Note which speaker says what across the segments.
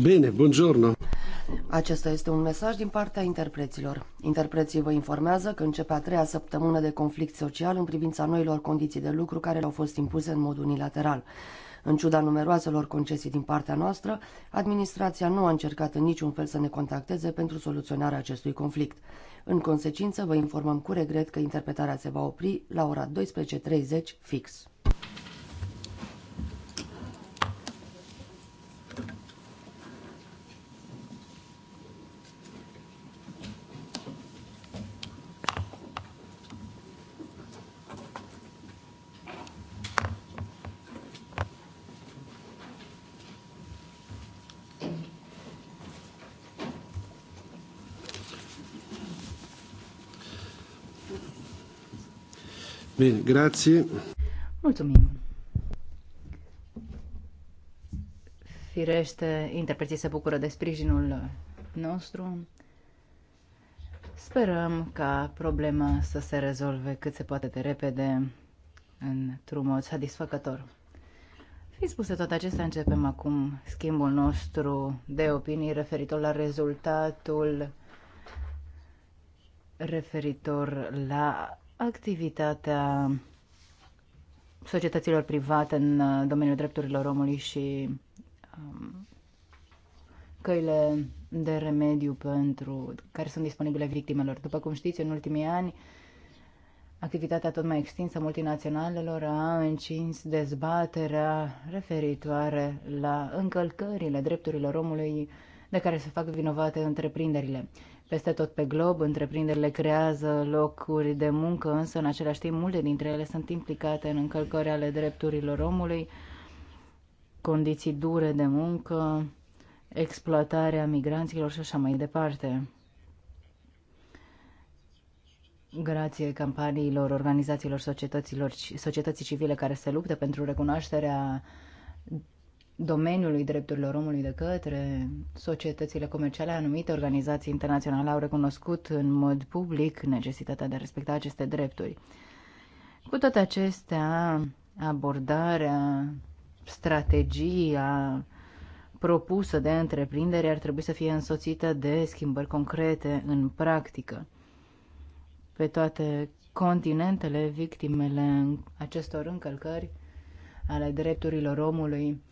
Speaker 1: Bine, buongiorno!
Speaker 2: Acesta este un mesaj din partea interpreților. Interpreții vă informează că începe a treia săptămână de conflict social în privința noilor condiții de lucru care le-au fost impuse în mod unilateral. În ciuda numeroaselor concesii din partea noastră, administrația nu a încercat în niciun fel să ne contacteze pentru soluționarea acestui conflict. În consecință, vă informăm cu regret că interpretarea se va opri la ora 12.30 fix.
Speaker 3: Bine, grație. Mulțumim. Firește, interpreții se bucură de sprijinul nostru. Sperăm ca problema să se rezolve cât se poate de repede, într-un mod satisfăcător. Fiind spuse toate acestea, începem acum schimbul nostru de opinii referitor la rezultatul referitor la activitatea societăților private în uh, domeniul drepturilor omului și um, căile de remediu pentru care sunt disponibile victimelor. După cum știți, în ultimii ani, activitatea tot mai extinsă multinaționalelor a încins dezbaterea referitoare la încălcările drepturilor omului de care se fac vinovate întreprinderile. Peste tot pe glob, întreprinderile creează locuri de muncă, însă în același timp multe dintre ele sunt implicate în încălcări ale drepturilor omului, condiții dure de muncă, exploatarea migranților și așa mai departe. Grație campaniilor organizațiilor societăților, societății civile care se luptă pentru recunoașterea domeniului drepturilor omului de către societățile comerciale, anumite organizații internaționale au recunoscut în mod public necesitatea de a respecta aceste drepturi. Cu toate acestea, abordarea, strategia propusă de întreprindere ar trebui să fie însoțită de schimbări concrete în practică. Pe toate continentele, victimele acestor încălcări ale drepturilor omului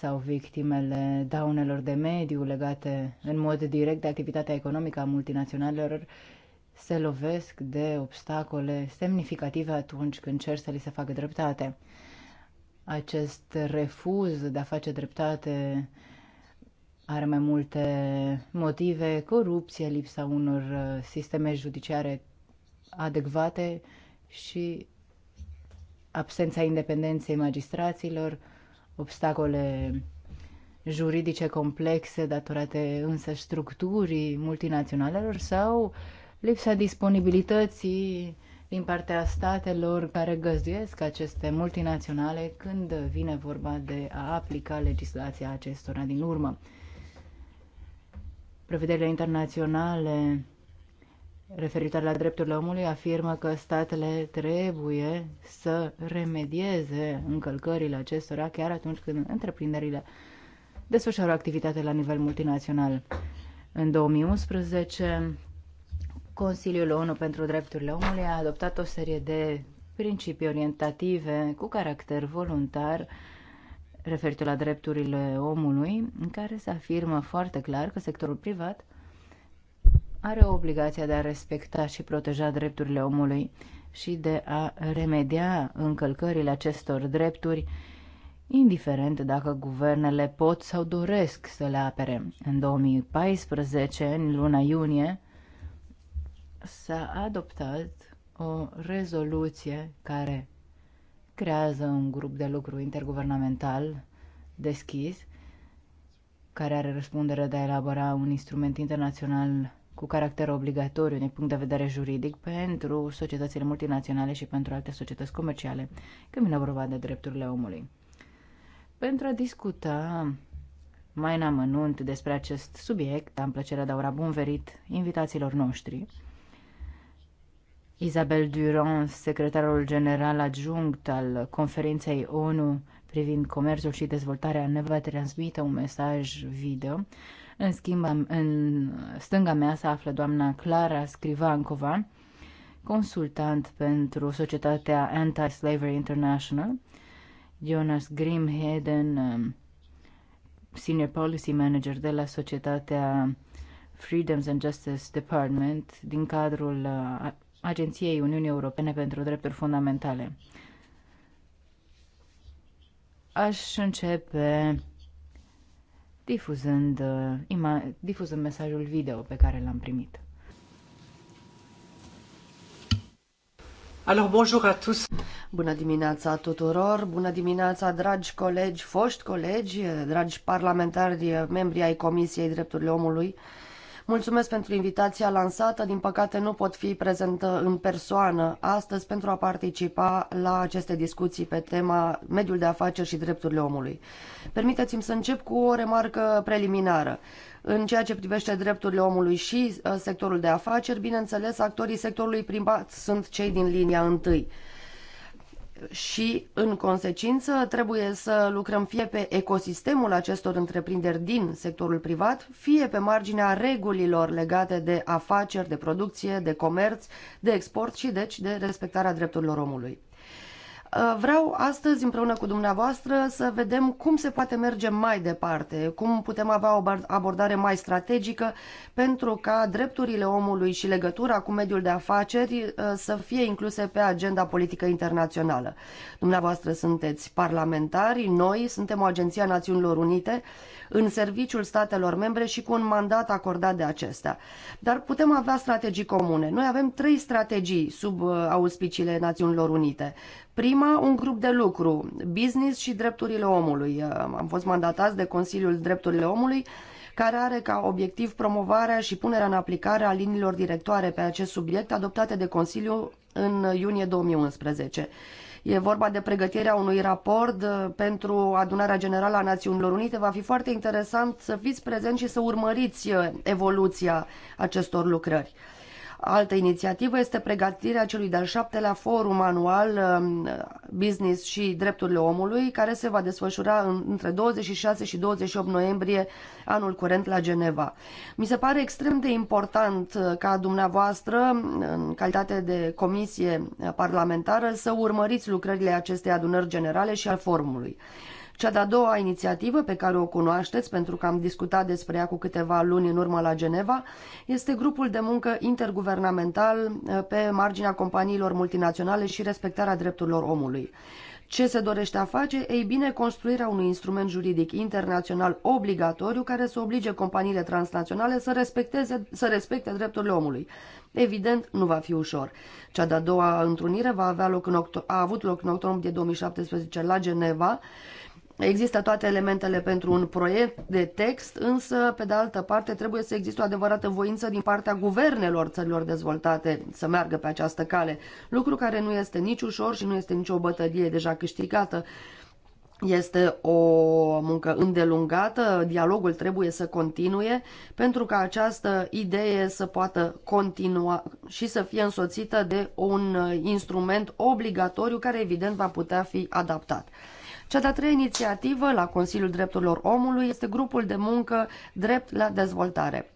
Speaker 3: sau victimele daunelor de mediu legate în mod direct de activitatea economică a multinaționalelor se lovesc de obstacole semnificative atunci când cer să li se facă dreptate. Acest refuz de a face dreptate are mai multe motive, corupție, lipsa unor uh, sisteme judiciare adecvate și absența independenței magistraților, obstacole juridice complexe datorate însă structurii multinaționalelor sau lipsa disponibilității din partea statelor care găzduiesc aceste multinaționale când vine vorba de a aplica legislația acestora din urmă. Prevederile internaționale referitoare la drepturile omului afirmă că statele trebuie să remedieze încălcările acestora chiar atunci când întreprinderile desfășoară activitate la nivel multinațional. În 2011, Consiliul ONU pentru Drepturile Omului a adoptat o serie de principii orientative cu caracter voluntar referitor la drepturile omului, în care se afirmă foarte clar că sectorul privat are obligația de a respecta și proteja drepturile omului și de a remedia încălcările acestor drepturi, indiferent dacă guvernele pot sau doresc să le apere. În 2014, în luna iunie, s-a adoptat o rezoluție care creează un grup de lucru interguvernamental deschis, care are răspundere de a elabora un instrument internațional cu caracter obligatoriu din punct de vedere juridic pentru societățile multinaționale și pentru alte societăți comerciale, când vine vorba de drepturile omului. Pentru a discuta mai în amănunt despre acest subiect, am plăcerea de a ura bun verit invitațiilor noștri. Isabel Durand, secretarul general adjunct al conferinței ONU privind comerțul și dezvoltarea, ne va transmite un mesaj video în schimb, în stânga mea se află doamna Clara Scrivancova, consultant pentru societatea Anti-Slavery International, Jonas Grimheden, um, Senior Policy Manager de la societatea Freedoms and Justice Department din cadrul uh, Agenției Uniunii Europene pentru Drepturi Fundamentale. Aș începe difuzând, uh, difuzând mesajul
Speaker 2: video pe care l-am primit. Alors bonjour à tous. Bună dimineața tuturor, bună dimineața dragi colegi, foști colegi, dragi parlamentari, membri ai Comisiei Drepturile Omului. Mulțumesc pentru invitația lansată. Din păcate nu pot fi prezentă în persoană astăzi pentru a participa la aceste discuții pe tema mediul de afaceri și drepturile omului. Permiteți-mi să încep cu o remarcă preliminară. În ceea ce privește drepturile omului și uh, sectorul de afaceri, bineînțeles, actorii sectorului privat sunt cei din linia întâi și, în consecință, trebuie să lucrăm fie pe ecosistemul acestor întreprinderi din sectorul privat, fie pe marginea regulilor legate de afaceri, de producție, de comerț, de export și, deci, de respectarea drepturilor omului. Uh, vreau astăzi împreună cu dumneavoastră să vedem cum se poate merge mai departe, cum putem avea o abordare mai strategică pentru ca drepturile omului și legătura cu mediul de afaceri uh, să fie incluse pe agenda politică internațională. Dumneavoastră sunteți parlamentari, noi suntem o agenție a Națiunilor Unite în serviciul statelor membre și cu un mandat acordat de acestea. Dar putem avea strategii comune. Noi avem trei strategii sub uh, auspiciile Națiunilor Unite. Prima, un grup de lucru, business și drepturile omului. Uh, am fost mandatați de Consiliul Drepturile Omului care are ca obiectiv promovarea și punerea în aplicare a liniilor directoare pe acest subiect adoptate de Consiliu în iunie 2011. E vorba de pregătirea unui raport uh, pentru adunarea generală a Națiunilor Unite. Va fi foarte interesant să fiți prezenți și să urmăriți uh, evoluția acestor lucrări altă inițiativă este pregătirea celui de-al șaptelea forum anual um, Business și Drepturile Omului, care se va desfășura între 26 și 28 noiembrie anul curent la Geneva. Mi se pare extrem de important uh, ca dumneavoastră, um, în calitate de comisie uh, parlamentară, să urmăriți lucrările acestei adunări generale și al forumului. Cea de-a doua inițiativă pe care o cunoașteți, pentru că am discutat despre ea cu câteva luni în urmă la Geneva, este grupul de muncă interguvernamental uh, pe marginea companiilor multinaționale și respectarea drepturilor omului. Ce se dorește a face? Ei bine, construirea unui instrument juridic internațional obligatoriu care să oblige companiile transnaționale să, respecteze, să respecte drepturile omului. Evident, nu va fi ușor. Cea de-a doua întrunire va avea loc în a avut loc în octombrie 2017 la Geneva Există toate elementele pentru un proiect de text, însă, pe de altă parte, trebuie să existe o adevărată voință din partea guvernelor țărilor dezvoltate să meargă pe această cale, lucru care nu este nici ușor și nu este nicio bătălie deja câștigată. Este o muncă îndelungată, dialogul trebuie să continue pentru ca această idee să poată continua și să fie însoțită de un instrument obligatoriu care evident va putea fi adaptat. Cea de-a treia inițiativă la Consiliul Drepturilor Omului este grupul de muncă Drept la Dezvoltare.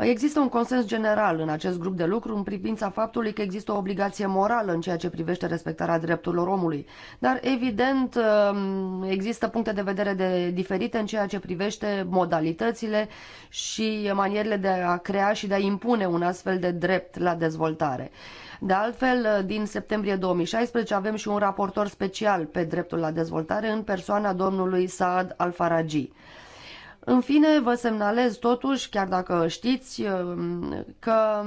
Speaker 2: Există un consens general în acest grup de lucru în privința faptului că există o obligație morală în ceea ce privește respectarea drepturilor omului, dar evident um, există puncte de vedere de diferite în ceea ce privește modalitățile și manierele de a crea și de a impune un astfel de drept la dezvoltare. De altfel, din septembrie 2016 avem și un raportor special pe dreptul la dezvoltare în persoana domnului Saad Al-Faraji. În fine, vă semnalez totuși, chiar dacă știți, um, că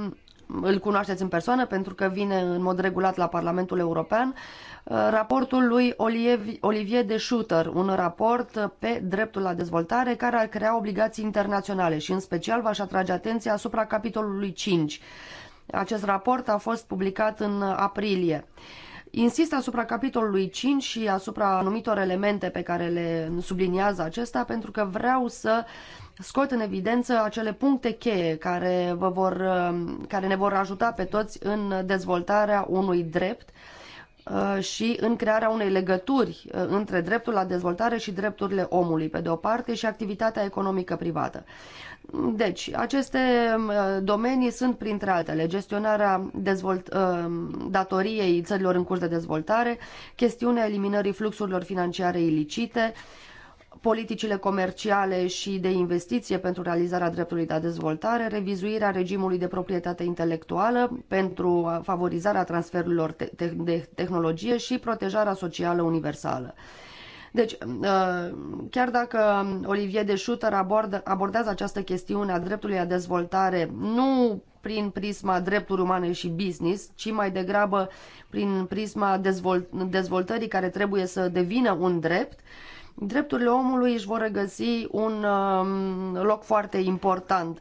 Speaker 2: îl cunoașteți în persoană pentru că vine în mod regulat la Parlamentul European, uh, raportul lui Olivier de Schutter, un raport pe dreptul la dezvoltare care ar crea obligații internaționale și în special v-aș atrage atenția asupra capitolului 5. Acest raport a fost publicat în aprilie. Insist asupra capitolului 5 și asupra anumitor elemente pe care le subliniază acesta, pentru că vreau să scot în evidență acele puncte cheie care, vă vor, care ne vor ajuta pe toți în dezvoltarea unui drept uh, și în crearea unei legături uh, între dreptul la dezvoltare și drepturile omului, pe de o parte, și activitatea economică privată. Deci, aceste domenii sunt printre altele gestionarea dezvolt, ă, datoriei țărilor în curs de dezvoltare, chestiunea eliminării fluxurilor financiare ilicite, politicile comerciale și de investiție pentru realizarea dreptului de dezvoltare, revizuirea regimului de proprietate intelectuală pentru favorizarea transferurilor de tehnologie și protejarea socială universală. Deci, uh, chiar dacă Olivier de Schutter abordează această chestiune a dreptului la dezvoltare nu prin prisma drepturi umane și business, ci mai degrabă prin prisma dezvolt dezvoltării care trebuie să devină un drept, uh, drepturile omului își vor regăsi un um, loc foarte important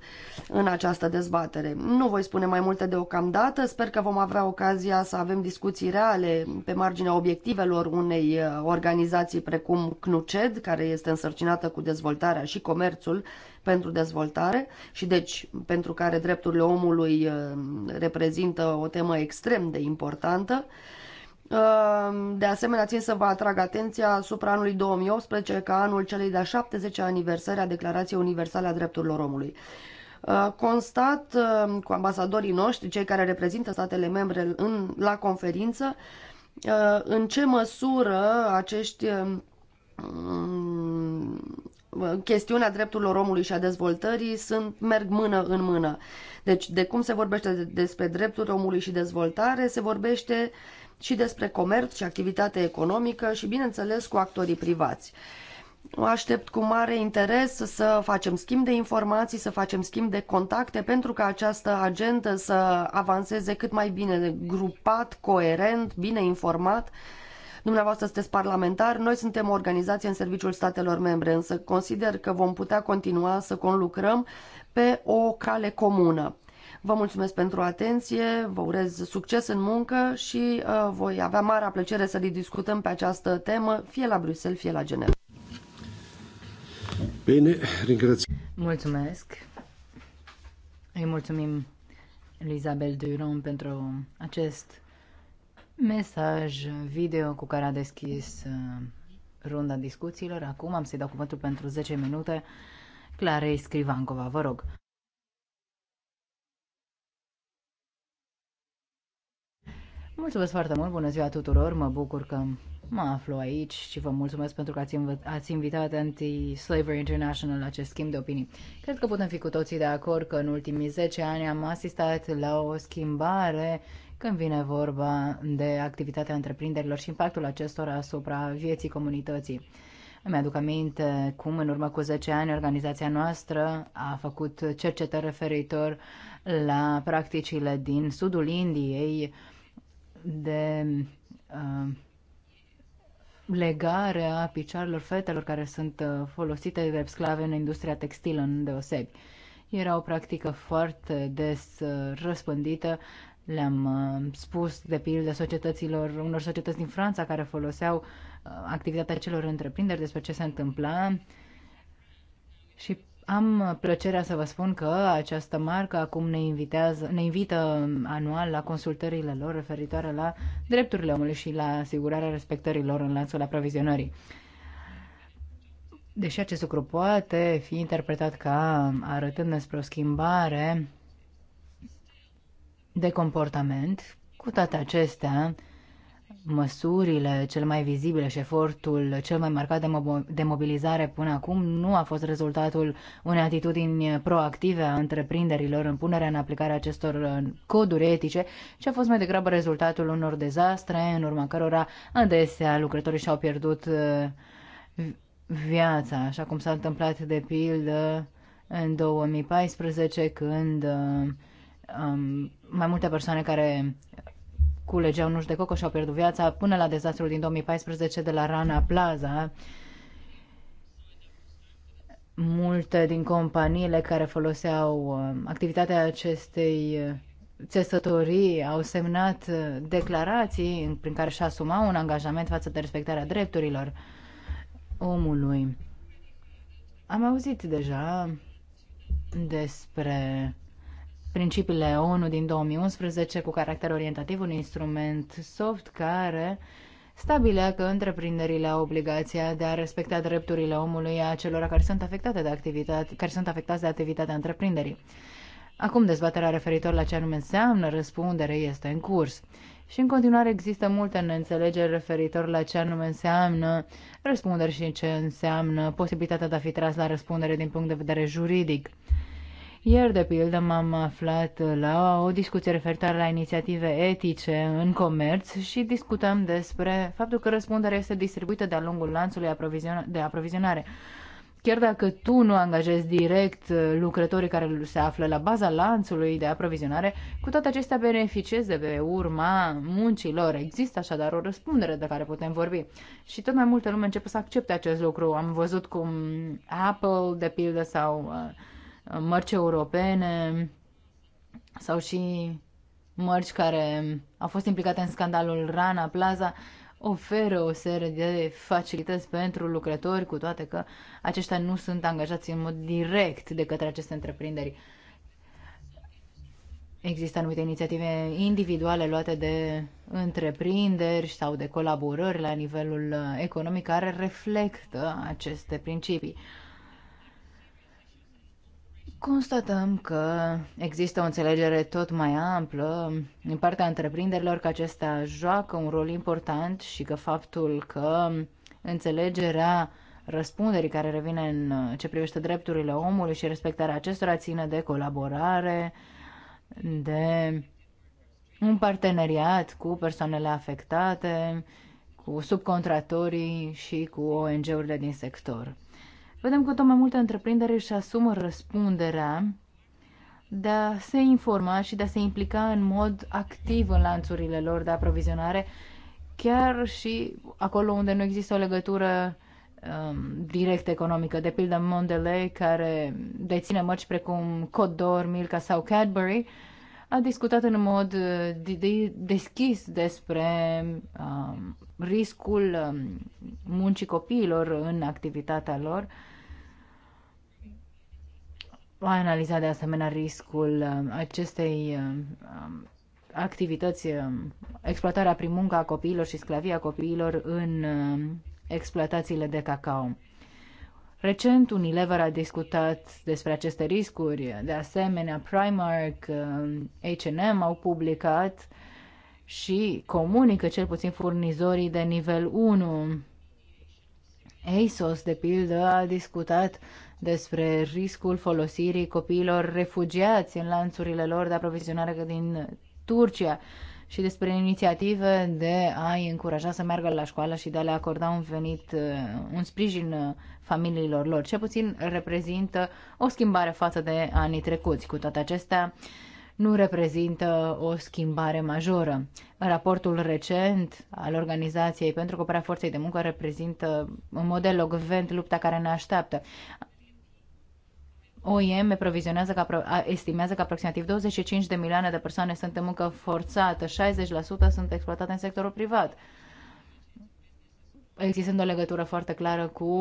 Speaker 2: în această dezbatere. Nu voi spune mai multe deocamdată, sper că vom avea ocazia să avem discuții reale pe marginea obiectivelor unei uh, organizații precum CNUCED, care este însărcinată cu dezvoltarea și comerțul pentru dezvoltare și deci pentru care drepturile omului uh, reprezintă o temă extrem de importantă. Ehm, de asemenea, țin să vă atrag atenția asupra anului 2018 ca anul celei de-a 70-a aniversări a Declarației Universale a Drepturilor Omului. Ehm, constat ehm, cu ambasadorii noștri, cei care reprezintă statele membre în, la conferință, în ce măsură acești mm, chestiunea drepturilor omului și a dezvoltării sunt, merg mână în mână. Deci, de cum se vorbește despre drepturi omului și dezvoltare, se vorbește uh, și despre comerț și activitate economică și, bineînțeles, cu actorii privați. Aștept cu mare interes să facem schimb de informații, să facem schimb de contacte pentru ca această agendă să avanseze cât mai bine grupat, coerent, bine informat. Dumneavoastră sunteți parlamentar, noi suntem o organizație în serviciul statelor membre, însă consider că vom putea continua să conlucrăm pe o cale comună. Vă mulțumesc pentru atenție, vă urez succes în muncă și uh, voi avea marea plăcere să discutăm pe această temă, fie la Bruxelles, fie la Geneva. Bine, ringrați.
Speaker 3: Mulțumesc. Îi mulțumim lui Isabel Duron pentru acest mesaj video cu care a deschis uh, runda discuțiilor. Acum am să-i dau cuvântul pentru 10 minute. Clarei Scrivancova, vă rog. Mulțumesc foarte mult, bună ziua tuturor, mă bucur că mă aflu aici și vă mulțumesc pentru că ați, inv- ați invitat Anti-Slavery International la acest schimb de opinii. Cred că putem fi cu toții de acord că în ultimii 10 ani am asistat la o schimbare când vine vorba de activitatea întreprinderilor și impactul acestora asupra vieții comunității. Îmi aduc aminte cum în urmă cu 10 ani organizația noastră a făcut cercetări referitor la practicile din sudul Indiei de uh, a picioarelor fetelor care sunt uh, folosite de sclave în industria textilă în deosebi. Era o practică foarte des uh, răspândită. Le-am uh, spus, de pildă, societăților, unor societăți din Franța care foloseau activitatea celor întreprinderi despre ce se întâmpla și am plăcerea să vă spun că această marcă acum ne, invitează, ne invită anual la consultările lor referitoare la drepturile omului și la asigurarea respectării lor în lanțul aprovizionării. Deși acest lucru poate fi interpretat ca arătând despre o schimbare de comportament, cu toate acestea, măsurile cel mai vizibile și efortul cel mai marcat de, mo- de mobilizare până acum nu a fost rezultatul unei atitudini proactive a întreprinderilor în punerea în aplicare acestor uh, coduri etice, ci a fost mai degrabă rezultatul unor dezastre în urma cărora adesea lucrătorii și-au pierdut uh, viața, așa cum s-a întâmplat de pildă în 2014 când uh, um, mai multe persoane care culegeau nuși de coco și au pierdut viața până la dezastrul din 2014 de la Rana Plaza. Multe din companiile care foloseau um, activitatea acestei uh, țesătorii au semnat uh, declarații prin care și asumau un angajament față de respectarea drepturilor omului. Am auzit deja despre principiile ONU din 2011 cu caracter orientativ, un instrument soft care stabilea că întreprinderile au obligația de a respecta drepturile omului a celor care sunt, afectate de activitate, care sunt afectați de activitatea întreprinderii. Acum dezbaterea referitor la ce anume înseamnă răspundere este în curs. Și în continuare există multe neînțelegeri referitor la ce anume înseamnă răspundere și ce înseamnă posibilitatea de a fi tras la răspundere din punct de vedere juridic. Ieri, de pildă, m-am aflat la o discuție referitoare la inițiative etice în comerț și discutăm despre faptul că răspunderea este distribuită de-a lungul lanțului de aprovizionare. Chiar dacă tu nu angajezi direct lucrătorii care se află la baza lanțului de aprovizionare, cu toate acestea beneficiezi de pe urma muncilor. Există așadar o răspundere de care putem vorbi. Și tot mai multă lume începe să accepte acest lucru. Am văzut cum Apple, de pildă, sau uh, mărci europene sau și mărci care au fost implicate în scandalul Rana Plaza oferă o serie de facilități pentru lucrători, cu toate că aceștia nu sunt angajați în mod direct de către aceste întreprinderi. Există anumite inițiative individuale luate de întreprinderi sau de colaborări la nivelul economic care reflectă aceste principii. Constatăm că există o înțelegere tot mai amplă din partea întreprinderilor că acesta joacă un rol important și că faptul că înțelegerea răspunderii care revine în ce privește drepturile omului și respectarea acestora ține de colaborare, de un parteneriat cu persoanele afectate, cu subcontratorii și cu ONG-urile din sector. Vedem că tot mai multe întreprinderi își asumă răspunderea de a se informa și de a se implica în mod activ în lanțurile lor de aprovizionare, chiar și acolo unde nu există o legătură um, direct economică, de pildă Mondelez, care deține mărci precum Codor, Milka sau Cadbury, a discutat în mod uh, deschis despre um, riscul um, muncii copiilor în activitatea lor va analiza de asemenea riscul um, acestei um, um, activități, exploatarea prin munca a copiilor și sclavia copiilor în exploatațiile de cacao. Recent, Unilever a discutat despre aceste riscuri. De asemenea, Primark, H&M au publicat și comunică cel puțin furnizorii de nivel 1 ASOS, de pildă, a discutat despre riscul folosirii copiilor refugiați în lanțurile lor de aprovizionare din Turcia și despre inițiative de a-i încuraja să meargă la școală și de a le acorda un venit, uh, un sprijin uh, familiilor lor. Ce puțin reprezintă o schimbare față de anii trecuți. Cu toate acestea, nu reprezintă o schimbare majoră. Raportul recent al Organizației pentru Cooperarea Forței de Muncă reprezintă un model logvent lupta care ne așteaptă. OIM provizionează că estimează că aproximativ 25 de milioane de persoane sunt în muncă forțată, 60% sunt exploatate în sectorul privat existând o legătură foarte clară cu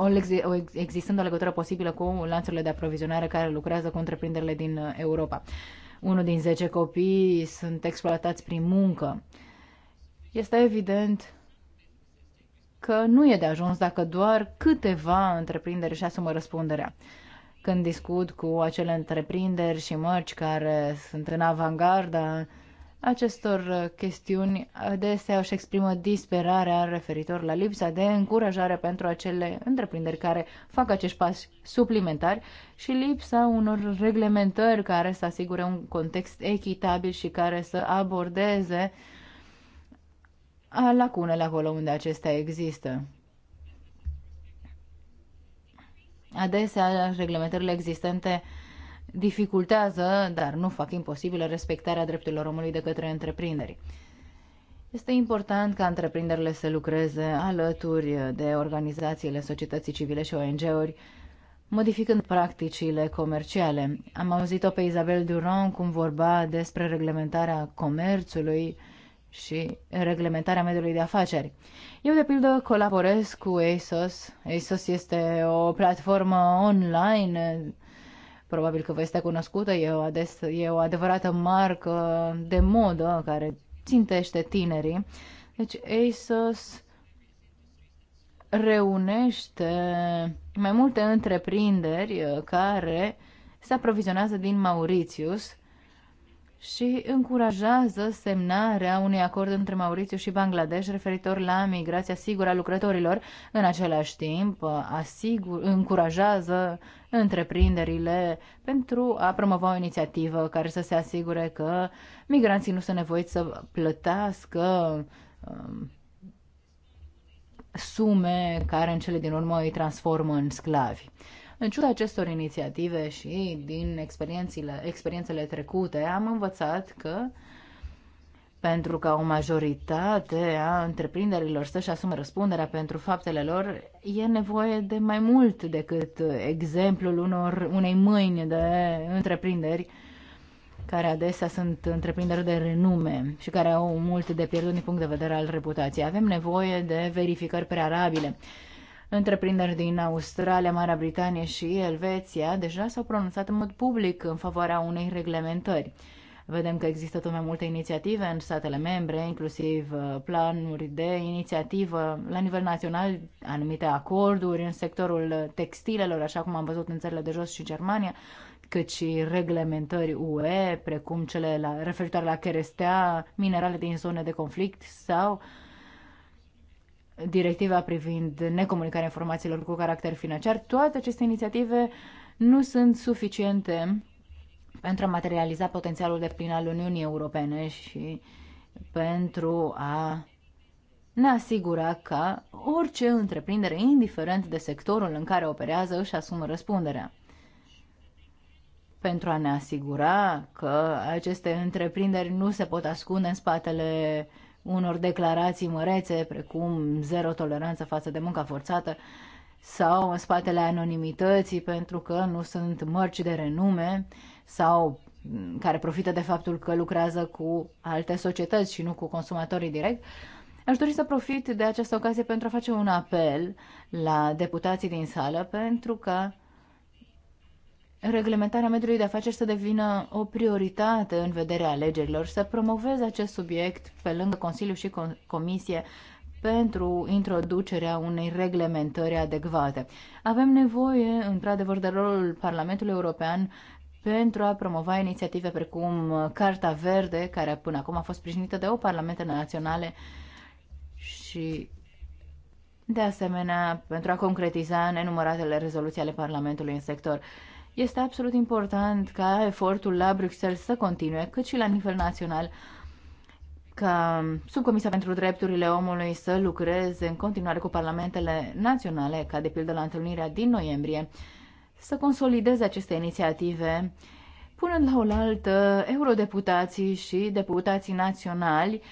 Speaker 3: uh, o, existând o legătură posibilă cu lanțurile de aprovizionare care lucrează cu întreprinderile din uh, Europa. Unul din zece copii sunt exploatați prin muncă. Este evident că nu e de ajuns dacă doar câteva întreprinderi își asumă răspunderea. Când discut cu acele întreprinderi și mărci care sunt în avangarda acestor uh, chestiuni adesea își exprimă disperarea referitor la lipsa de încurajare pentru acele întreprinderi care fac acești pași suplimentari și lipsa unor reglementări care să asigure un context echitabil și care să abordeze uh, lacunele acolo unde acestea există. Adesea, reglementările existente dificultează, dar nu fac imposibilă, respectarea drepturilor omului de către întreprinderi. Este important ca întreprinderile să lucreze alături de organizațiile societății civile și ONG-uri, modificând practicile comerciale. Am auzit-o pe Isabel Durand cum vorba despre reglementarea comerțului și reglementarea mediului de afaceri. Eu, de pildă, colaborez cu ASOS. ASOS este o platformă online Probabil că vă este cunoscută, e o, ades, e o adevărată marcă de modă care țintește tinerii. Deci ASOS reunește mai multe întreprinderi uh, care se aprovizionează din Mauritius și încurajează semnarea unui acord între Mauritiu și Bangladesh referitor la migrația sigură a lucrătorilor. În același timp, asigur, încurajează întreprinderile pentru a promova o inițiativă care să se asigure că migranții nu sunt nevoiți să plătească um, sume care în cele din urmă îi transformă în sclavi. În ciuda acestor inițiative și din experiențele, experiențele trecute, am învățat că pentru ca o majoritate a întreprinderilor să-și asume răspunderea pentru faptele lor, e nevoie de mai mult decât exemplul unor, unei mâini de întreprinderi care adesea sunt întreprinderi de renume și care au mult de pierdut din punct de vedere al reputației. Avem nevoie de verificări prealabile Întreprinderi din Australia, Marea Britanie și Elveția deja s-au pronunțat în mod public în favoarea unei reglementări. Vedem că există tot mai multe inițiative în statele membre, inclusiv uh, planuri de inițiativă la nivel național, anumite acorduri în sectorul textilelor, așa cum am văzut în țările de jos și Germania, cât și reglementări UE, precum cele la, referitoare la cherestea, minerale din zone de conflict sau uh, directiva privind necomunicarea informațiilor cu caracter financiar, toate aceste inițiative nu sunt suficiente pentru a materializa potențialul de plin al Uniunii Europene și pentru a ne asigura că orice întreprindere, indiferent de sectorul în care operează, își asumă răspunderea. Pentru a ne asigura că aceste întreprinderi nu se pot ascunde în spatele uh, unor declarații mărețe, precum zero toleranță față de munca forțată, sau în spatele anonimității pentru că nu sunt mărci de renume sau care profită de faptul că lucrează cu alte societăți și nu cu consumatorii direct. Aș dori să profit de această ocazie pentru a face un apel la deputații din sală pentru că reglementarea mediului de afaceri să devină o prioritate în vederea alegerilor, să promoveze acest subiect pe lângă Consiliu și Comisie pentru introducerea unei reglementări adecvate. Avem nevoie, într-adevăr, de rolul Parlamentului European pentru a promova inițiative precum Carta Verde, care până acum a fost sprijinită de o parlamente naționale și de asemenea pentru a concretiza nenumăratele rezoluții ale Parlamentului în sector. Este absolut important ca efortul la Bruxelles să continue, cât și la nivel național, ca Subcomisia pentru Drepturile Omului să lucreze în continuare cu parlamentele naționale, ca de pildă la întâlnirea din noiembrie, să consolideze aceste inițiative, punând la oaltă eurodeputații și deputații naționali,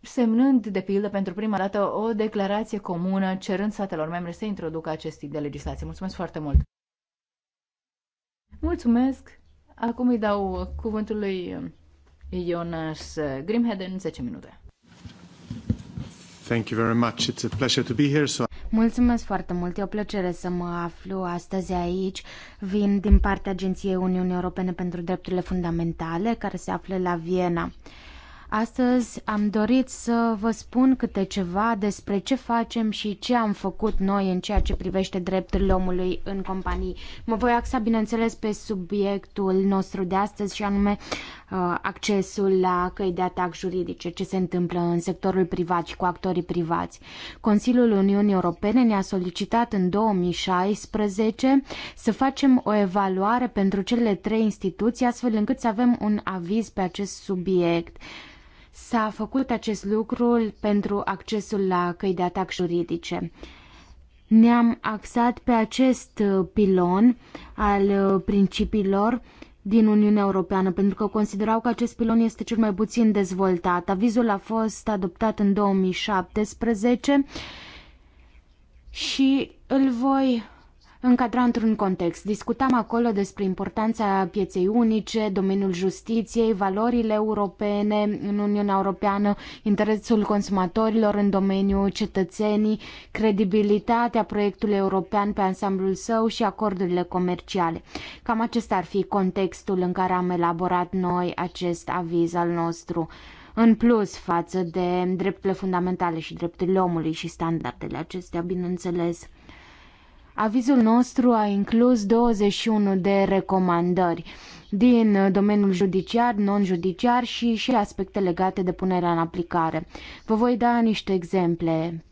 Speaker 3: semnând, de pildă, pentru prima dată o declarație comună cerând statelor membre să introducă acest tip de legislație. Mulțumesc foarte mult! Mulțumesc! Acum îi dau cuvântul lui um, Jonas Grimheden, 10 minute.
Speaker 1: Thank you very much. It's a pleasure to be here. So... Mulțumesc foarte mult, e o plăcere să mă aflu astăzi aici. Vin din partea Agenției Uniunii Europene pentru Drepturile Fundamentale, care se află la Viena. Astăzi am dorit să vă spun câte ceva despre ce facem și ce am făcut noi în ceea ce privește drepturile omului în companii. Mă voi axa, bineînțeles, pe subiectul nostru de astăzi și anume uh, accesul la căi de atac juridice, ce se întâmplă în sectorul privat și cu actorii privați. Consiliul Uniunii Europene ne-a solicitat în 2016 să facem o evaluare pentru cele trei instituții, astfel încât să avem un aviz pe acest subiect. S-a făcut acest lucru pentru accesul la căi de atac juridice. Ne-am axat pe acest uh, pilon al uh, principiilor din Uniunea Europeană, pentru că considerau că acest pilon este cel mai puțin dezvoltat. Avizul a fost adoptat în 2017 și îl voi încadra într-un context. Discutam acolo despre importanța pieței unice, domeniul justiției, valorile europene în Uniunea Europeană, interesul consumatorilor în domeniul cetățenii, credibilitatea proiectului european pe ansamblul său și acordurile comerciale. Cam acesta ar fi contextul în care am elaborat noi acest aviz al nostru în plus față de drepturile fundamentale și drepturile omului și standardele acestea, bineînțeles. Avizul nostru a inclus 21 de recomandări din domeniul judiciar, non-judiciar și, și aspecte legate de punerea în aplicare. Vă voi da niște exemple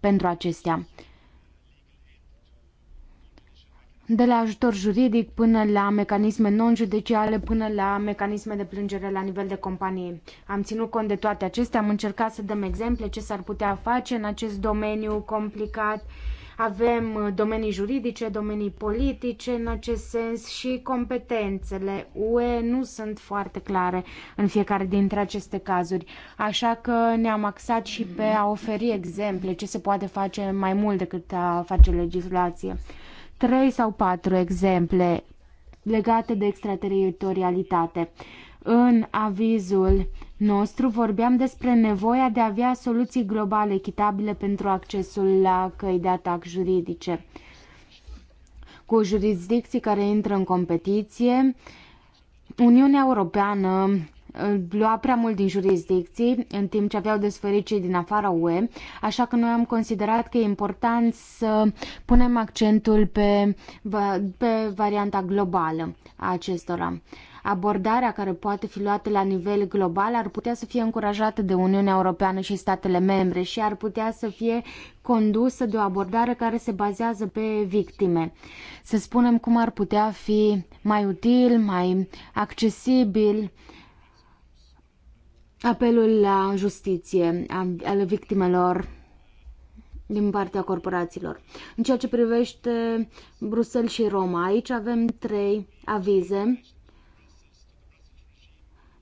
Speaker 1: pentru acestea. De la ajutor juridic până la mecanisme non-judiciale, până la mecanisme de plângere la nivel de companie. Am ținut cont de toate acestea, am încercat să dăm exemple ce s-ar putea face în acest domeniu complicat avem uh, domenii juridice, domenii politice în acest sens și competențele UE nu sunt foarte clare în fiecare dintre aceste cazuri, așa că ne-am axat și pe a oferi exemple ce se poate face mai mult decât a face legislație. Trei sau patru exemple legate de extraterritorialitate. În avizul nostru vorbeam despre nevoia de a avea soluții globale echitabile pentru accesul la căi de atac juridice. Cu jurisdicții care intră în competiție, Uniunea Europeană uh, lua prea mult din jurisdicții, în timp ce aveau desfărit cei din afara UE, așa că noi am considerat că e important să punem accentul pe, pe varianta globală a acestora. Abordarea care poate fi luată la nivel global ar putea să fie încurajată de Uniunea Europeană și statele membre și ar putea să fie condusă de o abordare care se bazează pe victime. Să spunem cum ar putea fi mai util, mai accesibil apelul la justiție al victimelor din partea corporațiilor. În ceea ce privește Bruxelles și Roma, aici avem trei avize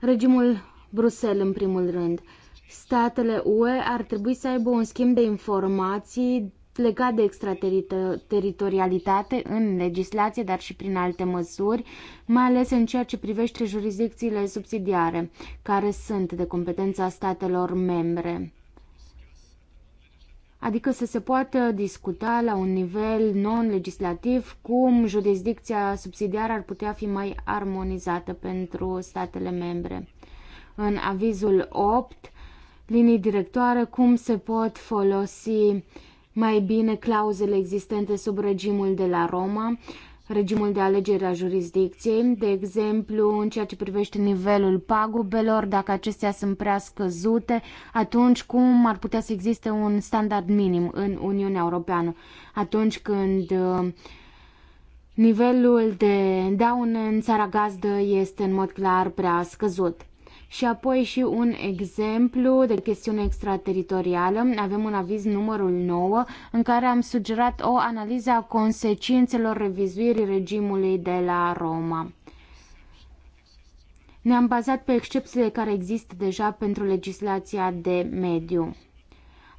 Speaker 1: Regimul Bruxelles, în primul rând. Statele UE ar trebui să aibă un schimb de informații legat de extrateritorialitate în legislație, dar și prin alte măsuri, mai ales în ceea ce privește jurisdicțiile subsidiare, care sunt de competența statelor membre adică să se poată discuta la un nivel non-legislativ cum jurisdicția subsidiară ar putea fi mai armonizată pentru statele membre. În avizul 8, linii directoare, cum se pot folosi mai bine clauzele existente sub regimul de la Roma, regimul de alegere a jurisdicției, de exemplu în ceea ce privește nivelul pagubelor, dacă acestea sunt prea scăzute, atunci cum ar putea să existe un standard minim în Uniunea Europeană, atunci când uh, nivelul de daune în țara gazdă este în mod clar prea scăzut. Și apoi și un exemplu de chestiune extrateritorială. Avem un aviz numărul 9 în care am sugerat o analiză a consecințelor revizuirii regimului de la Roma. Ne-am bazat pe excepțiile care există deja pentru legislația de mediu.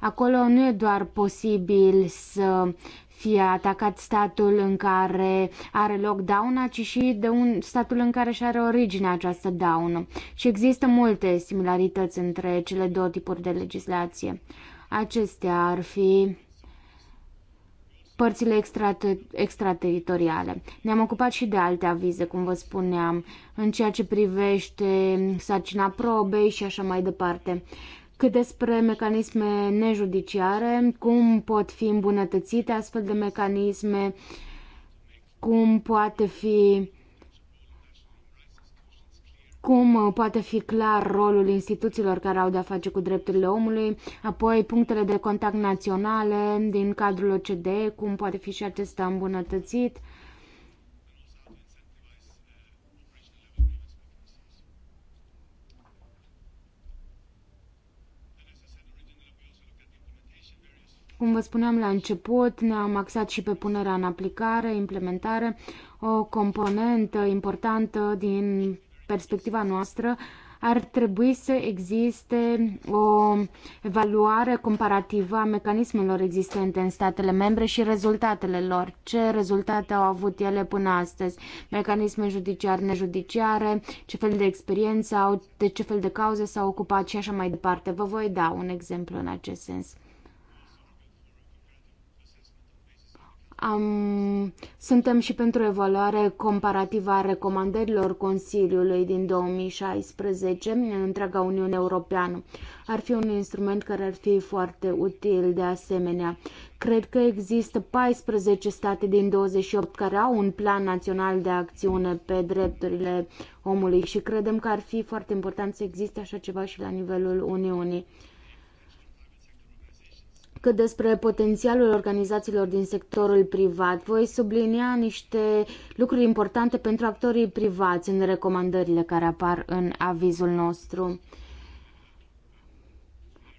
Speaker 1: Acolo nu e doar posibil să fie atacat statul în care are loc dauna, ci și de un statul în care și are originea această daună. Și există multe similarități între cele două tipuri de legislație. Acestea ar fi părțile extrateritoriale. Ne-am ocupat și de alte avize, cum vă spuneam, în ceea ce privește sarcina probei și așa mai departe cât despre mecanisme nejudiciare, cum pot fi îmbunătățite astfel de mecanisme, cum poate fi cum poate fi clar rolul instituțiilor care au de-a face cu drepturile omului, apoi punctele de contact naționale din cadrul OCDE, cum poate fi și acesta îmbunătățit, Cum vă spuneam la început, ne-am axat și pe punerea în aplicare, implementare, o componentă importantă din perspectiva noastră ar trebui să existe o evaluare comparativă a mecanismelor existente în statele membre și rezultatele lor. Ce rezultate au avut ele până astăzi? Mecanisme judiciare, nejudiciare, ce fel de experiență au, de ce fel de cauze s-au ocupat și așa mai departe. Vă voi da un exemplu în acest sens. Am, suntem și pentru evaluare comparativă a recomandărilor Consiliului din 2016 în întreaga Uniune Europeană. Ar fi un instrument care ar fi foarte util de asemenea. Cred că există 14 state din 28 care au un plan național de acțiune pe drepturile omului și credem că ar fi foarte important să existe așa ceva și la nivelul Uniunii cât despre potențialul organizațiilor din sectorul privat. Voi sublinia niște lucruri importante pentru actorii privați în recomandările care apar în avizul nostru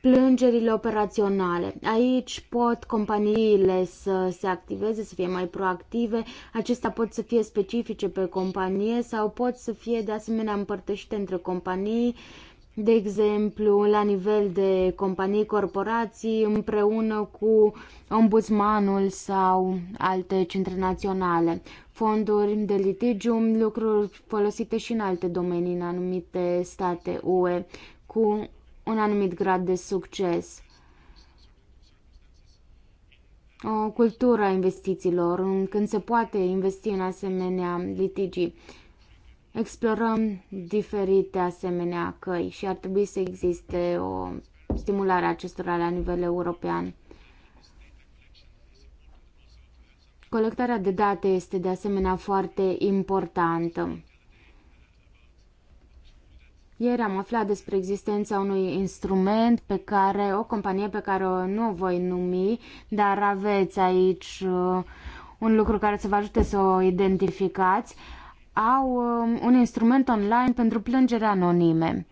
Speaker 1: plângerile operaționale. Aici pot companiile să se activeze, să fie mai proactive. Acestea pot să fie specifice pe companie sau pot să fie de asemenea împărtășite între companii de exemplu, la nivel de companii, corporații, împreună cu ombudsmanul sau alte centre naționale, fonduri de litigiu, lucruri folosite și în alte domenii, în anumite state UE, cu un anumit grad de succes. O cultură a investițiilor, când se poate investi în asemenea litigii explorăm diferite asemenea căi și ar trebui să existe o stimulare a acestora la nivel european. Colectarea de date este de asemenea foarte importantă. Ieri am aflat despre existența unui instrument pe care o companie pe care nu o voi numi, dar aveți aici uh, un lucru care să vă ajute să o identificați au um, un instrument online pentru plângere anonime.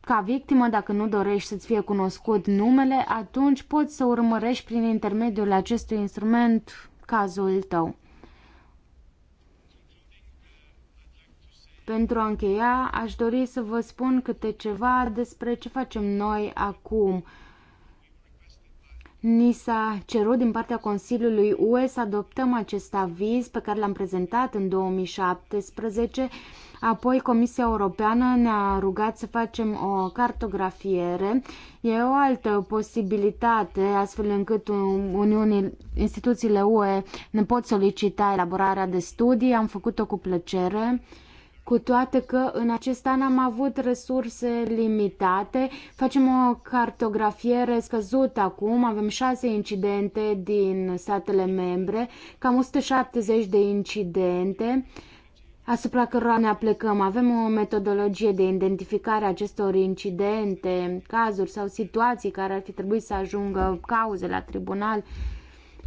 Speaker 1: Ca victimă, dacă nu dorești să-ți fie cunoscut numele, atunci poți să urmărești prin intermediul acestui instrument cazul tău. Pentru a încheia, aș dori să vă spun câte ceva despre ce facem noi acum Ni s-a cerut din partea Consiliului UE să adoptăm acest aviz pe care l-am prezentat în 2017. Apoi Comisia Europeană ne-a rugat să facem o cartografiere. E o altă posibilitate, astfel încât Uniunii, instituțiile UE ne pot solicita elaborarea de studii. Am făcut-o cu plăcere cu toate că în acest an am avut resurse limitate. Facem o cartografiere scăzută acum, avem șase incidente din statele membre, cam 170 de incidente asupra cărora ne aplecăm. Avem o metodologie de identificare a acestor incidente, cazuri sau situații care ar fi trebuit să ajungă cauze la tribunal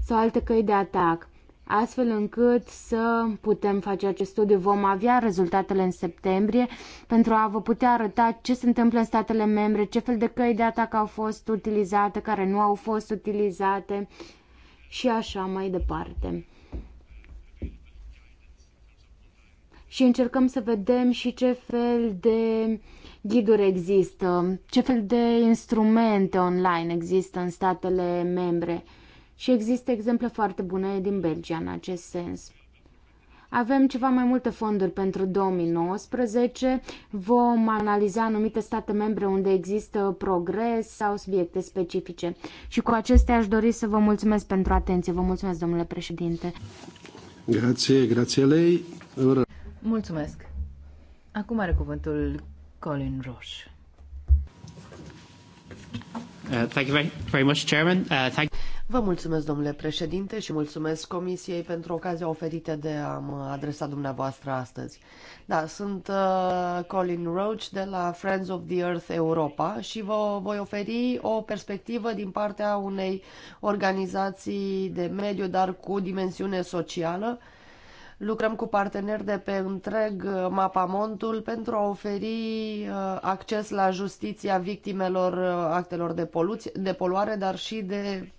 Speaker 1: sau alte căi de atac astfel încât să putem face acest studiu. Vom avea rezultatele în septembrie pentru a vă putea arăta ce se întâmplă în statele membre, ce fel de căi de atac au fost utilizate, care nu au fost utilizate și așa mai departe. Și încercăm să vedem și ce fel de ghiduri există, ce fel de instrumente online există în statele membre și există exemple foarte bune din Belgia în acest sens. Avem ceva mai multe fonduri pentru 2019. Vom analiza anumite state membre unde există progres sau subiecte specifice. Și cu acestea aș dori să vă mulțumesc pentru atenție. Vă mulțumesc, domnule
Speaker 3: președinte.
Speaker 1: Grație, grație lei.
Speaker 3: Mulțumesc. Acum are cuvântul Colin Roche. Uh, thank you very, very much, Chairman. Uh, thank
Speaker 2: Vă mulțumesc, domnule președinte, și mulțumesc Comisiei pentru ocazia oferită de a mă adresa dumneavoastră astăzi. Da, sunt uh, Colin Roach de la Friends of the Earth Europa și vă voi oferi o perspectivă din partea unei organizații de mediu, dar cu dimensiune socială. Lucrăm cu parteneri de pe întreg uh, mapamontul pentru a oferi uh, acces la justiția victimelor uh, actelor de, poluție, de poluare, dar și de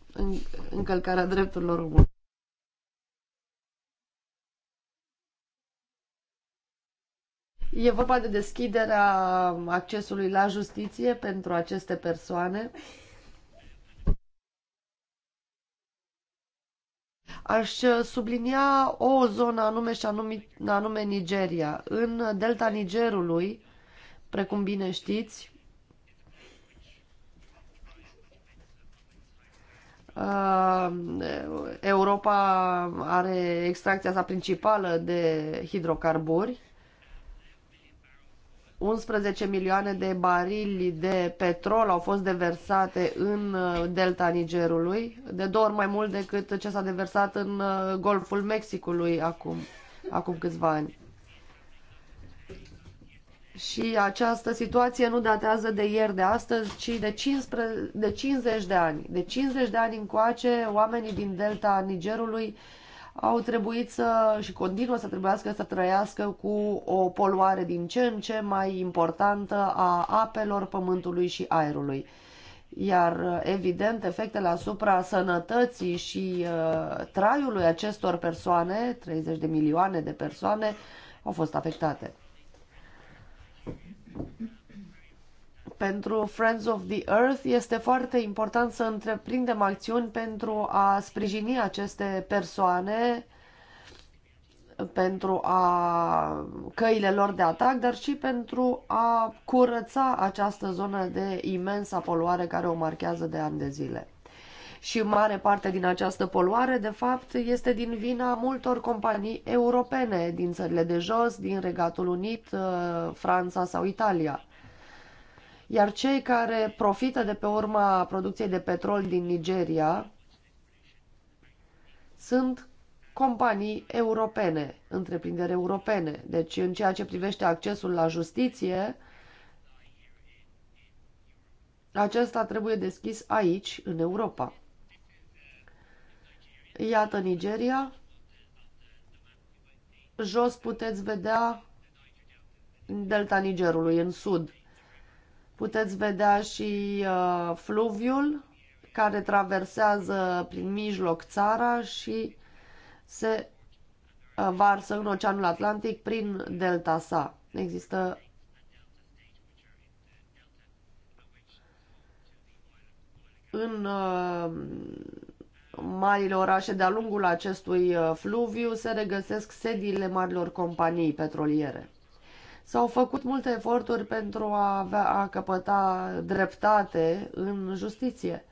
Speaker 2: încălcarea drepturilor umane. E vorba de deschiderea accesului la justiție pentru aceste persoane. Aș sublinia o zonă anume și anume, anume Nigeria. În delta Nigerului, precum bine știți, Uh, Europa are extracția sa principală de hidrocarburi, 11 milioane de barili de petrol au fost deversate în uh, delta Nigerului, de două ori mai mult decât ce s-a deversat în uh, Golful Mexicului acum, acum câțiva ani. Și această situație nu datează de ieri, de astăzi, ci de, 15, de 50 de ani. De 50 de ani încoace, oamenii din delta Nigerului au trebuit să și continuă să trebuiască să trăiască cu o poluare din ce în ce mai importantă a apelor, pământului și aerului. Iar, evident, efectele asupra sănătății și uh, traiului acestor persoane, 30 de milioane de persoane, au fost afectate pentru Friends of the Earth este foarte important să întreprindem acțiuni pentru a sprijini aceste persoane pentru a căile lor de atac, dar și pentru a curăța această zonă de imensă poluare care o marchează de ani de zile. Și mare parte din această poluare, de fapt, este din vina multor companii europene din țările de jos, din Regatul Unit, uh, Franța sau Italia iar cei care profită de pe urma producției de petrol din Nigeria sunt companii europene, întreprinderi europene. Deci, în ceea ce privește accesul la justiție, acesta trebuie deschis aici, în Europa. Iată Nigeria. Jos puteți vedea delta Nigerului, în sud. Puteți vedea și uh, fluviul care traversează prin mijloc țara și se uh, varsă în Oceanul Atlantic prin delta sa. Există în uh, marile orașe de-a lungul acestui uh, fluviu se regăsesc sediile marilor companii petroliere. S-au făcut multe eforturi pentru a, avea, a căpăta dreptate în justiție.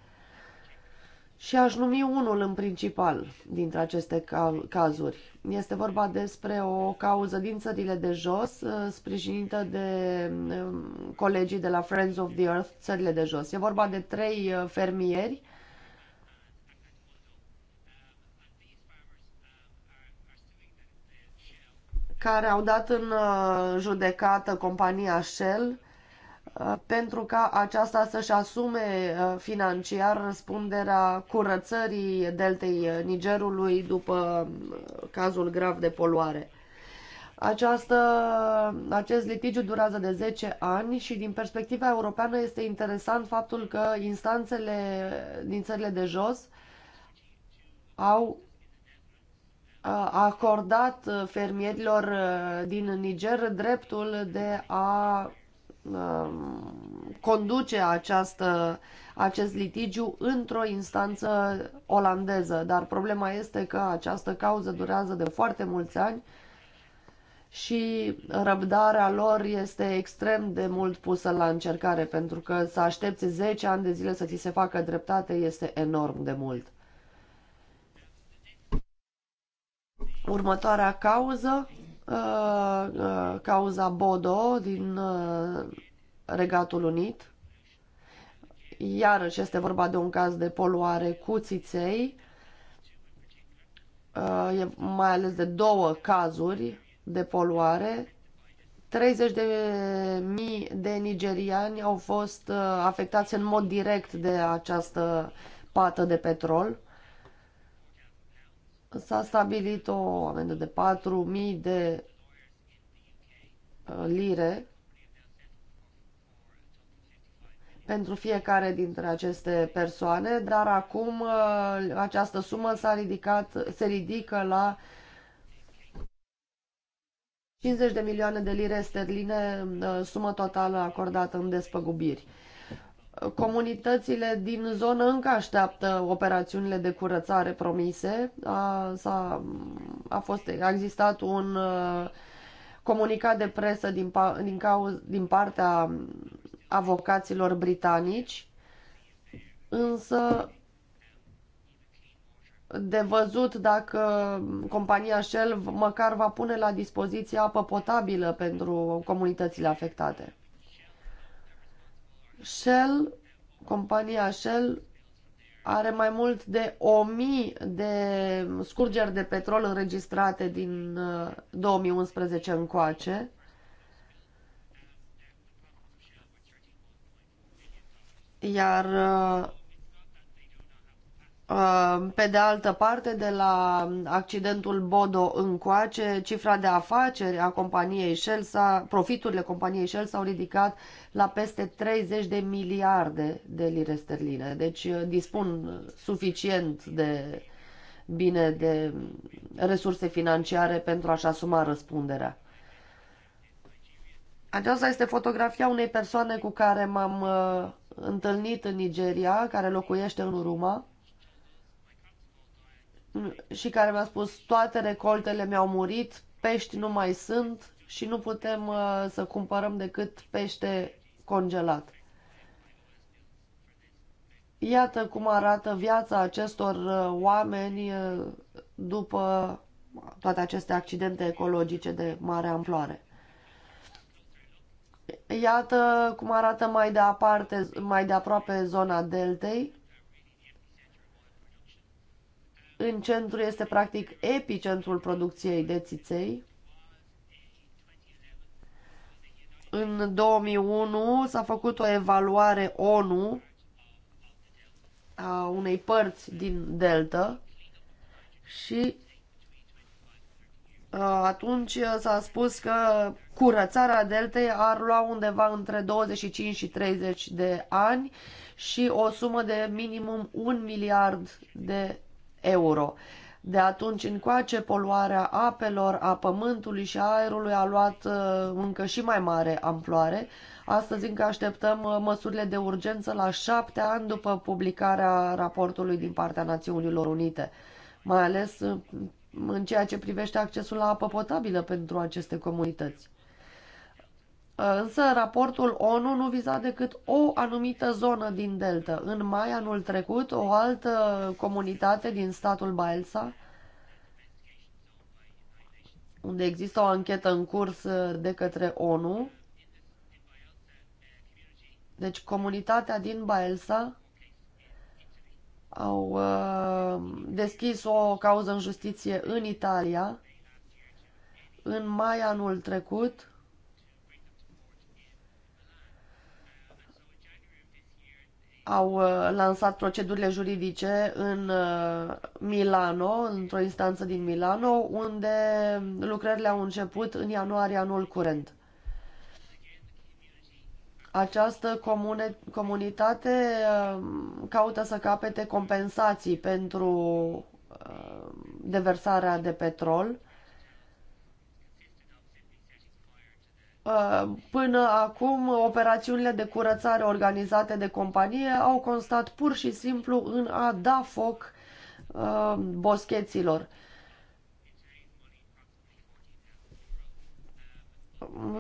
Speaker 2: Și aș numi unul în principal dintre aceste cazuri. Este vorba despre o cauză din țările de jos, uh, sprijinită de um, colegii de la Friends of the Earth, țările de jos. E vorba de trei uh, fermieri care au dat în uh, judecată compania Shell uh, pentru ca aceasta să-și asume uh, financiar răspunderea curățării deltei Nigerului după cazul grav de poluare. Această, acest litigiu durează de 10 ani și din perspectiva europeană este interesant faptul că instanțele din țările de jos au a acordat uh, fermierilor uh, din Niger dreptul de a um, conduce această, acest litigiu într-o instanță olandeză, dar problema este că această cauză durează de foarte mulți ani și răbdarea lor este extrem de mult pusă la încercare, pentru că să aștepți 10 ani de zile să ți se facă dreptate este enorm de mult. Următoarea cauză, uh, uh, cauza Bodo din uh, Regatul Unit. Iarăși este vorba de un caz de poluare cu țiței, e mai ales de două cazuri de poluare. 30 de mii de nigeriani au fost afectați în mod direct de această pată de petrol s-a stabilit o amendă de 4.000 de uh, lire pentru fiecare dintre aceste persoane, dar acum uh, această sumă s-a ridicat, se ridică la 50 de milioane de lire sterline, uh, sumă totală acordată în despăgubiri. Comunitățile din zonă încă așteaptă operațiunile de curățare promise. A, a a, fost, a existat un uh, comunicat de presă din, din, cauz, din partea avocaților britanici, însă de văzut dacă compania Shell măcar va pune la dispoziție apă potabilă pentru comunitățile afectate. Shell, compania Shell, are mai mult de 1000 de scurgeri de petrol înregistrate din 2011 uh, încoace. Iar uh, Uh, pe de altă parte, de la accidentul Bodo încoace, cifra de afaceri a companiei Shell s-a, profiturile companiei Shell s-au ridicat la peste 30 de miliarde de lire sterline. Deci uh, dispun suficient de bine de resurse financiare pentru a-și asuma răspunderea. Aceasta este fotografia unei persoane cu care m-am uh, întâlnit în Nigeria, care locuiește în Uruma și care mi-a spus toate recoltele mi-au murit, pești nu mai sunt și nu putem uh, să cumpărăm decât pește congelat. Iată cum arată viața acestor uh, oameni uh, după toate aceste accidente ecologice de mare amploare. Iată cum arată mai de, aparte, mai de aproape zona deltei. În centru este practic epicentrul producției de țiței. În 2001 s-a făcut o evaluare ONU a unei părți din delta și uh, atunci s-a spus că curățarea deltei ar lua undeva între 25 și 30 de ani și o sumă de minimum 1 miliard de euro. De atunci încoace, poluarea apelor, a pământului și a aerului a luat uh, încă și mai mare amploare. Astăzi încă așteptăm uh, măsurile de urgență la șapte ani după publicarea raportului din partea Națiunilor Unite, mai ales uh, în ceea ce privește accesul la apă potabilă pentru aceste comunități. Însă raportul ONU nu viza decât o anumită zonă din delta. În mai anul trecut, o altă comunitate din statul Baelsa, unde există o anchetă în curs uh, de către ONU, deci comunitatea din Baelsa au uh, deschis o cauză în justiție în Italia în mai anul trecut au uh, lansat procedurile juridice în uh, Milano, într-o instanță din Milano, unde lucrările au început în ianuarie anul curent. Această comune, comunitate uh, caută să capete compensații pentru deversarea de petrol Uh, până acum, operațiunile de curățare organizate de companie au constat pur și simplu în a da foc uh, boscheților.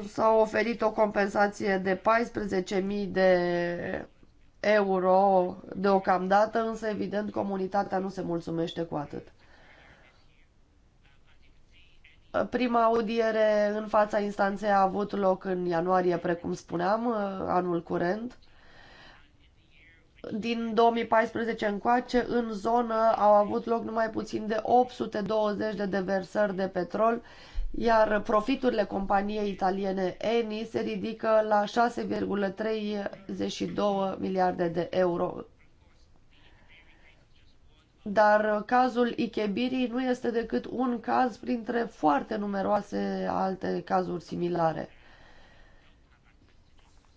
Speaker 2: S-a oferit o compensație de 14.000 de euro deocamdată, însă evident comunitatea nu se mulțumește cu atât. Uh, prima audiere în fața instanței a avut loc în ianuarie, precum spuneam, uh, anul curent. Din 2014 încoace, în zonă au avut loc numai puțin de 820 de deversări de petrol, iar profiturile companiei italiene Eni se ridică la 6,32 miliarde de euro dar cazul Ichebirii nu este decât un caz printre foarte numeroase alte cazuri similare.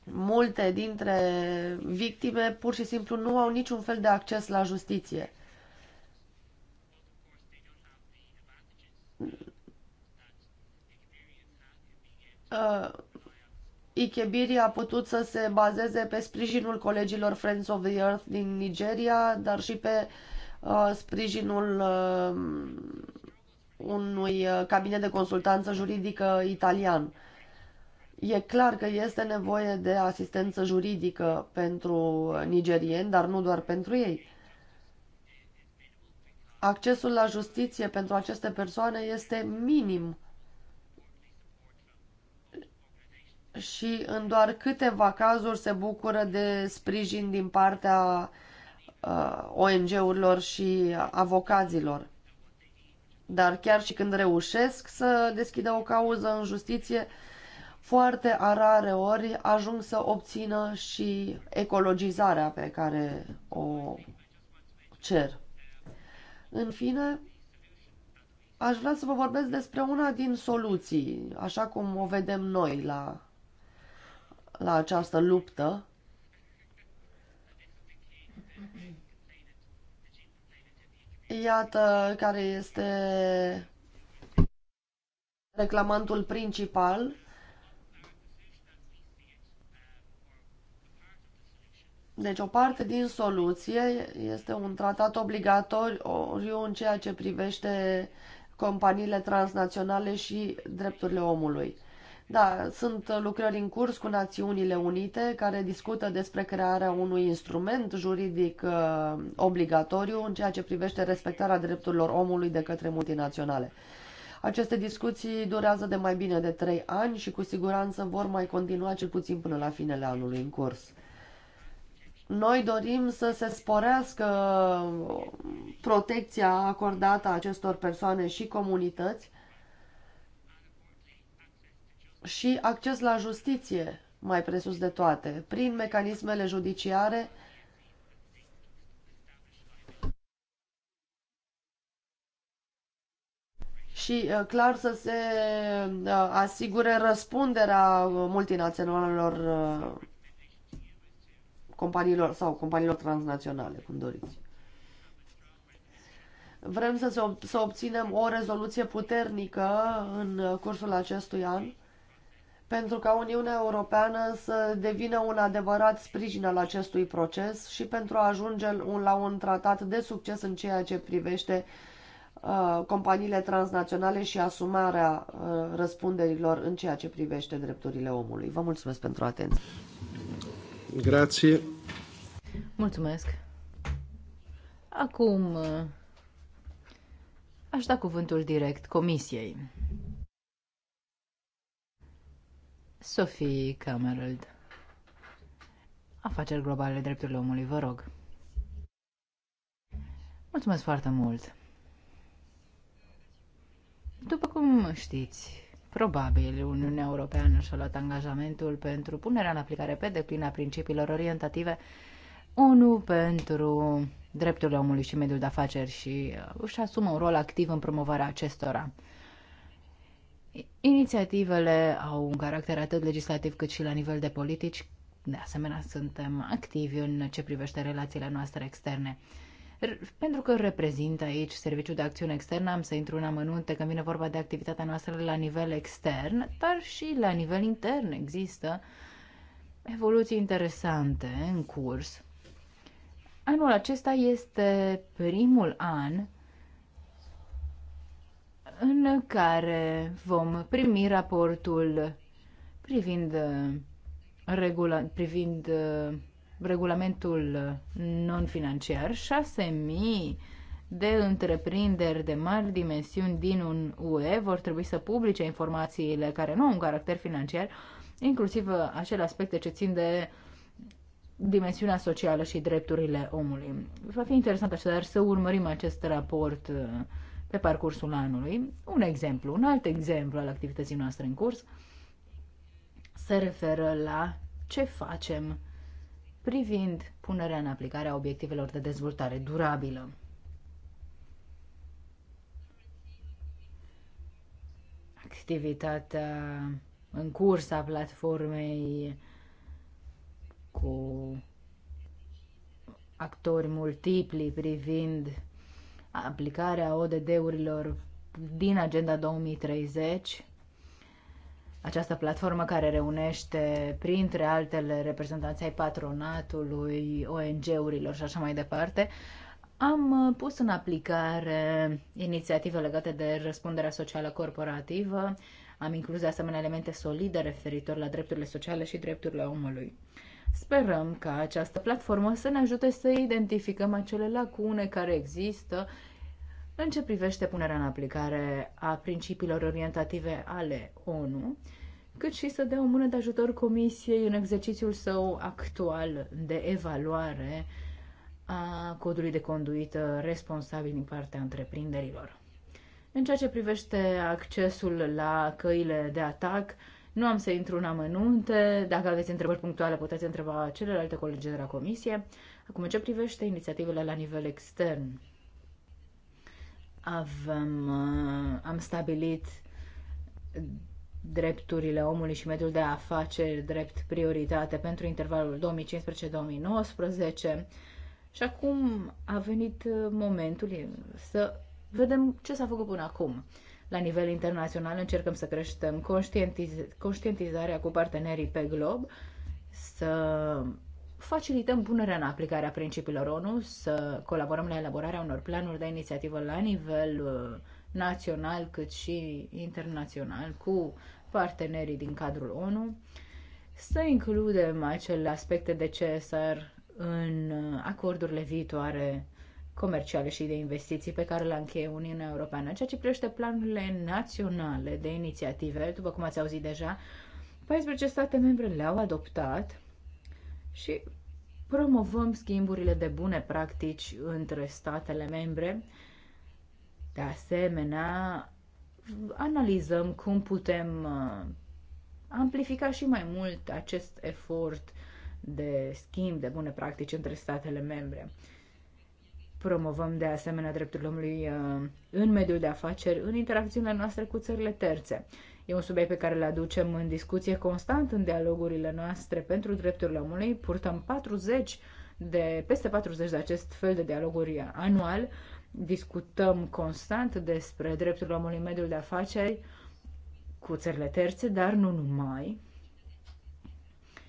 Speaker 2: Multe dintre victime pur și simplu nu au niciun fel de acces la justiție. Uh, Ikebiri a putut să se bazeze pe sprijinul colegilor Friends of the Earth din Nigeria, dar și pe uh, Uh, sprijinul uh, unui uh, cabinet de consultanță juridică italian. E clar că este nevoie de asistență juridică pentru nigerieni, dar nu doar pentru ei. Accesul la justiție pentru aceste persoane este minim și în doar câteva cazuri se bucură de sprijin din partea uh, Uh, ONG-urilor și avocaților. Dar chiar și când reușesc să deschidă o cauză în justiție, foarte rare ori ajung să obțină și ecologizarea pe care o cer. În fine, aș vrea să vă vorbesc despre una din soluții, așa cum o vedem noi la, la această luptă Iată care este reclamantul principal. Deci o parte din soluție este un tratat obligatoriu în ceea ce privește companiile transnaționale și drepturile omului. Da, sunt lucrări în curs cu Națiunile Unite care discută despre crearea unui instrument juridic uh, obligatoriu în ceea ce privește respectarea drepturilor omului de către multinaționale. Aceste discuții durează de mai bine de trei ani și cu siguranță vor mai continua cel puțin până la finele anului în curs. Noi dorim să se sporească protecția acordată acestor persoane și comunități și acces la justiție, mai presus de toate, prin mecanismele judiciare și uh, clar să se uh, asigure răspunderea uh, multinaționalelor companiilor sau companiilor transnaționale, cum doriți. Vrem să, se, să obținem o rezoluție puternică în cursul acestui an pentru ca Uniunea Europeană să devină un adevărat sprijin al acestui proces și pentru a ajunge la un tratat de succes în ceea ce privește uh, companiile transnaționale și asumarea uh, răspunderilor în ceea ce privește drepturile omului. Vă mulțumesc pentru atenție. Grație.
Speaker 3: Mulțumesc. Acum uh, aș da cuvântul direct Comisiei. Sophie Camerald. Afaceri globale, drepturile omului, vă rog. Mulțumesc foarte mult! După cum știți, probabil Uniunea Europeană și-a luat angajamentul pentru punerea în aplicare pe deplin a principiilor orientative ONU pentru drepturile omului și mediul de afaceri și uh, își asumă un rol activ în promovarea acestora. Inițiativele au un caracter atât legislativ cât și la nivel de politici. De asemenea, suntem activi în ce privește relațiile noastre externe. Pentru că reprezint aici Serviciul de Acțiune Externă, am să intru în amănunte când vine vorba de activitatea noastră la nivel extern, dar și la nivel intern există evoluții interesante în curs. Anul acesta este primul an în care vom primi raportul privind, uh, regula, privind uh, regulamentul non-financiar, 6.000 de întreprinderi de mari dimensiuni din un UE vor trebui să publice informațiile care nu au un caracter financiar, inclusiv uh, acele aspecte ce țin de dimensiunea socială și drepturile omului. Va fi interesant așadar să urmărim acest raport pe parcursul anului. Un exemplu, un alt exemplu al activității noastre în curs se referă la ce facem privind punerea în aplicare a obiectivelor de dezvoltare durabilă. Activitatea în curs a platformei cu actori multipli privind aplicarea ODD-urilor din Agenda 2030, această platformă care reunește, printre altele, reprezentanții ai patronatului, ONG-urilor și așa mai departe, am uh, pus în aplicare inițiative legate de răspunderea socială corporativă, am inclus de asemenea elemente solide referitor la drepturile sociale și drepturile omului. Sperăm că această platformă să ne ajute să identificăm acele lacune care există în ce privește punerea în aplicare a principiilor orientative ale ONU, cât și să dea o mână de ajutor Comisiei în exercițiul său actual de evaluare a codului de conduită responsabil din partea întreprinderilor. În ceea ce privește accesul la căile de atac, nu am să intru în amănunte. Dacă aveți întrebări punctuale, puteți întreba celelalte colegi de la comisie. Acum, ce privește inițiativele la nivel extern? Avem, uh, am stabilit drepturile omului și mediul de afaceri drept prioritate pentru intervalul 2015-2019 și acum a venit momentul să vedem ce s-a făcut până acum. La nivel internațional încercăm să creștem conștientiz- conștientizarea cu partenerii pe glob, să facilităm punerea în aplicare a principiilor ONU, să colaborăm la elaborarea unor planuri de inițiativă la nivel uh, național cât și internațional cu partenerii din cadrul ONU, să includem acele aspecte de CSR în uh, acordurile viitoare comerciale și de investiții pe care le încheie Uniunea Europeană. ceea ce privește planurile naționale de inițiative, după cum ați auzit deja, 14 state membre le-au adoptat și promovăm schimburile de bune practici între statele membre. De asemenea, analizăm cum putem uh, amplifica și mai mult acest efort de schimb de bune practici între statele membre. Promovăm de asemenea drepturile omului uh, în mediul de afaceri, în interacțiunile noastre cu țările terțe. E un subiect pe care îl aducem în discuție constant în dialogurile noastre pentru drepturile omului. Purtăm 40 de, peste 40 de acest fel de dialoguri anual. Discutăm constant despre drepturile omului în mediul de afaceri cu țările terțe, dar nu numai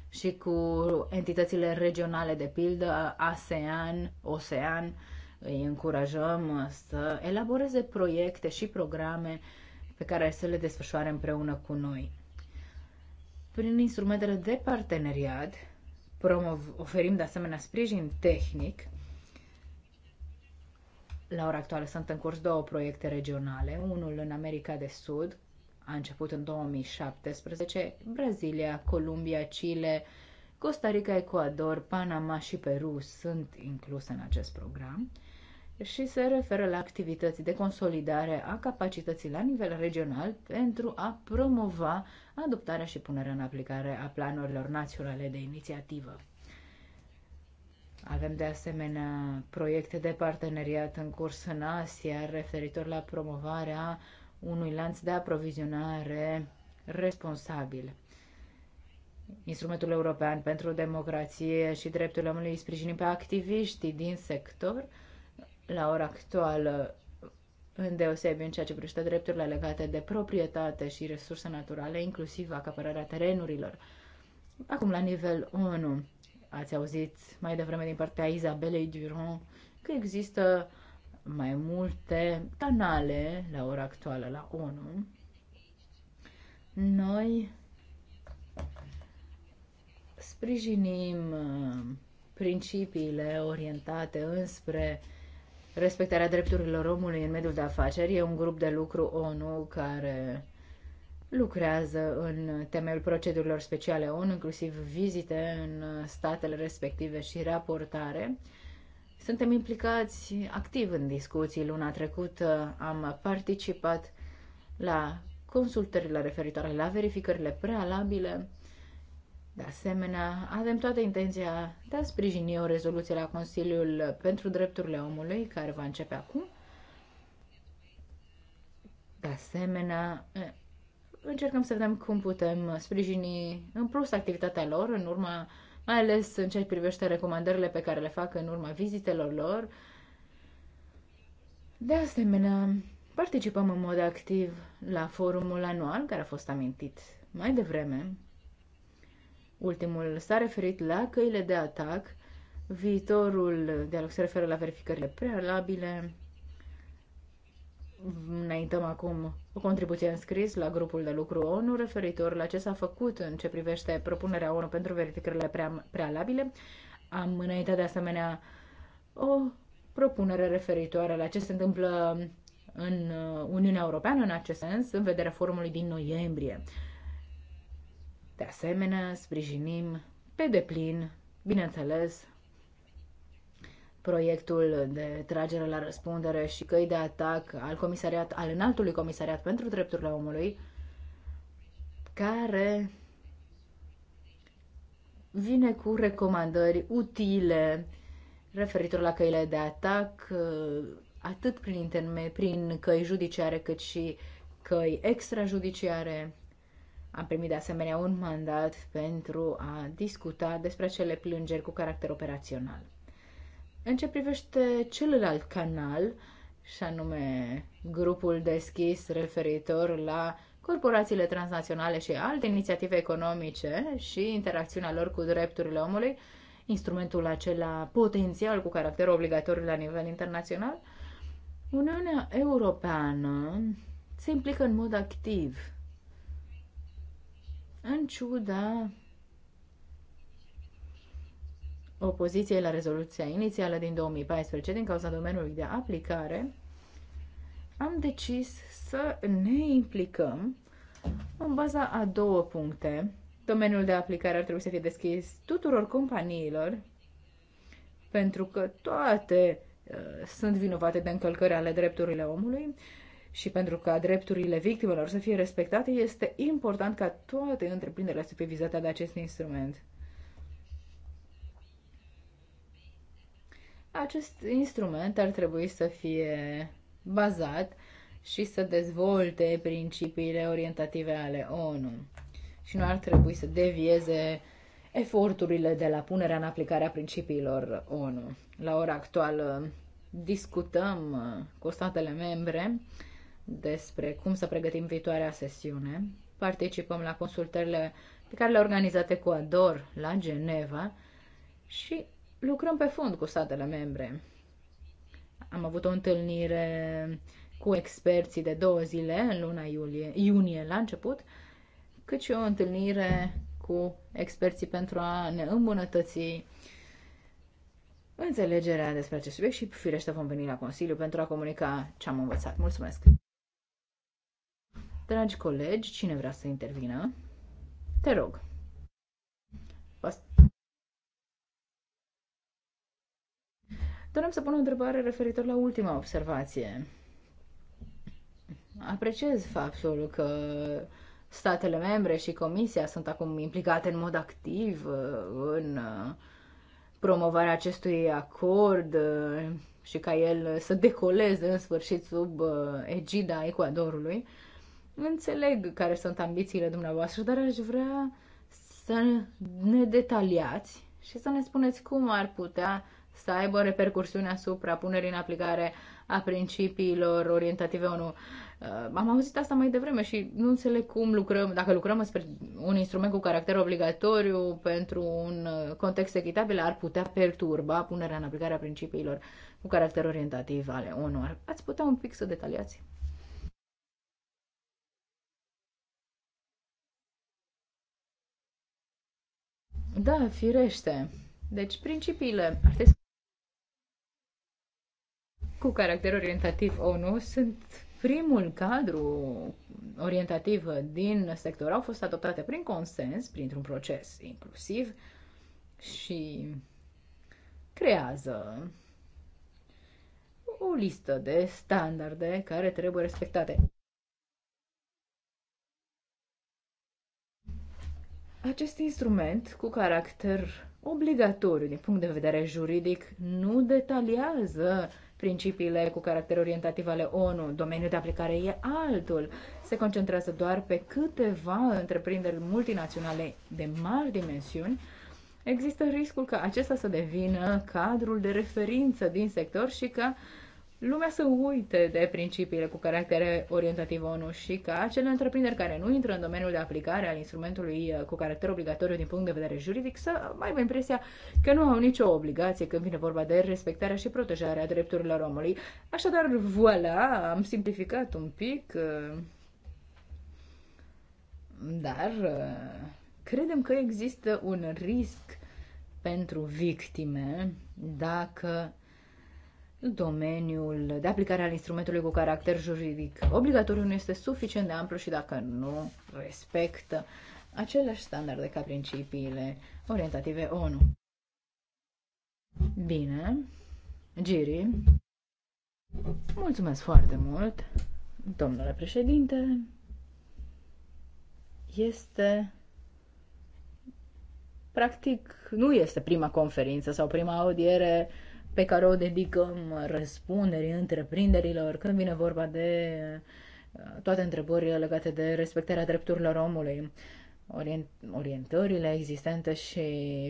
Speaker 3: și cu entitățile regionale, de pildă ASEAN, OSEAN îi încurajăm uh, să elaboreze proiecte și programe pe care să le desfășoare împreună cu noi. Prin instrumentele de parteneriat, promov- oferim de asemenea sprijin tehnic. La ora actuală sunt în curs două proiecte regionale, unul în America de Sud, a început în 2017, Brazilia, Columbia, Chile, Costa Rica, Ecuador, Panama și Peru sunt incluse în acest program și se referă la activități de consolidare a capacității la nivel regional pentru a promova adoptarea și punerea în aplicare a planurilor naționale de inițiativă. Avem de asemenea proiecte de parteneriat în curs în Asia referitor la promovarea unui lanț de aprovizionare responsabil. Instrumentul European pentru Democrație și Drepturile Omului sprijinim pe activiștii din sector la ora actuală, îndeosebi în ceea ce privește drepturile legate de proprietate și resurse naturale, inclusiv acapărarea terenurilor. Acum, la nivel 1, ați auzit mai devreme din partea Isabelei Durand că există mai multe canale la ora actuală la ONU. Noi sprijinim uh, principiile orientate înspre uh, respectarea drepturilor omului în mediul de afaceri. E un grup de lucru ONU care lucrează în temeiul procedurilor speciale ONU, inclusiv vizite în statele respective și raportare. Suntem implicați activ în discuții. Luna trecută am participat la consultările referitoare la verificările prealabile de asemenea, avem toată intenția de a sprijini o rezoluție la Consiliul pentru Drepturile Omului, care va începe acum. De asemenea, încercăm să vedem cum putem sprijini în plus activitatea lor, în urma, mai ales în ceea ce privește recomandările pe care le fac în urma vizitelor lor. De asemenea, participăm în mod activ la forumul anual care a fost amintit mai devreme Ultimul s-a referit la căile de atac, viitorul dialog se referă la verificările prealabile. Înaintăm acum o contribuție în scris la grupul de lucru ONU referitor la ce s-a făcut în ce privește propunerea ONU pentru verificările prea, prealabile. Am înainte de asemenea o propunere referitoare la ce se întâmplă în Uniunea Europeană în acest sens, în vederea forumului din noiembrie. De asemenea, sprijinim pe deplin, bineînțeles, proiectul de tragere la răspundere și căi de atac al comisariat, al înaltului comisariat pentru drepturile omului, care vine cu recomandări utile referitor la căile de atac, atât prin, interme, prin căi judiciare cât și căi extrajudiciare. Am primit de asemenea un mandat pentru a discuta despre acele plângeri cu caracter operațional. În ce privește celălalt canal, și anume grupul deschis referitor la corporațiile transnaționale și alte inițiative economice și interacțiunea lor cu drepturile omului, instrumentul acela potențial cu caracter obligatoriu la nivel internațional, Uniunea Europeană se implică în mod activ în ciuda opoziției la rezoluția inițială din 2014 din cauza domeniului de aplicare, am decis să ne implicăm în baza a două puncte. Domeniul de aplicare ar trebui să fie deschis tuturor companiilor, pentru că toate uh, sunt vinovate de încălcări ale drepturilor omului și pentru ca drepturile victimelor să fie respectate, este important ca toate întreprinderile să fie vizate de acest instrument. Acest instrument ar trebui să fie bazat și să dezvolte principiile orientative ale ONU și nu ar trebui să devieze eforturile de la punerea în aplicare a principiilor ONU. La ora actuală discutăm uh, cu statele membre despre cum să pregătim viitoarea sesiune. Participăm la consultările pe care le organizate cu ADOR la Geneva și lucrăm pe fond cu statele membre. Am avut o întâlnire cu experții de două zile în luna iulie, iunie la început, cât și o întâlnire cu experții pentru a ne îmbunătăți înțelegerea despre acest subiect și firește vom veni la Consiliu pentru a comunica ce am învățat. Mulțumesc! Dragi colegi, cine vrea să intervină? Te rog. Dorem să pun o întrebare referitor la ultima observație. Apreciez faptul că statele membre și Comisia sunt acum implicate în mod activ uh, în uh, promovarea acestui acord uh, și ca el să decoleze în sfârșit sub egida Ecuadorului. Înțeleg care sunt ambițiile dumneavoastră, dar aș vrea să ne detaliați și să ne spuneți cum ar putea să aibă repercursiune asupra punerii în aplicare a principiilor orientative ONU. Uh, am auzit asta mai devreme și nu înțeleg cum lucrăm, dacă lucrăm spre un instrument cu caracter obligatoriu pentru un uh, context echitabil, ar putea perturba punerea în aplicare a principiilor cu caracter orientativ ale ONU. Ați putea un pic să detaliați? Da, firește. Deci principiile artes- cu caracter orientativ ONU sunt primul cadru orientativ din sector. Au fost adoptate prin consens, printr-un proces inclusiv și creează o listă de standarde care trebuie respectate. Acest instrument, cu caracter obligatoriu din punct de vedere juridic, nu detaliază principiile cu caracter orientativ ale ONU. Domeniul de aplicare e altul. Se concentrează doar pe câteva întreprinderi multinaționale de mari dimensiuni. Există riscul ca acesta să devină cadrul de referință din sector și ca lumea să uite de principiile cu caracter orientativ ONU și ca acele întreprinderi care nu intră în domeniul de aplicare al instrumentului uh, cu caracter obligatoriu din punct de vedere juridic să aibă impresia că nu au nicio obligație când vine vorba de respectarea și protejarea drepturilor omului. Așadar, voilà, am simplificat un pic, uh, dar uh, credem că există un risc pentru victime dacă domeniul de aplicare al instrumentului cu caracter juridic obligatoriu nu este suficient de amplu și dacă nu respectă aceleași standarde ca principiile orientative ONU. Bine, Giri, mulțumesc foarte mult, domnule președinte. Este practic nu este prima conferință sau prima audiere pe care o dedicăm răspunderii întreprinderilor când vine vorba de uh, toate întrebările legate de respectarea drepturilor omului. Orientările existente și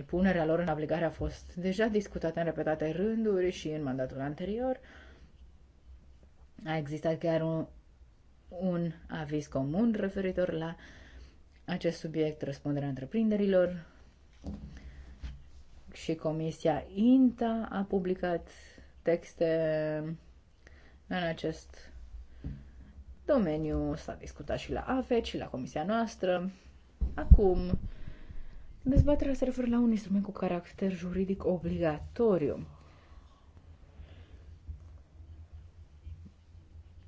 Speaker 3: punerea lor în aplicare a fost deja discutată în repetate rânduri și în mandatul anterior. A existat chiar un, un aviz comun referitor la acest subiect, răspunderea întreprinderilor și Comisia INTA a publicat texte în acest domeniu. S-a discutat și la AFET și la comisia noastră. Acum, dezbaterea se referă la un instrument cu caracter juridic obligatoriu.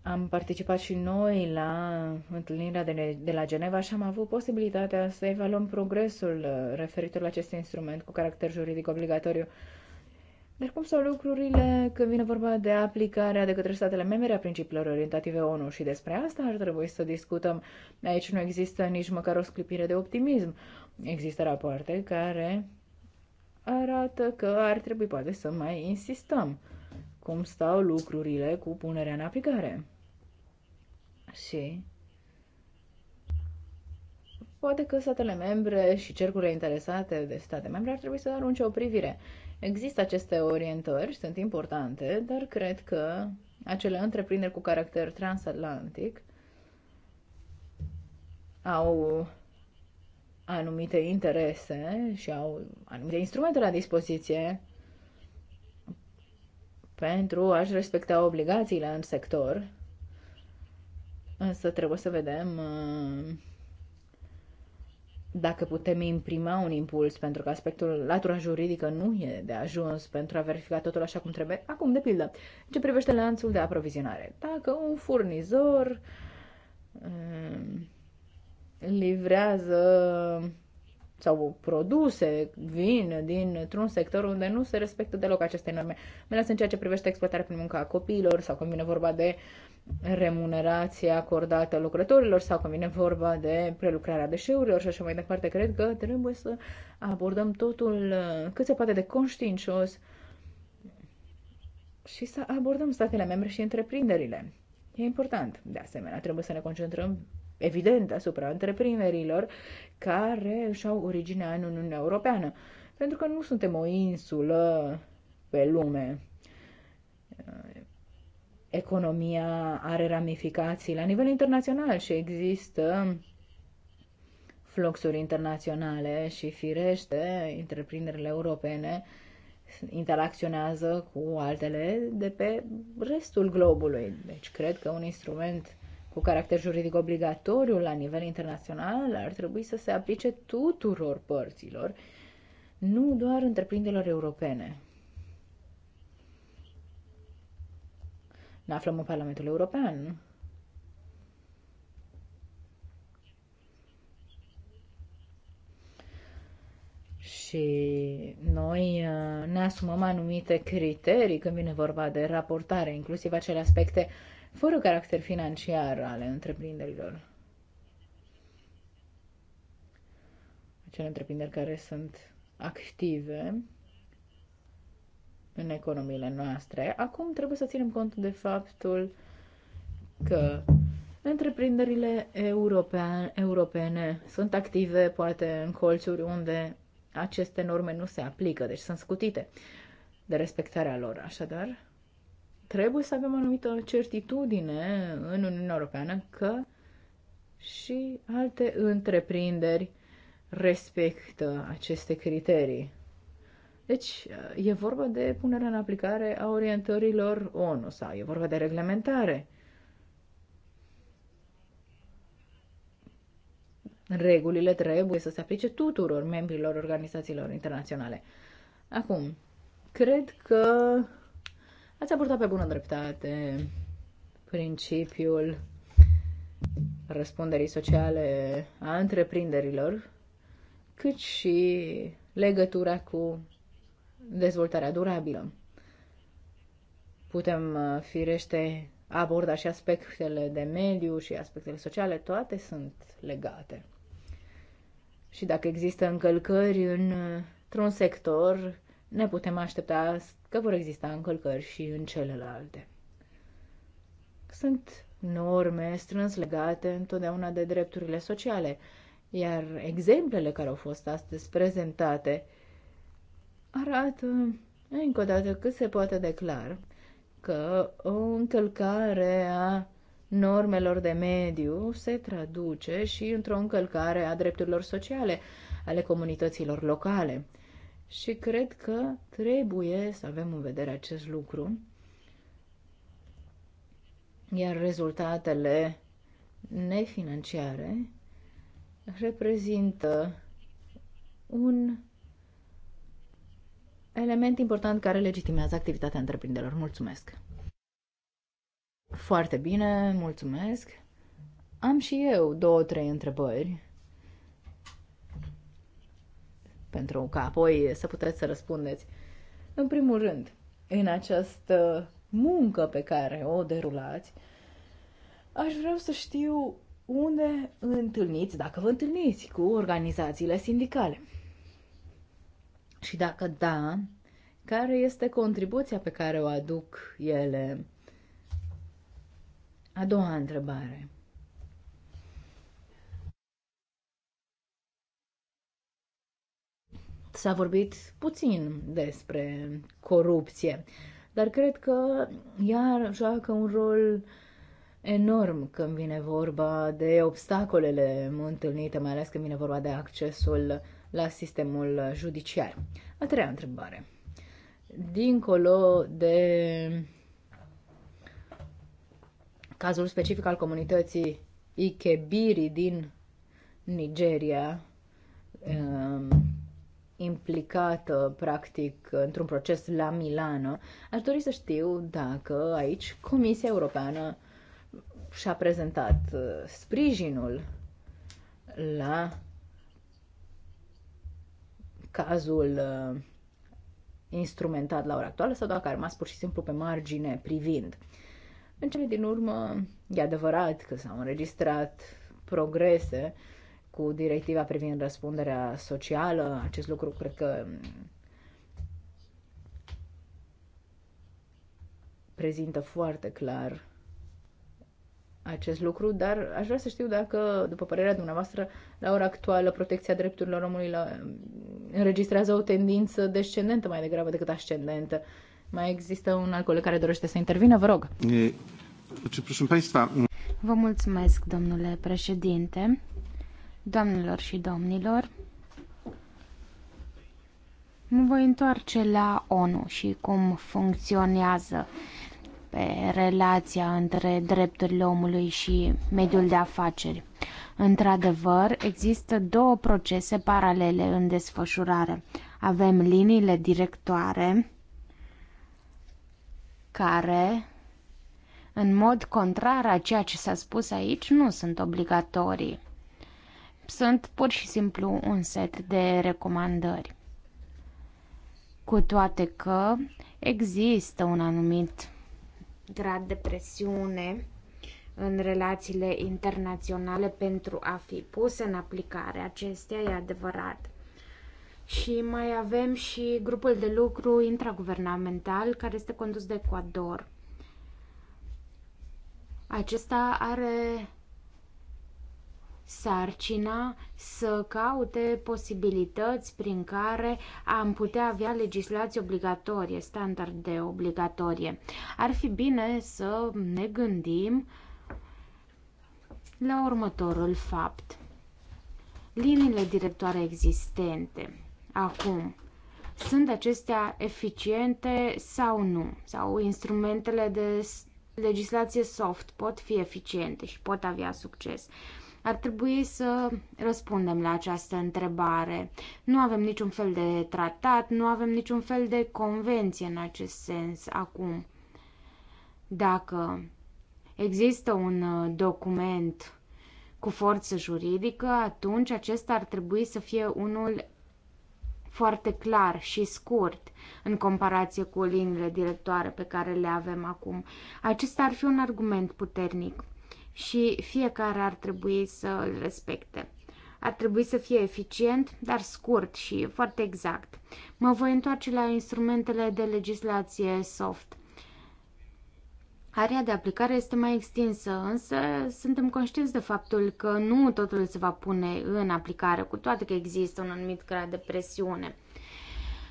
Speaker 3: Am participat și noi la întâlnirea de, de la Geneva și am avut posibilitatea să evaluăm progresul uh, referitor la acest instrument cu caracter juridic obligatoriu. Dar cum stau lucrurile când vine vorba de aplicarea de către statele membre a principiilor orientative ONU și despre asta ar trebui să discutăm. Aici nu există nici măcar o sclipire de optimism. Există rapoarte care arată că ar trebui poate să mai insistăm. Cum stau lucrurile cu punerea în aplicare? și poate că statele membre și cercurile interesate de state membre ar trebui să arunce o privire. Există aceste orientări, sunt importante, dar cred că acele întreprinderi cu caracter transatlantic au anumite interese și au anumite instrumente la dispoziție pentru a-și respecta obligațiile în sector Însă trebuie să vedem uh, dacă putem imprima un impuls, pentru că aspectul, latura juridică nu e de ajuns pentru a verifica totul așa cum trebuie. Acum, de pildă, ce privește lanțul de aprovizionare. Dacă un furnizor uh, livrează sau produse vin dintr-un sector unde nu se respectă deloc aceste norme, mai ales în ceea ce privește exploatarea prin munca a copiilor sau când vine vorba de uh, remunerație acordată lucrătorilor sau când vine vorba de prelucrarea deșeurilor și așa mai departe. Cred că trebuie să abordăm totul uh, cât se poate de conștiincios și să abordăm statele membre și întreprinderile. E important. De asemenea, trebuie să ne concentrăm evident asupra întreprinderilor care își au originea în Uniunea Europeană, pentru că nu suntem o insulă pe lume economia are ramificații la nivel internațional și există fluxuri internaționale și firește, întreprinderile europene interacționează cu altele de pe restul globului. Deci cred că un instrument cu caracter juridic obligatoriu la nivel internațional ar trebui să se aplice tuturor părților, nu doar întreprinderilor europene. Ne aflăm în Parlamentul European. și noi uh, ne asumăm anumite criterii când vine vorba de raportare, inclusiv acele aspecte fără caracter financiar ale întreprinderilor. Acele întreprinderi care sunt active în economiile noastre. Acum trebuie să ținem cont de faptul că întreprinderile european, europene sunt active poate în colțuri unde aceste norme nu se aplică, deci sunt scutite de respectarea lor. Așadar, trebuie să avem o anumită certitudine în Uniunea Europeană că și alte întreprinderi respectă aceste criterii. Deci e vorba de punerea în aplicare a orientărilor ONU sau e vorba de reglementare. Regulile trebuie să se aplice tuturor membrilor organizațiilor internaționale. Acum, cred că ați abordat pe bună dreptate principiul răspunderii sociale a întreprinderilor, cât și legătura cu dezvoltarea durabilă. Putem, uh, firește, aborda și aspectele de mediu și aspectele sociale, toate sunt legate. Și dacă există încălcări uh, într-un sector, ne putem aștepta că vor exista încălcări și în celelalte. Sunt norme strâns legate întotdeauna de drepturile sociale, iar exemplele care au fost astăzi prezentate arată încă o dată cât se poate declar că o încălcare a normelor de mediu se traduce și într-o încălcare a drepturilor sociale ale comunităților locale. Și cred că trebuie să avem în vedere acest lucru, iar rezultatele nefinanciare reprezintă un element important care legitimează activitatea întreprinderilor. Mulțumesc! Foarte bine, mulțumesc! Am și eu două, trei întrebări pentru ca apoi să puteți să răspundeți. În primul rând, în această muncă pe care o derulați, aș vrea să știu unde întâlniți, dacă vă întâlniți cu organizațiile sindicale. Și dacă da, care este contribuția pe care o aduc ele? A doua întrebare. S-a vorbit puțin despre corupție, dar cred că ea joacă un rol enorm când vine vorba de obstacolele întâlnite, mai ales când vine vorba de accesul la sistemul judiciar. A treia întrebare. Dincolo de cazul specific al comunității Ikebiri din Nigeria, um, implicată, practic, într-un proces la Milano, aș dori să știu dacă aici Comisia Europeană și-a prezentat uh, sprijinul la cazul uh, instrumentat la ora actuală sau dacă a rămas pur și simplu pe margine privind. În cele din urmă, e adevărat că s-au înregistrat progrese cu directiva privind răspunderea socială. Acest lucru cred că um, prezintă foarte clar acest lucru, dar aș vrea să știu dacă, după părerea dumneavoastră, la ora actuală, protecția drepturilor omului la, înregistrează o tendință descendentă mai degrabă decât ascendentă. Mai există un alt coleg care dorește să intervină? Vă rog. Vă mulțumesc,
Speaker 1: domnule președinte, doamnelor și domnilor. Mă voi întoarce la ONU și cum funcționează pe relația între drepturile omului și mediul de afaceri. Într-adevăr, există două procese paralele în desfășurare. Avem liniile directoare care, în mod contrar a ceea ce s-a spus aici, nu sunt obligatorii. Sunt pur și simplu un set de recomandări. Cu toate că există un anumit grad de presiune în relațiile internaționale pentru a fi pus în aplicare. Acestea e adevărat. Și mai avem și grupul de lucru intraguvernamental care este condus de Ecuador. Acesta are sarcina să caute posibilități prin care am putea avea legislație obligatorie, standarde obligatorie. Ar fi bine să ne gândim la următorul fapt. Liniile directoare existente acum sunt acestea eficiente sau nu? Sau instrumentele de legislație soft pot fi eficiente și pot avea succes? Uh, ar trebui să răspundem la această întrebare. Nu avem niciun fel de tratat, nu avem niciun fel de convenție în acest sens acum. Dacă există un uh, document cu forță juridică, atunci acesta ar trebui să fie unul foarte clar și scurt în comparație cu liniile directoare pe care le avem acum. Acesta ar fi un argument puternic și fiecare ar trebui să îl respecte. Ar trebui să fie eficient, dar scurt și foarte exact. Mă voi întoarce la instrumentele de legislație soft. Area de aplicare este mai extinsă, însă suntem conștienți de faptul că nu totul se va pune în aplicare, cu toate că există un anumit grad de presiune.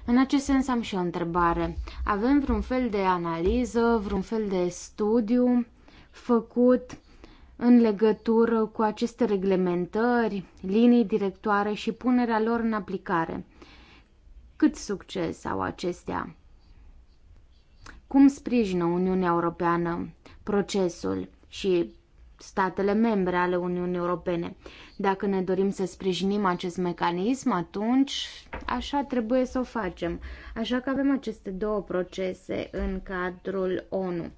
Speaker 1: În acest sens am și o întrebare. Avem vreun fel de analiză, vreun fel de studiu făcut în legătură cu aceste reglementări, linii directoare și punerea lor în aplicare. Cât succes au acestea? Cum sprijină Uniunea Europeană procesul și statele membre ale Uniunii Europene? Dacă ne dorim să sprijinim acest mecanism, atunci așa trebuie să o facem. Așa că avem aceste două procese în cadrul ONU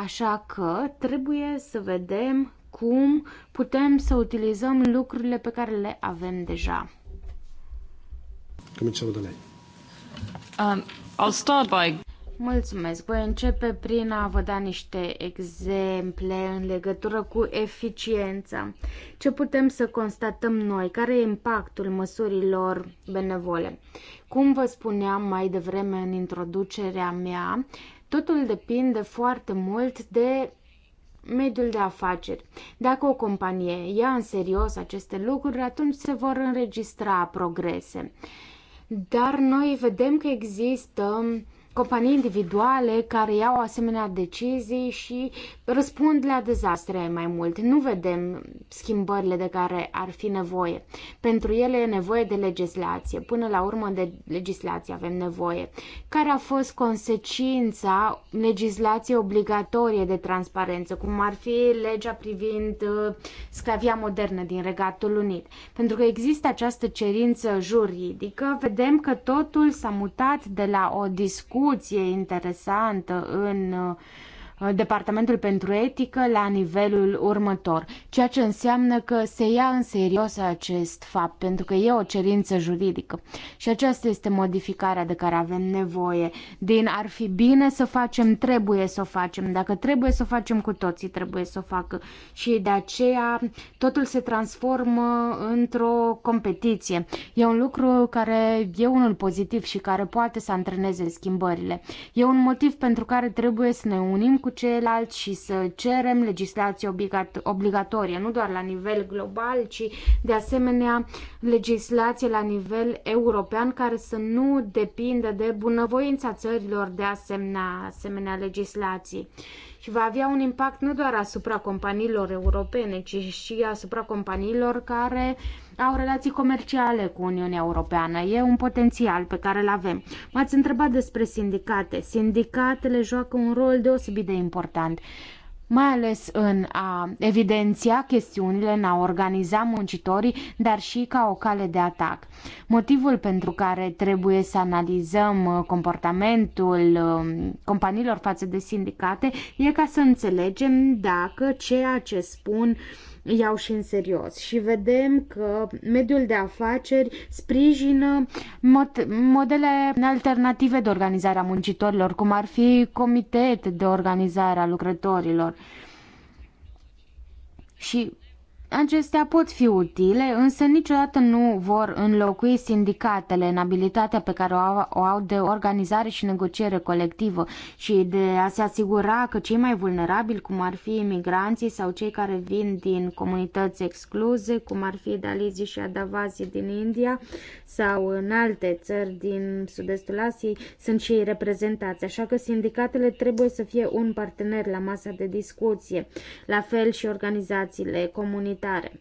Speaker 1: Așa că trebuie să vedem cum putem să utilizăm lucrurile pe care le avem deja. Um, I'll start by... Mulțumesc. Voi începe prin a vă da niște exemple în legătură cu eficiența. Ce putem să constatăm noi? Care e impactul măsurilor benevole? Cum vă spuneam mai devreme în introducerea mea, Totul depinde foarte mult de mediul de afaceri. Dacă o companie ia în serios aceste lucruri, atunci se vor înregistra progrese. Dar noi vedem că există companii individuale care iau asemenea decizii și răspund la dezastre mai mult. Nu vedem schimbările de care ar fi nevoie. Pentru ele e nevoie de legislație. Până la urmă de legislație avem nevoie. Care a fost consecința legislației obligatorie de transparență, cum ar fi legea privind uh, sclavia modernă din Regatul Unit? Pentru că există această cerință juridică, vedem că totul s-a mutat de la o discuție discuție interesantă în uh, Uh, Departamentul pentru Etică la nivelul următor, ceea ce înseamnă că se ia în serios acest fapt, pentru că e o cerință juridică. Și aceasta este modificarea de care avem nevoie. Din ar fi bine să facem, trebuie să o facem. Dacă trebuie să o facem cu toții, trebuie să o facă. Și de aceea totul se transformă într-o competiție. E un lucru care e unul pozitiv și care poate să antreneze schimbările. E un motiv pentru care trebuie să ne unim cu ceilalți și să cerem legislație obligatorie, nu doar la nivel global, ci de asemenea legislație la nivel european care să nu depindă de bunăvoința țărilor de asemenea, asemenea legislații și va avea un impact nu doar asupra companiilor europene, ci și asupra companiilor care au relații comerciale cu Uniunea Europeană. E un potențial pe care îl avem. M-ați întrebat despre sindicate. Sindicatele joacă un rol deosebit de important mai ales în a evidenția chestiunile, în a organiza muncitorii, dar și ca o cale de atac. Motivul pentru care trebuie să analizăm uh, comportamentul um, companiilor față de sindicate e ca să înțelegem dacă ceea ce spun uh, iau și în serios și vedem că mediul de afaceri sprijină mod modele alternative de organizare a muncitorilor, cum ar fi comitet de organizare a lucrătorilor. Și Acestea pot fi utile, însă niciodată nu vor înlocui sindicatele în abilitatea pe care o au, o au de organizare și negociere colectivă și de a se asigura că cei mai vulnerabili, cum ar fi imigranții sau cei care vin din comunități excluse, cum ar fi dalizii și adavazii din India sau în alte țări din sud-estul Asiei, sunt și ei reprezentați. Așa că sindicatele trebuie să fie un partener la masa de discuție. La fel și organizațiile comunitare umanitare.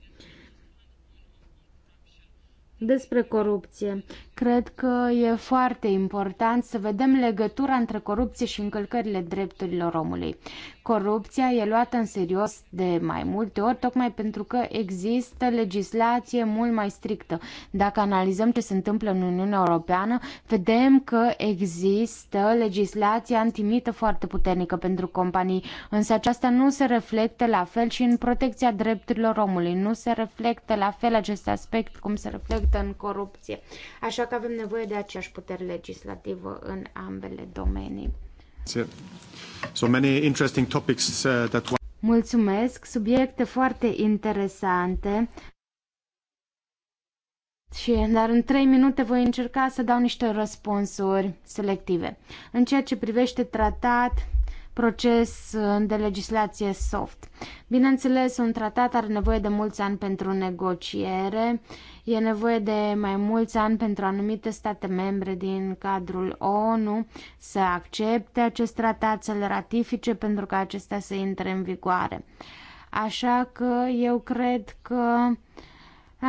Speaker 1: Despre corupție. Cred că e foarte important să vedem legătura între corupție și încălcările drepturilor omului. Corupția e luată în serios de mai multe ori, tocmai pentru că există legislație mult mai strictă. Dacă analizăm ce se întâmplă în Uniunea Europeană, vedem că există legislație antimită foarte puternică pentru companii, însă aceasta nu se reflectă la fel și în protecția drepturilor omului. Nu se reflectă la fel acest aspect cum se reflectă în corupție. Așa fapt avem nevoie de aceeași putere legislativă în ambele domenii.
Speaker 2: So many interesting topics uh, that
Speaker 1: Mulțumesc, subiecte foarte interesante. Și, dar în trei minute voi încerca să dau niște răspunsuri selective. În ceea ce privește tratat, proces uh, de legislație soft. Bineînțeles, un tratat are nevoie de mulți ani pentru negociere, e nevoie de mai mulți ani pentru anumite state membre din cadrul ONU să accepte acest tratat, să-l ratifice pentru ca acesta să intre în vigoare. Așa că eu cred că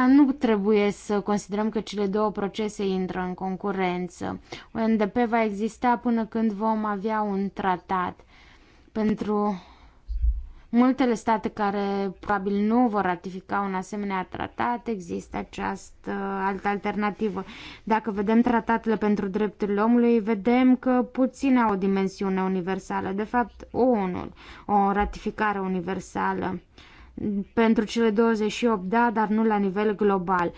Speaker 1: nu trebuie să considerăm că cele două procese intră în concurență. UNDP va exista până când vom avea un tratat. Pentru multele state care probabil nu vor ratifica un asemenea tratat, există această altă alternativă. Dacă vedem tratatele pentru drepturile omului, vedem că puține au o dimensiune universală, de fapt unul, o ratificare universală. Pentru cele 28, da, dar nu la nivel global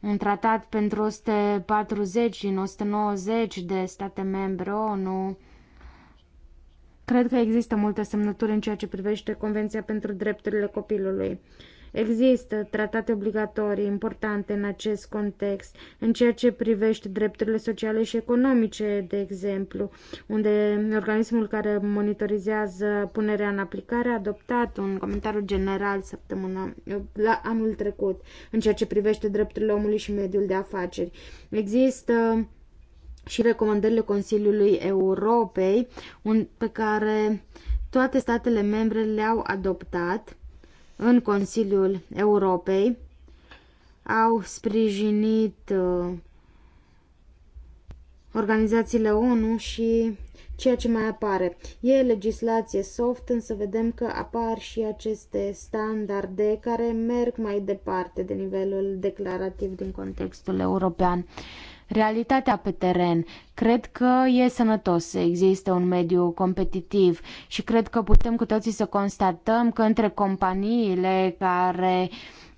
Speaker 1: un tratat pentru 140 din 190 de state membre ONU. Cred că există multe semnături în ceea ce privește Convenția pentru Drepturile Copilului. Există tratate obligatorii importante în acest context, în ceea ce privește drepturile sociale și economice, de exemplu, unde organismul care monitorizează punerea în aplicare a adoptat un comentariu general săptămâna la anul trecut în ceea ce privește drepturile omului și mediul de afaceri. Există și recomandările Consiliului Europei un, pe care toate statele membre le-au adoptat în Consiliul Europei, au sprijinit uh, organizațiile ONU și ceea ce mai apare. E legislație soft, însă vedem că apar și aceste standarde care merg mai departe de nivelul declarativ din contextul european. Uh, realitatea pe teren. Cred că e sănătos să existe un mediu competitiv și cred că putem cu toții să constatăm că între companiile care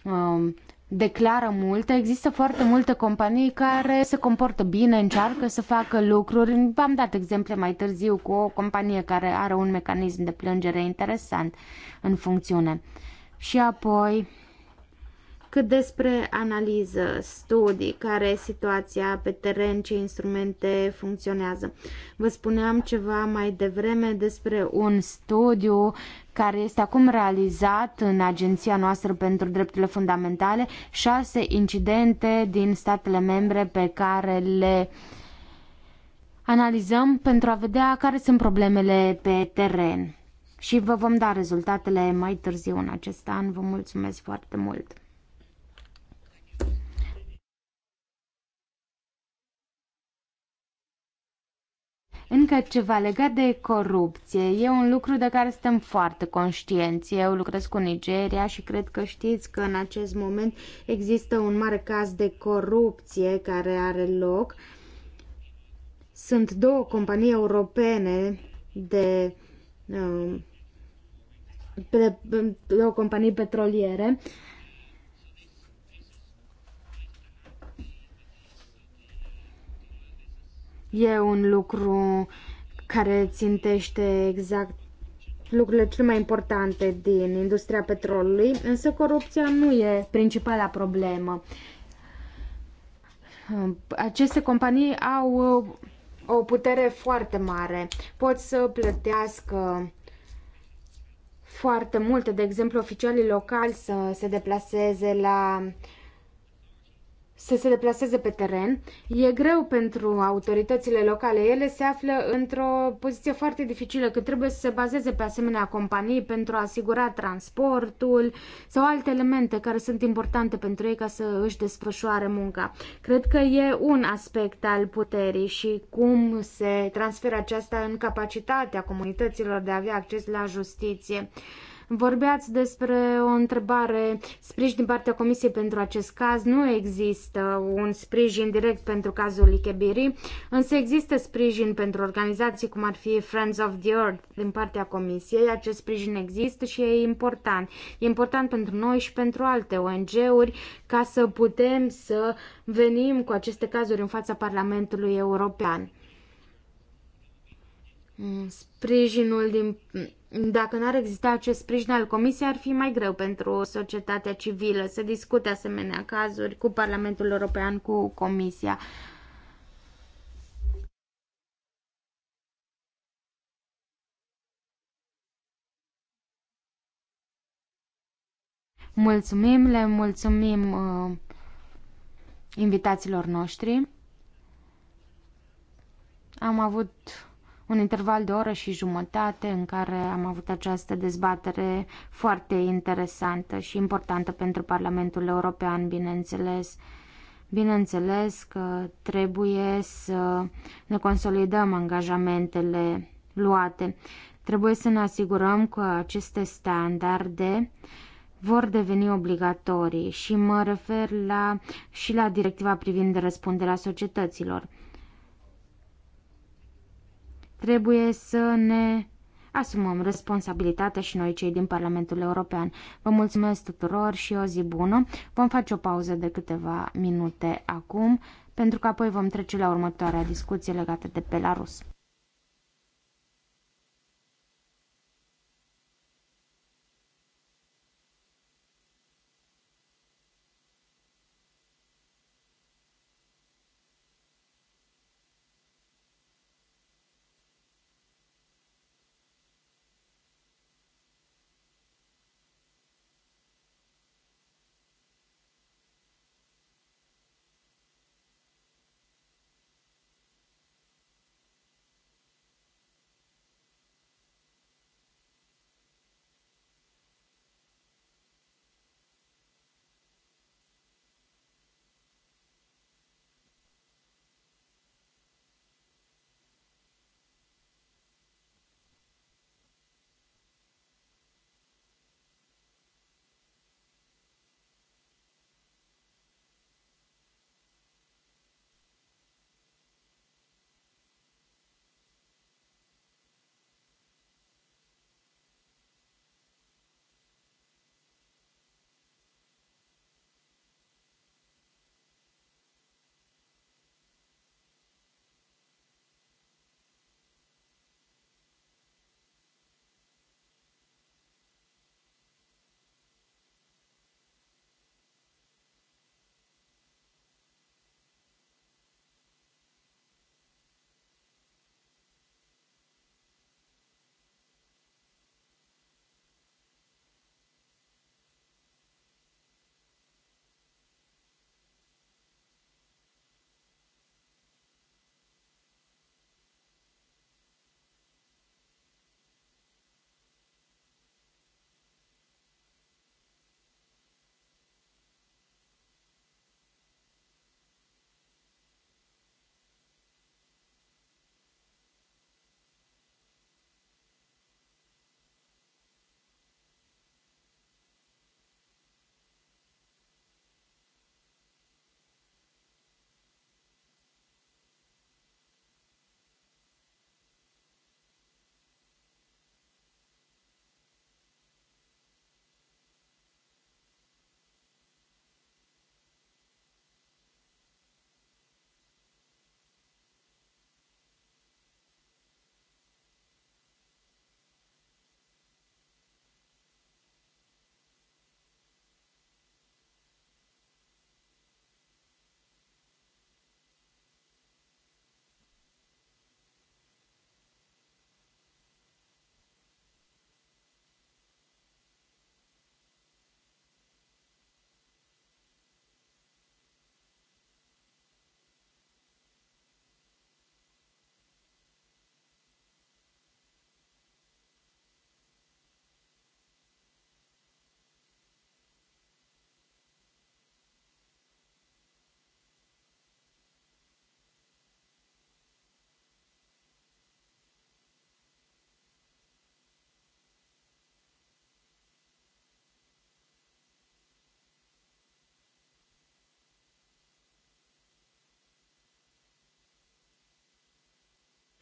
Speaker 1: um, declară multe, există foarte multe companii care se comportă bine, încearcă să facă lucruri. V-am dat exemple mai târziu cu o companie care are un mecanism de plângere interesant în funcțiune. Și apoi, cât despre analiză, studii, care e situația pe teren, ce instrumente funcționează. Vă spuneam ceva mai devreme despre un studiu care este acum realizat în Agenția noastră pentru Drepturile Fundamentale, șase incidente din statele membre pe care le analizăm pentru a vedea care sunt problemele pe teren. Și vă vom da rezultatele mai târziu în acest an. Vă mulțumesc foarte mult! Încă ceva legat de corupție. E un lucru de care suntem foarte conștienți. Eu lucrez cu Nigeria și cred că știți că în acest moment există un mare caz de corupție care are loc. Sunt două companii europene de, de, de, de, o companii petroliere E un lucru care țintește exact lucrurile cele mai importante din industria petrolului, însă corupția nu e principala problemă. Aceste companii au o putere foarte mare. Pot să plătească foarte multe, de exemplu, oficialii locali să se deplaseze la să se deplaseze pe teren. E greu pentru autoritățile locale. Ele se află într-o poziție foarte dificilă, că trebuie să se bazeze pe asemenea companii pentru a asigura transportul sau alte elemente care sunt importante pentru ei ca să își desfășoare munca. Cred că e un aspect al puterii și cum se transferă aceasta în capacitatea comunităților de a avea acces la justiție. Vorbeați despre o întrebare, sprijin din partea Comisiei pentru acest caz. Nu există un sprijin direct pentru cazul Ikebiri, însă există sprijin pentru organizații cum ar fi Friends of the Earth din partea Comisiei. Acest sprijin există și e important. E important pentru noi și pentru alte ONG-uri ca să putem să venim cu aceste cazuri în fața Parlamentului European. Mm, sprijinul din... Mm, dacă n-ar exista acest sprijin al Comisiei, ar fi mai greu pentru societatea civilă să discute asemenea cazuri cu Parlamentul European, cu Comisia. Mulțumim, le mulțumim uh, invitaților noștri. Am avut un interval de oră și jumătate în care am avut această dezbatere foarte interesantă și importantă pentru Parlamentul European, bineînțeles. Bineînțeles că trebuie să ne consolidăm angajamentele luate. Trebuie să ne asigurăm că aceste standarde vor deveni obligatorii și mă refer la, și la directiva privind răspunderea societăților. Trebuie să ne asumăm responsabilitatea și noi cei din Parlamentul European. Vă mulțumesc tuturor și o zi bună. Vom face o pauză de câteva minute acum, pentru că apoi vom trece la următoarea discuție legată de Belarus.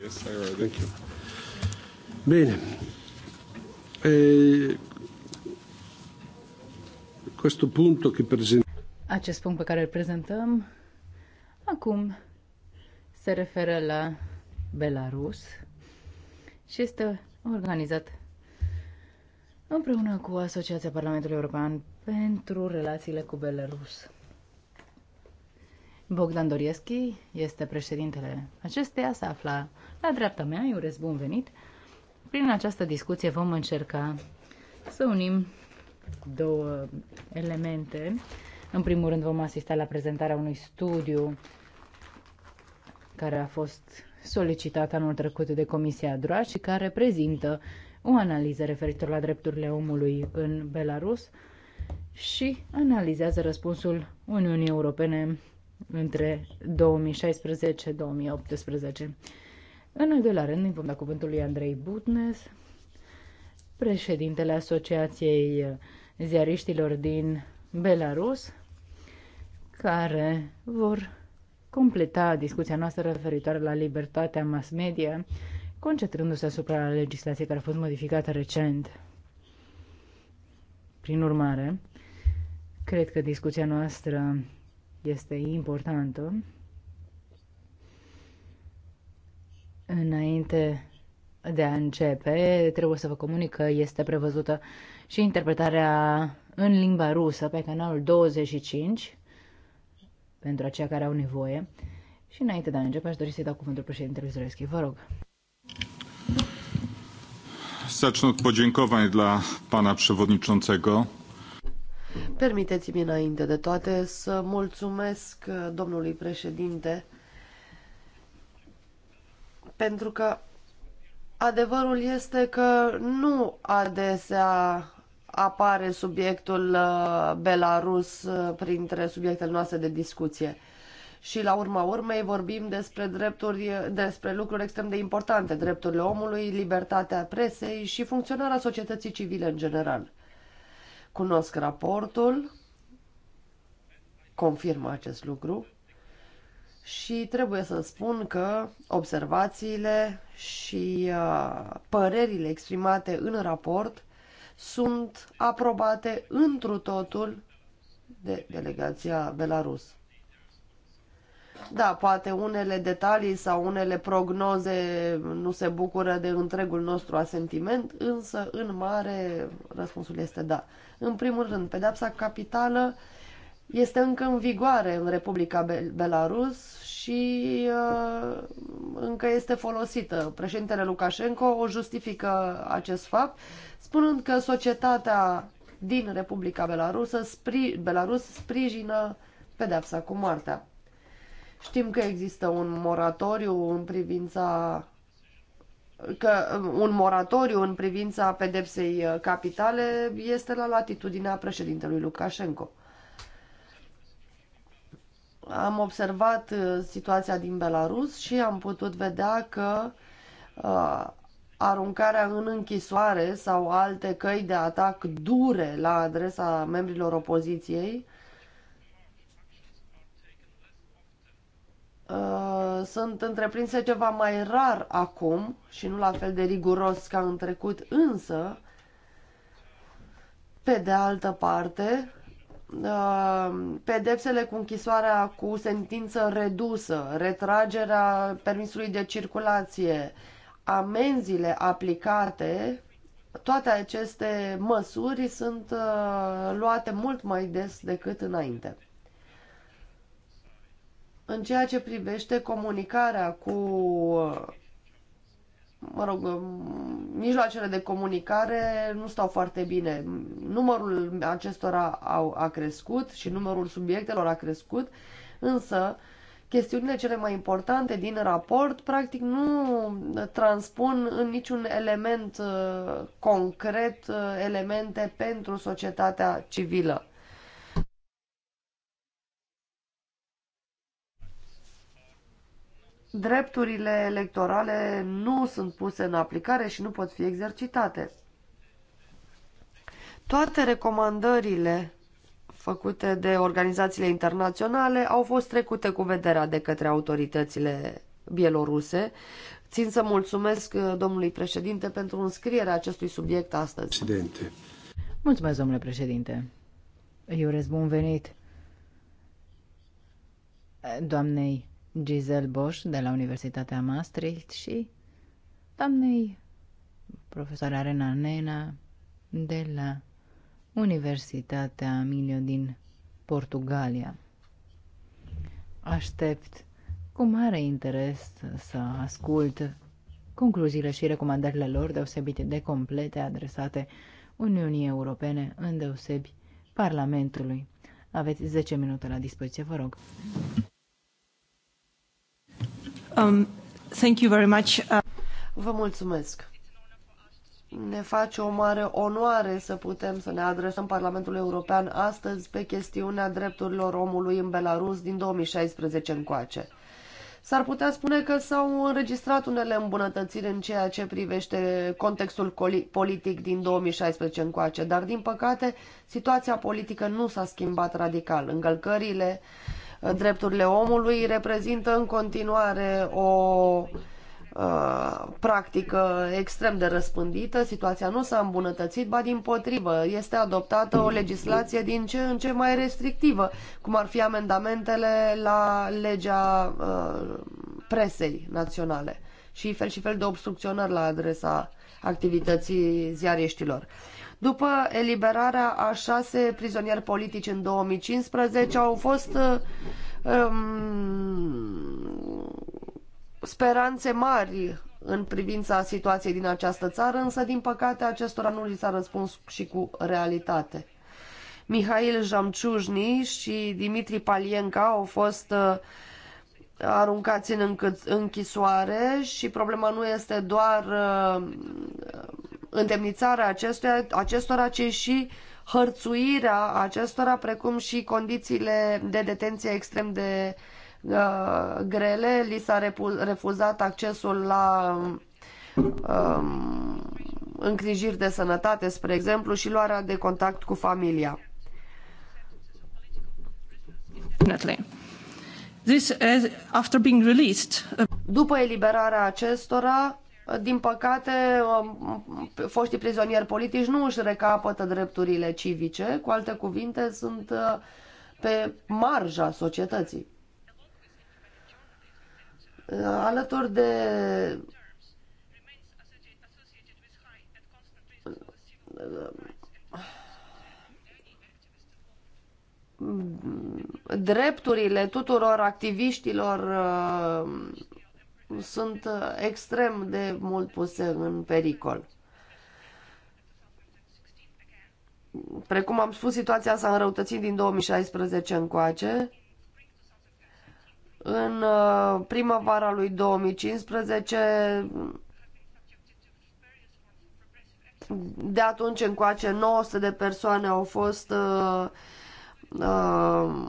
Speaker 2: Yes, I Thank you.
Speaker 3: Bene. E... Questo punto che Acest punct pe care îl prezentăm acum se referă la Belarus și este organizat împreună cu Asociația Parlamentului European pentru relațiile cu Belarus. Bogdan Dorieschi este președintele acesteia, se afla la dreapta mea, eu urez bun venit. Prin această discuție vom încerca să unim două elemente. În primul rând vom asista la prezentarea unui studiu care a fost solicitat anul trecut de Comisia DROA și care prezintă o analiză referitor la drepturile omului în Belarus și analizează răspunsul Uniunii Europene între 2016-2018. În al doilea rând, îi vom da cuvântul lui Andrei Butnes, președintele Asociației Ziariștilor din Belarus, care vor completa discuția noastră referitoare la libertatea mass media, concentrându-se asupra legislației care a fost modificată recent. Prin urmare, cred că discuția noastră este importantă. Înainte de a începe, trebuie să vă comunic că este prevăzută și interpretarea în limba rusă pe canalul 25 pentru aceia care au nevoie. Și înainte de a începe, aș dori să-i dau cuvântul președintele Zelensky. Vă rog.
Speaker 2: Zacznę od podziękowań dla pana przewodniczącego. Permiteți-mi înainte de toate să mulțumesc uh, domnului președinte pentru că adevărul este că nu adesea apare subiectul uh, Belarus uh, printre subiectele noastre de discuție. Și la urma urmei vorbim despre drepturi, despre lucruri extrem de importante, drepturile omului, libertatea presei și funcționarea societății civile în general cunosc raportul, confirmă acest lucru și trebuie să spun că observațiile și uh, părerile exprimate în raport sunt aprobate întru totul de delegația Belarus. Da, poate unele detalii sau unele prognoze nu se bucură de întregul nostru asentiment, însă, în mare, răspunsul este da. În primul rând, pedepsa capitală este încă în vigoare în Republica Bel Belarus și uh, încă este folosită. Președintele Lukashenko o justifică acest fapt, spunând că societatea din Republica Belarusă, spri Belarus sprijină pedepsa cu moartea. Știm că există un moratoriu în privința că un moratoriu în privința pedepsei uh, capitale este la latitudinea președintelui Lukashenko. Am observat uh, situația din Belarus și am putut vedea că uh, aruncarea în închisoare sau alte căi de atac dure la adresa membrilor opoziției uh, Uh, sunt întreprinse ceva mai rar acum și nu la fel de riguros ca în trecut, însă, pe de altă parte, uh, pedepsele cu închisoarea cu sentință redusă, retragerea permisului de circulație, amenziile aplicate, toate aceste măsuri sunt uh, luate mult mai des decât înainte. În ceea ce privește comunicarea cu mă rog, mijloacele de comunicare nu stau foarte bine. Numărul acestora au, a crescut și numărul subiectelor a crescut, însă chestiunile cele mai importante din raport practic nu transpun în niciun element uh, concret uh, elemente pentru societatea civilă. drepturile electorale nu sunt puse în aplicare și nu pot fi exercitate. Toate recomandările făcute de organizațiile internaționale au fost trecute cu vederea de către autoritățile bieloruse. Țin să mulțumesc uh, domnului președinte pentru înscrierea acestui subiect astăzi. Președinte.
Speaker 3: Mulțumesc, domnule președinte. Eu urez bun venit uh, doamnei Giselle Bosch de la Universitatea Maastricht și doamnei profesoara Rena Nena de la Universitatea Emilio din Portugalia. Aștept cu mare interes să ascult concluziile și recomandările lor deosebite de complete adresate Uniunii Europene, îndeosebi Parlamentului. Aveți 10 minute la dispoziție, vă rog. Um, uh,
Speaker 2: Vă mulțumesc. Ne face o mare onoare să putem să ne adresăm Parlamentului European astăzi pe chestiunea drepturilor omului în Belarus din 2016 încoace. S-ar putea spune că s-au înregistrat unele îmbunătățiri în ceea ce privește contextul politic din 2016 încoace, dar din păcate situația politică nu s-a schimbat radical. Încălcările uh, drepturile omului reprezintă în continuare o uh, practică extrem de răspândită, situația nu s-a îmbunătățit, ba din potrivă, este adoptată o legislație din ce în ce mai restrictivă, cum ar fi amendamentele la legea uh, presei naționale și fel și fel de obstrucționări la adresa activității ziariștilor. După eliberarea a șase prizonieri politici în 2015, au fost uh, um, speranțe mari în privința situației din această țară, însă, din păcate, acestora nu li s-a răspuns și cu realitate. Mihail Jamciujni și Dimitri Palienka au fost uh, aruncați în închisoare și problema nu este doar uh, îndemnițarea acestora, ci și hărțuirea acestora, precum și condițiile de detenție extrem de uh, grele. Li s-a refuzat accesul la uh, îngrijiri de sănătate, spre exemplu, și luarea de contact cu familia. This, uh, after being released... Uh, După eliberarea acestora, din păcate, um, foștii prizonieri politici nu își recapătă drepturile civice, cu alte cuvinte, sunt uh, pe marja societății. Uh, alături de uh, drepturile tuturor activiștilor sunt uh, extrem de mult puse în pericol. Precum am spus, situația s-a înrăutățit din 2016 încoace. În uh, primăvara lui 2015 de atunci încoace 900 de persoane au fost uh, uh,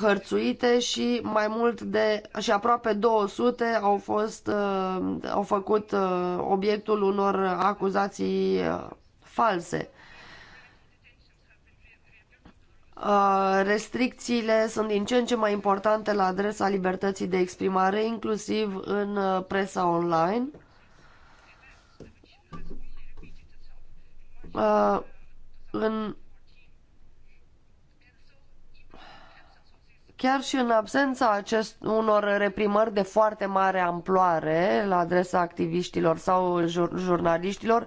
Speaker 2: hărțuite și mai mult de și aproape 200 au fost uh, au făcut uh, obiectul unor acuzații uh, false. Restricțiile sunt din ce în ce mai importante la adresa libertății de exprimare, inclusiv în presa online. În Chiar și în absența acest, unor reprimări de foarte mare amploare la adresa activiștilor sau jur, jurnaliștilor,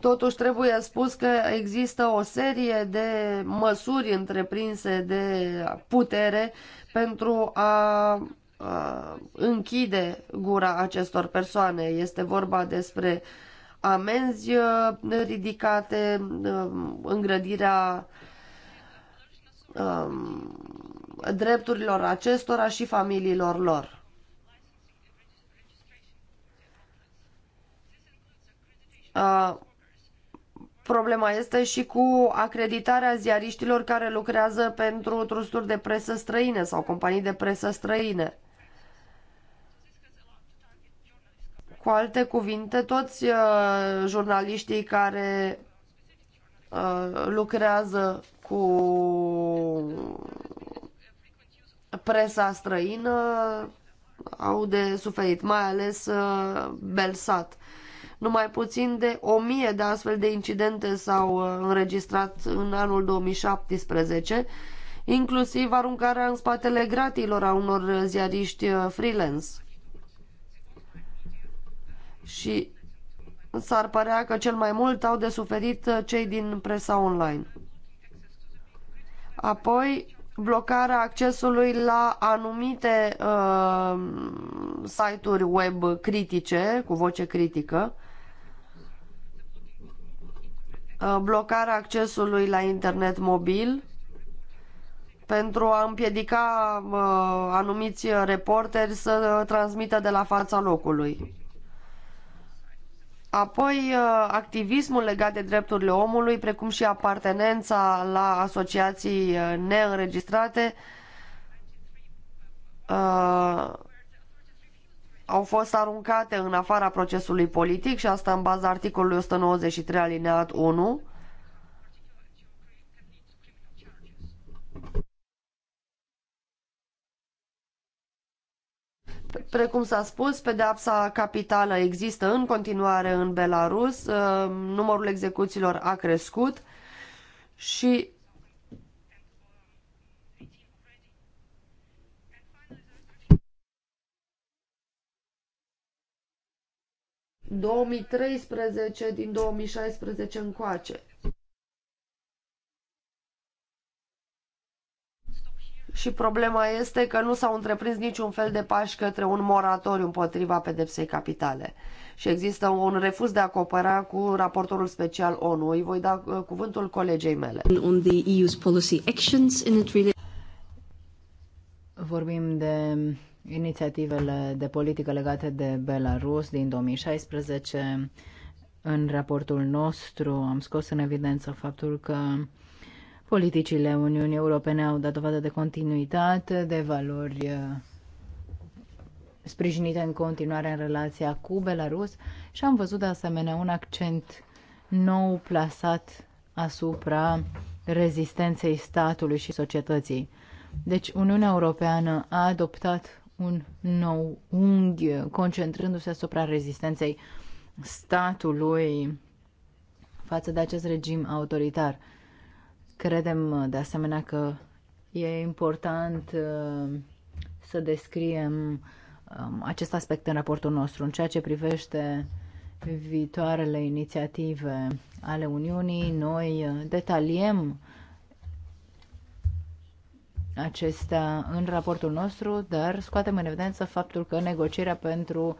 Speaker 2: totuși trebuie spus că există o serie de măsuri întreprinse de putere pentru a închide gura acestor persoane. Este vorba despre amenzi uh, ridicate, uh, îngrădirea Um, drepturilor acestora și familiilor lor. Uh, problema este și cu acreditarea ziariștilor care lucrează pentru trusturi de presă străine sau companii de presă străine. Cu alte cuvinte, toți uh, jurnaliștii care uh, lucrează cu presa străină au de suferit, mai ales uh, Belsat. Numai puțin de o mie de astfel de incidente s-au uh, înregistrat în anul 2017, inclusiv aruncarea în spatele gratilor a unor ziariști uh, freelance. Și s-ar părea că cel mai mult au de suferit cei din presa online. Apoi, blocarea accesului la anumite uh, site-uri web critice, cu voce critică, uh, blocarea accesului la internet mobil pentru a împiedica uh, anumiți reporteri să transmită de la fața locului. Apoi, uh, activismul legat de drepturile omului, precum și apartenența la asociații uh, neînregistrate, uh, au fost aruncate în afara procesului politic și asta în baza articolului 193 alineat 1 Precum s-a spus, pedeapsa capitală există în continuare în Belarus, uh, numărul execuțiilor a crescut și ...2013 din 2016 încoace. și problema este că nu s-au întreprins niciun fel de pași către un moratoriu împotriva pedepsei capitale. Și există un refuz de a coopera cu raportorul special ONU. Îi voi da uh, cuvântul colegei mele.
Speaker 3: On the EU's policy
Speaker 2: actions in it really...
Speaker 3: Vorbim de inițiativele de politică legate de Belarus din 2016. În raportul nostru am scos în evidență faptul că Politicile Uniunii Europene au dat dovadă de continuitate, de valori uh, sprijinite în continuare în relația cu Belarus și am văzut de asemenea un accent nou plasat asupra rezistenței statului și societății. Deci Uniunea Europeană a adoptat un nou unghi concentrându-se asupra rezistenței statului față de acest regim autoritar. Credem, uh, de asemenea, că e important uh, să descriem um, acest aspect în raportul nostru. În ceea ce privește viitoarele inițiative ale Uniunii, noi uh, detaliem acestea în raportul nostru, dar scoatem în evidență faptul că negocierea pentru uh,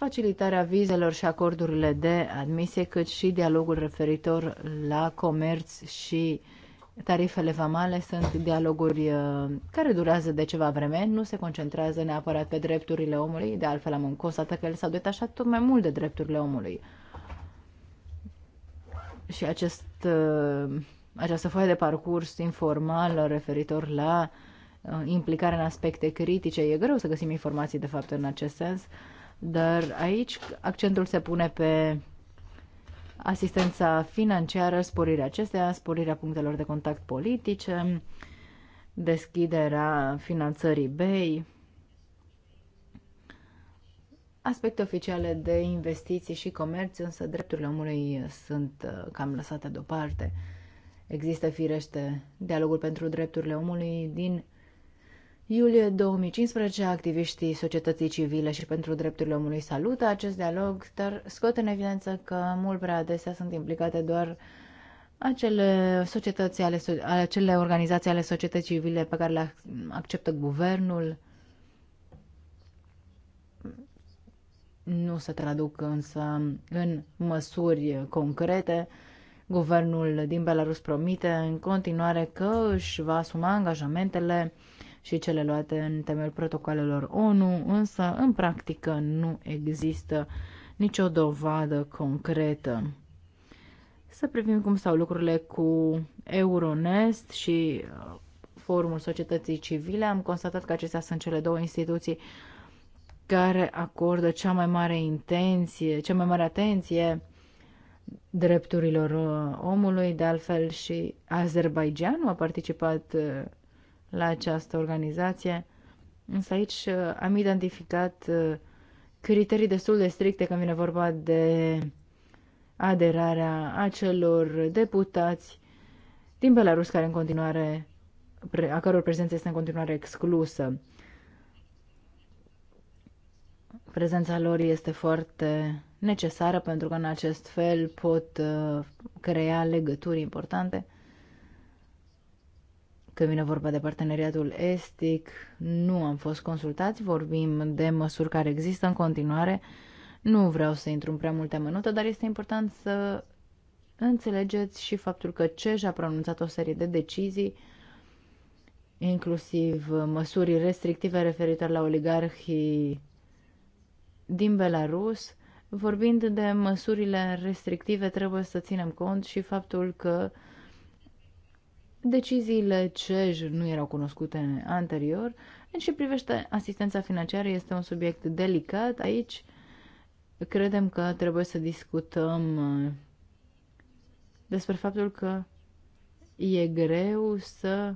Speaker 3: facilitarea vizelor și acordurile de admisie, cât și dialogul referitor la comerț și tarifele vamale sunt dialoguri uh, care durează de ceva vreme, nu se concentrează neapărat pe drepturile omului, de altfel am constatat că el s-au detașat tot mai mult de drepturile omului. Și acest, uh, această foaie de parcurs informal referitor la uh, implicarea în aspecte critice, e greu să găsim informații de fapt în acest sens, dar aici accentul se pune pe asistența financiară, sporirea acestea, sporirea punctelor de contact politice, deschiderea finanțării BEI, aspecte oficiale de investiții și comerț, însă drepturile omului sunt uh, cam lăsate deoparte. Există firește dialogul pentru drepturile omului din Iulie 2015, activiștii societății civile și pentru drepturile omului salută acest dialog, dar scot în evidență că mult prea adesea sunt implicate doar acele societăți, ale, acele organizații ale societății civile pe care le acceptă guvernul. Nu se traduc însă în măsuri concrete. Guvernul din Belarus promite în continuare că își va asuma angajamentele și cele luate în temel protocolelor ONU, însă în practică nu există nicio dovadă concretă. Să privim cum stau lucrurile cu Euronest și uh, Forumul Societății Civile. Am constatat că acestea sunt cele două instituții care acordă cea mai mare intenție, cea mai mare atenție drepturilor uh, omului. De altfel și Azerbaijanul a participat uh, la această organizație, însă aici uh, am identificat uh, criterii destul de stricte când vine vorba de aderarea acelor deputați din Belarus care în continuare a căror prezență este în continuare exclusă. Prezența lor este foarte necesară pentru că în acest fel pot uh, crea legături importante când vine vorba de parteneriatul estic, nu am fost consultați, vorbim de măsuri care există în continuare. Nu vreau să intru în prea multe amănunte, dar este important să înțelegeți și faptul că CEJ a pronunțat o serie de decizii, inclusiv măsuri restrictive referitoare la oligarhii din Belarus. Vorbind de măsurile restrictive, trebuie să ținem cont și faptul că uh, deciziile CEJ nu erau cunoscute anterior. În ce privește asistența financiară, este un subiect delicat. Aici credem că trebuie să discutăm uh, despre faptul că e greu să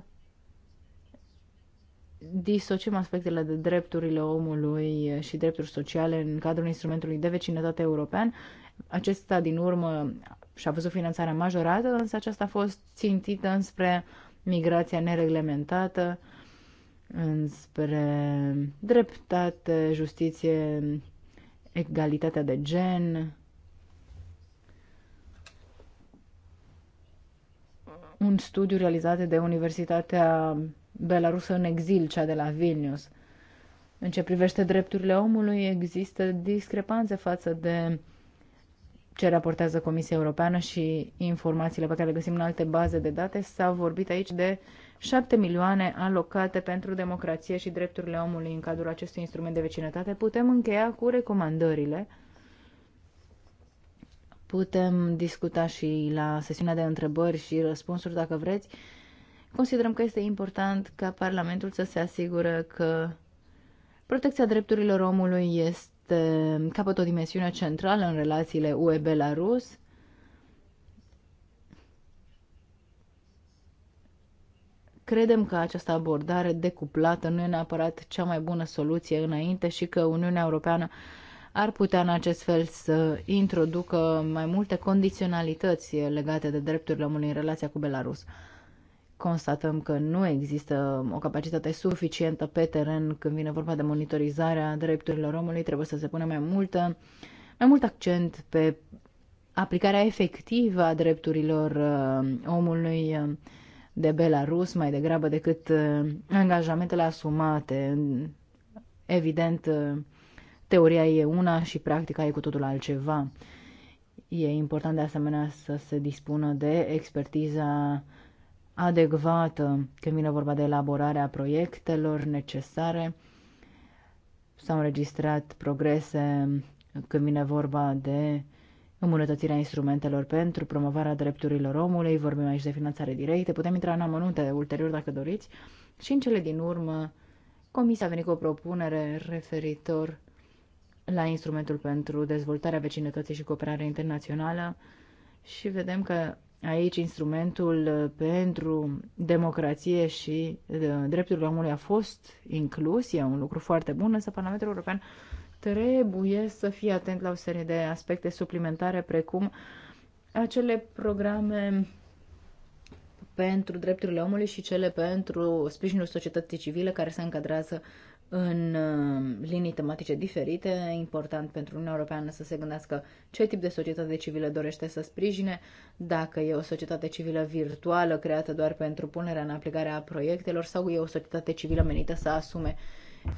Speaker 3: disociem aspectele de drepturile omului și drepturi sociale în cadrul instrumentului de vecinătate european. Acesta, din urmă, și-a văzut finanțarea majorată, însă aceasta a fost țintită înspre migrația nereglementată, înspre dreptate, justiție, egalitatea de gen, un studiu realizat de Universitatea Belarusă în exil, cea de la Vilnius. În ce privește drepturile omului, există discrepanțe față de ce raportează Comisia Europeană și informațiile pe care le găsim în alte baze de date, s-a vorbit aici de 7 milioane alocate pentru democrație și drepturile omului în cadrul acestui instrument de vecinătate. Putem încheia cu recomandările. Putem discuta și la sesiunea de întrebări și răspunsuri dacă vreți. Considerăm că este important ca Parlamentul să se asigură că protecția drepturilor omului este este, capătă o dimensiune centrală în relațiile UE-Belarus. Credem că această abordare decuplată nu e neapărat cea mai bună soluție înainte și că Uniunea Europeană ar putea în acest fel să introducă mai multe condiționalități legate de drepturile omului în relația cu Belarus constatăm că nu există o capacitate suficientă pe teren când vine vorba de monitorizarea drepturilor omului, trebuie să se pună mai multă, mai mult accent pe aplicarea efectivă a drepturilor uh, omului uh, de Belarus mai degrabă decât uh, angajamentele asumate. Evident, teoria e una și practica e cu totul altceva. E important de asemenea să se dispună de expertiza adecvată când vine vorba de elaborarea proiectelor necesare. S-au înregistrat progrese când vine vorba de îmbunătățirea instrumentelor pentru promovarea drepturilor omului, vorbim aici de finanțare directă, putem intra în amănunte ulterior dacă doriți. Și în cele din urmă, Comisia a venit cu o propunere referitor la instrumentul pentru dezvoltarea vecinătății și cooperare internațională și vedem că Aici instrumentul uh, pentru democrație și uh, drepturile omului a fost inclus, e un lucru foarte bun, însă Parlamentul European trebuie să fie atent la o serie de aspecte suplimentare, precum acele programe pentru drepturile omului și cele pentru sprijinul societății civile care se încadrează în uh, linii tematice diferite. E important pentru Uniunea Europeană să se gândească ce tip de societate civilă dorește să sprijine, dacă e o societate civilă virtuală creată doar pentru punerea în aplicare a proiectelor sau e o societate civilă menită să asume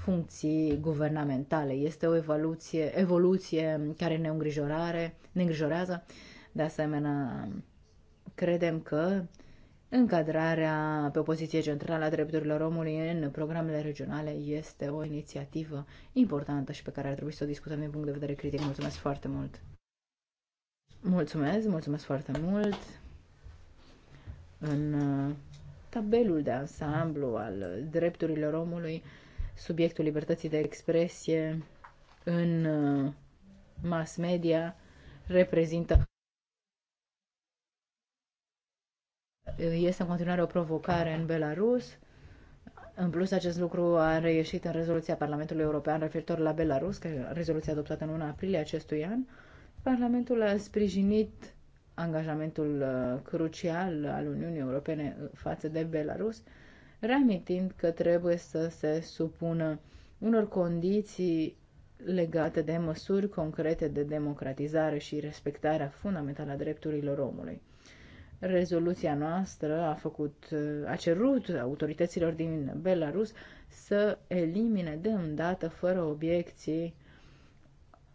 Speaker 3: funcții guvernamentale. Este o evoluție, evoluție care ne, îngrijorare, ne îngrijorează. De asemenea, credem că Încadrarea pe o poziție centrală a drepturilor omului în programele regionale este o inițiativă importantă și pe care ar trebui să o discutăm din punct de vedere critic. Mulțumesc foarte mult! Mulțumesc, mulțumesc foarte mult! În uh, tabelul de ansamblu al drepturilor omului, subiectul libertății de expresie în uh, mass media reprezintă este în continuare o provocare în Belarus. În plus, acest lucru a reieșit în rezoluția Parlamentului European referitor la Belarus, că rezoluția adoptată în 1 aprilie acestui an. Parlamentul a sprijinit angajamentul uh, crucial al Uniunii Europene față de Belarus, reamintind că trebuie să se supună unor condiții legate de măsuri concrete de democratizare și respectarea fundamentală a drepturilor omului. Rezoluția noastră a făcut, a cerut autorităților din Belarus să elimine de îndată, fără obiecții,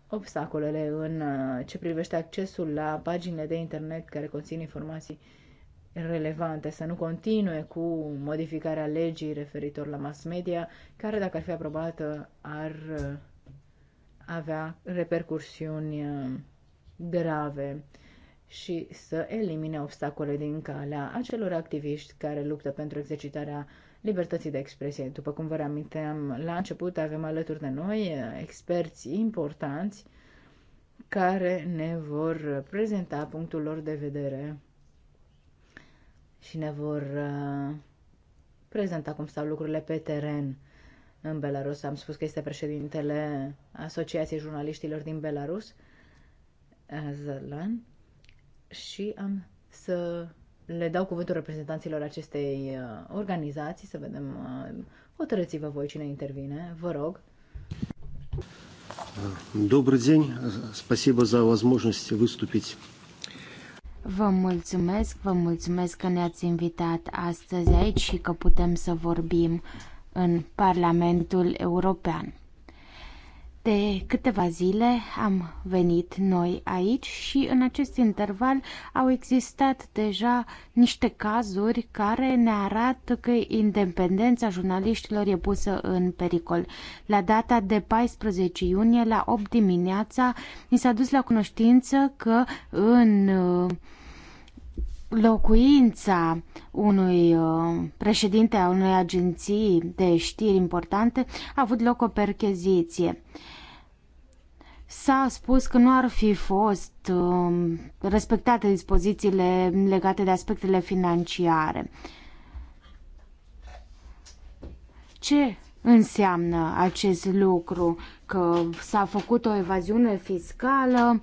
Speaker 3: obstacolele în uh, ce privește accesul la paginile de internet care conțin informații relevante, să nu continue cu modificarea legii referitor la mass media, care, dacă ar fi aprobată, ar uh, avea repercursiuni uh, grave și să elimine obstacole din calea acelor activiști care luptă pentru exercitarea libertății de expresie. După cum vă reaminteam la început, avem alături de noi eh, experți importanți care ne vor prezenta punctul lor de vedere și ne vor eh, prezenta cum stau lucrurile pe teren în Belarus. Am spus că este președintele Asociației Jurnaliștilor din Belarus, Zărlan și am să le dau cuvântul reprezentanților acestei uh, organizații, să vedem, uh, hotărăți-vă voi cine intervine, vă rog.
Speaker 2: Добрый день, спасибо за возможность выступить.
Speaker 1: Vă mulțumesc, vă mulțumesc că ne-ați invitat astăzi aici și că putem să vorbim în Parlamentul European de câteva zile am venit noi aici și în acest interval au existat deja niște cazuri care ne arată că independența jurnaliștilor e pusă în pericol. La data de 14 iunie, la 8 dimineața, mi s-a dus la cunoștință că în uh, locuința unui uh, președinte a unei agenții de știri importante a avut loc o percheziție. S-a spus că nu ar fi fost um, respectate dispozițiile legate de aspectele financiare. Ce înseamnă acest lucru? Că s-a făcut o evaziune fiscală?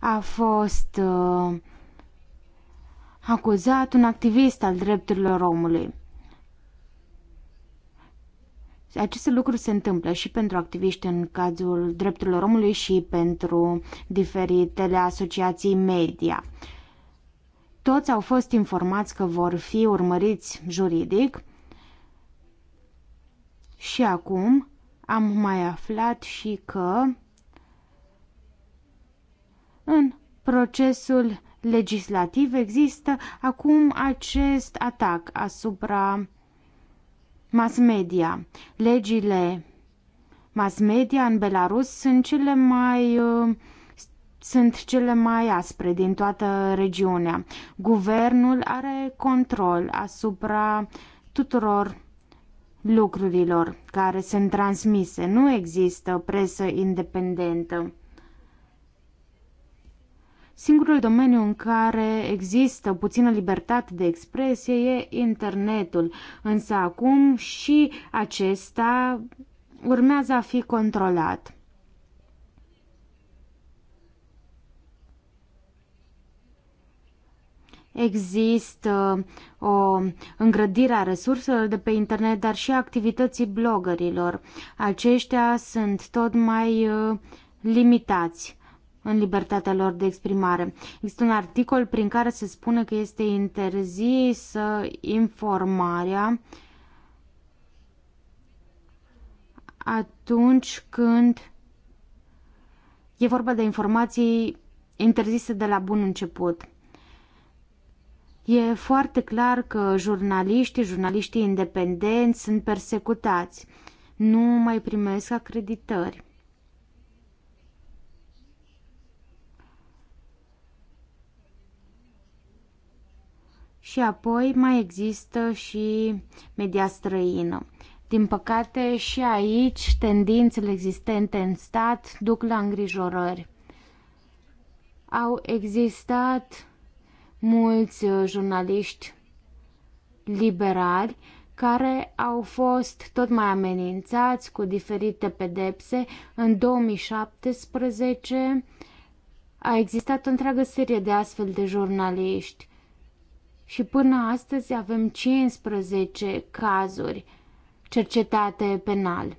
Speaker 1: a fost uh, acuzat un activist al drepturilor omului. Aceste lucruri se întâmplă și pentru activiști în cazul drepturilor omului și pentru diferitele asociații media. Toți au fost informați că vor fi urmăriți juridic și acum am mai aflat și că în procesul legislativ există acum acest atac asupra mass media. Legile mass media în Belarus sunt cele mai uh, sunt cele mai aspre din toată regiunea. Guvernul are control asupra tuturor lucrurilor care sunt transmise. Nu există presă independentă. Singurul domeniu în care există puțină libertate de expresie e internetul, însă acum și acesta urmează a fi controlat. Există o îngrădire a resurselor de pe internet, dar și a activității blogărilor. Aceștia sunt tot mai uh, limitați în libertatea lor de exprimare. Există un articol prin care se spune că este interzis uh, informarea atunci când e vorba de informații interzise de la bun început. E foarte clar că jurnaliștii, jurnaliștii independenți sunt persecutați. Nu mai primesc acreditări. Și apoi mai există și media străină. Din păcate, și aici tendințele existente în stat duc la îngrijorări. Au existat mulți uh, jurnaliști liberali care au fost tot mai amenințați cu diferite pedepse. În 2017 a existat o întreagă serie de astfel de jurnaliști și până astăzi avem 15 cazuri cercetate penal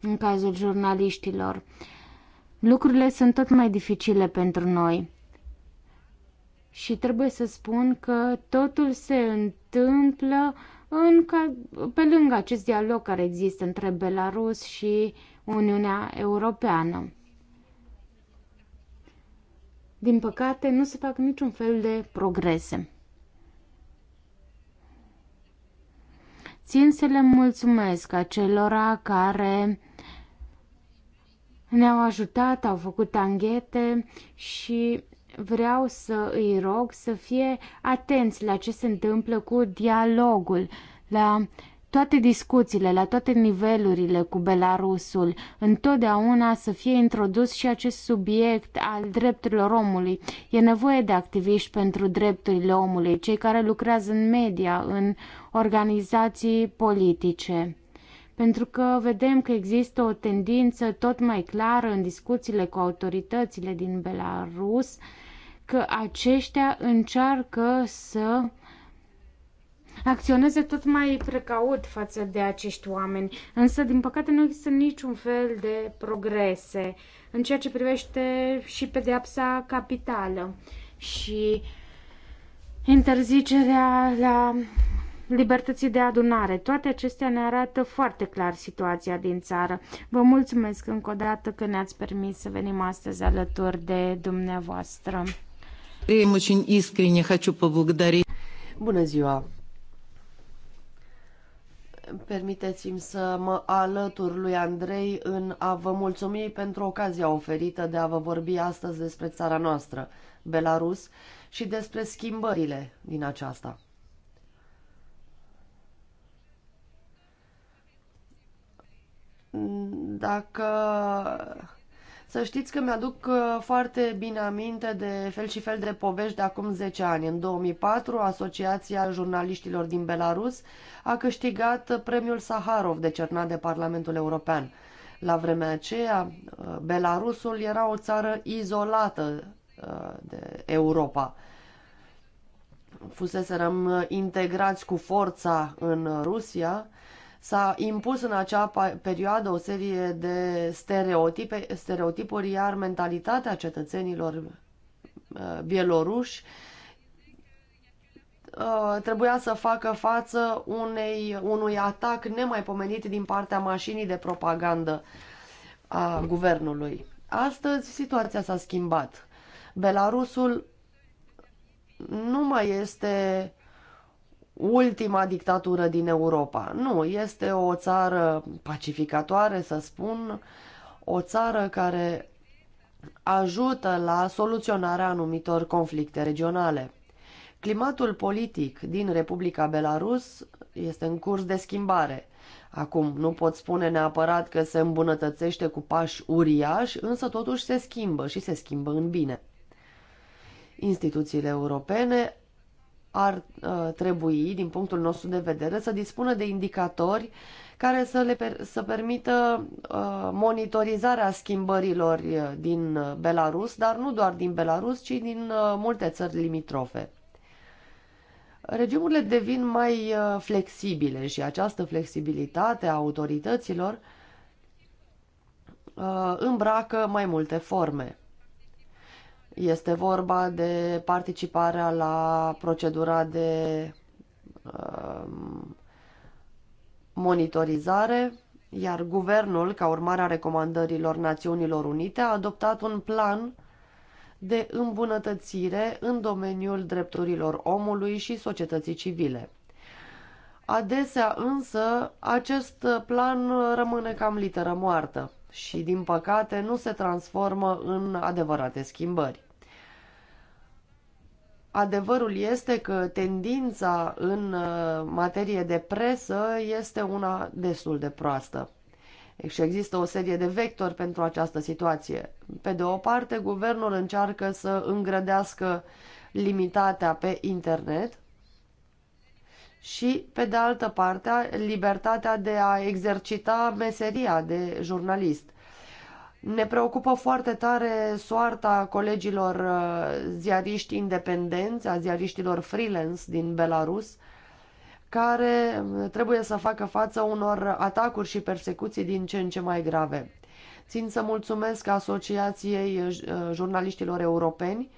Speaker 1: în cazul jurnaliștilor. Lucrurile sunt tot mai dificile pentru noi. Și trebuie să spun că totul se întâmplă în ca, pe lângă acest dialog care există între Belarus și Uniunea Europeană. Din păcate, nu se fac niciun fel de progrese. Țin să le mulțumesc acelora care ne-au ajutat, au făcut anghete și vreau să îi rog să fie atenți la ce se întâmplă cu dialogul, la toate discuțiile la toate nivelurile cu Belarusul, întotdeauna să fie introdus și acest subiect al drepturilor omului. E nevoie de activiști pentru drepturile omului, cei care lucrează în media, în organizații politice pentru că vedem că există o tendință tot mai clară în discuțiile cu autoritățile din Belarus că aceștia încearcă să acționeze tot mai precaut față de acești oameni. Însă, din păcate, nu există niciun fel de progrese în ceea ce privește și pedeapsa capitală și interzicerea la libertății de adunare. Toate acestea ne arată foarte clar situația din țară. Vă mulțumesc încă o dată că ne-ați permis să venim astăzi alături de dumneavoastră.
Speaker 2: Bună ziua! Permiteți-mi să mă alătur lui Andrei în a vă mulțumi pentru ocazia oferită de a vă vorbi astăzi despre țara noastră, Belarus, și despre schimbările din aceasta. Dacă să știți că mi-aduc uh, foarte bine aminte de fel și fel de povești de acum 10 ani. În 2004, Asociația Jurnaliștilor din Belarus a câștigat uh, premiul Saharov decernat de Parlamentul European. La vremea aceea, uh, Belarusul era o țară izolată de Europa. Fuseserăm integrați cu forța în Rusia, S-a impus în acea perioadă o serie de stereotipe, stereotipuri, iar mentalitatea cetățenilor uh, bieloruși uh, trebuia să facă față unei, unui atac nemaipomenit din partea mașinii de propagandă a guvernului. Astăzi situația s-a schimbat. Belarusul nu mai este ultima dictatură din Europa. Nu, este o țară pacificatoare, să spun, o țară care ajută la soluționarea anumitor conflicte regionale. Climatul politic din Republica Belarus este în curs de schimbare. Acum, nu pot spune neapărat că se îmbunătățește cu pași uriași, însă totuși se schimbă și se schimbă în bine. Instituțiile europene ar uh, trebui, din punctul nostru de vedere, să dispună de indicatori care să, le per- să permită uh, monitorizarea schimbărilor uh, din uh, Belarus, dar nu doar din Belarus, ci din uh, multe țări limitrofe. Regimurile devin mai uh, flexibile și această flexibilitate a autorităților uh, îmbracă mai multe forme. Este vorba de participarea la procedura de um, monitorizare, iar guvernul, ca urmare a recomandărilor Națiunilor Unite, a adoptat un plan de îmbunătățire în domeniul drepturilor omului și societății civile. Adesea însă acest plan rămâne cam literă moartă și din păcate nu se transformă în adevărate schimbări. Adevărul este că tendința în uh, materie de presă este una destul de proastă. Și există o serie de vectori pentru această situație. Pe de o parte, guvernul încearcă să îngrădească limitatea pe internet și, pe de altă parte, libertatea de a exercita meseria de jurnalist. Ne preocupă foarte tare soarta colegilor uh, ziariști independenți, a ziariștilor freelance din Belarus, care uh, trebuie să facă față unor atacuri și persecuții din ce în ce mai grave. Țin să mulțumesc Asociației uh, Jurnaliștilor Europeni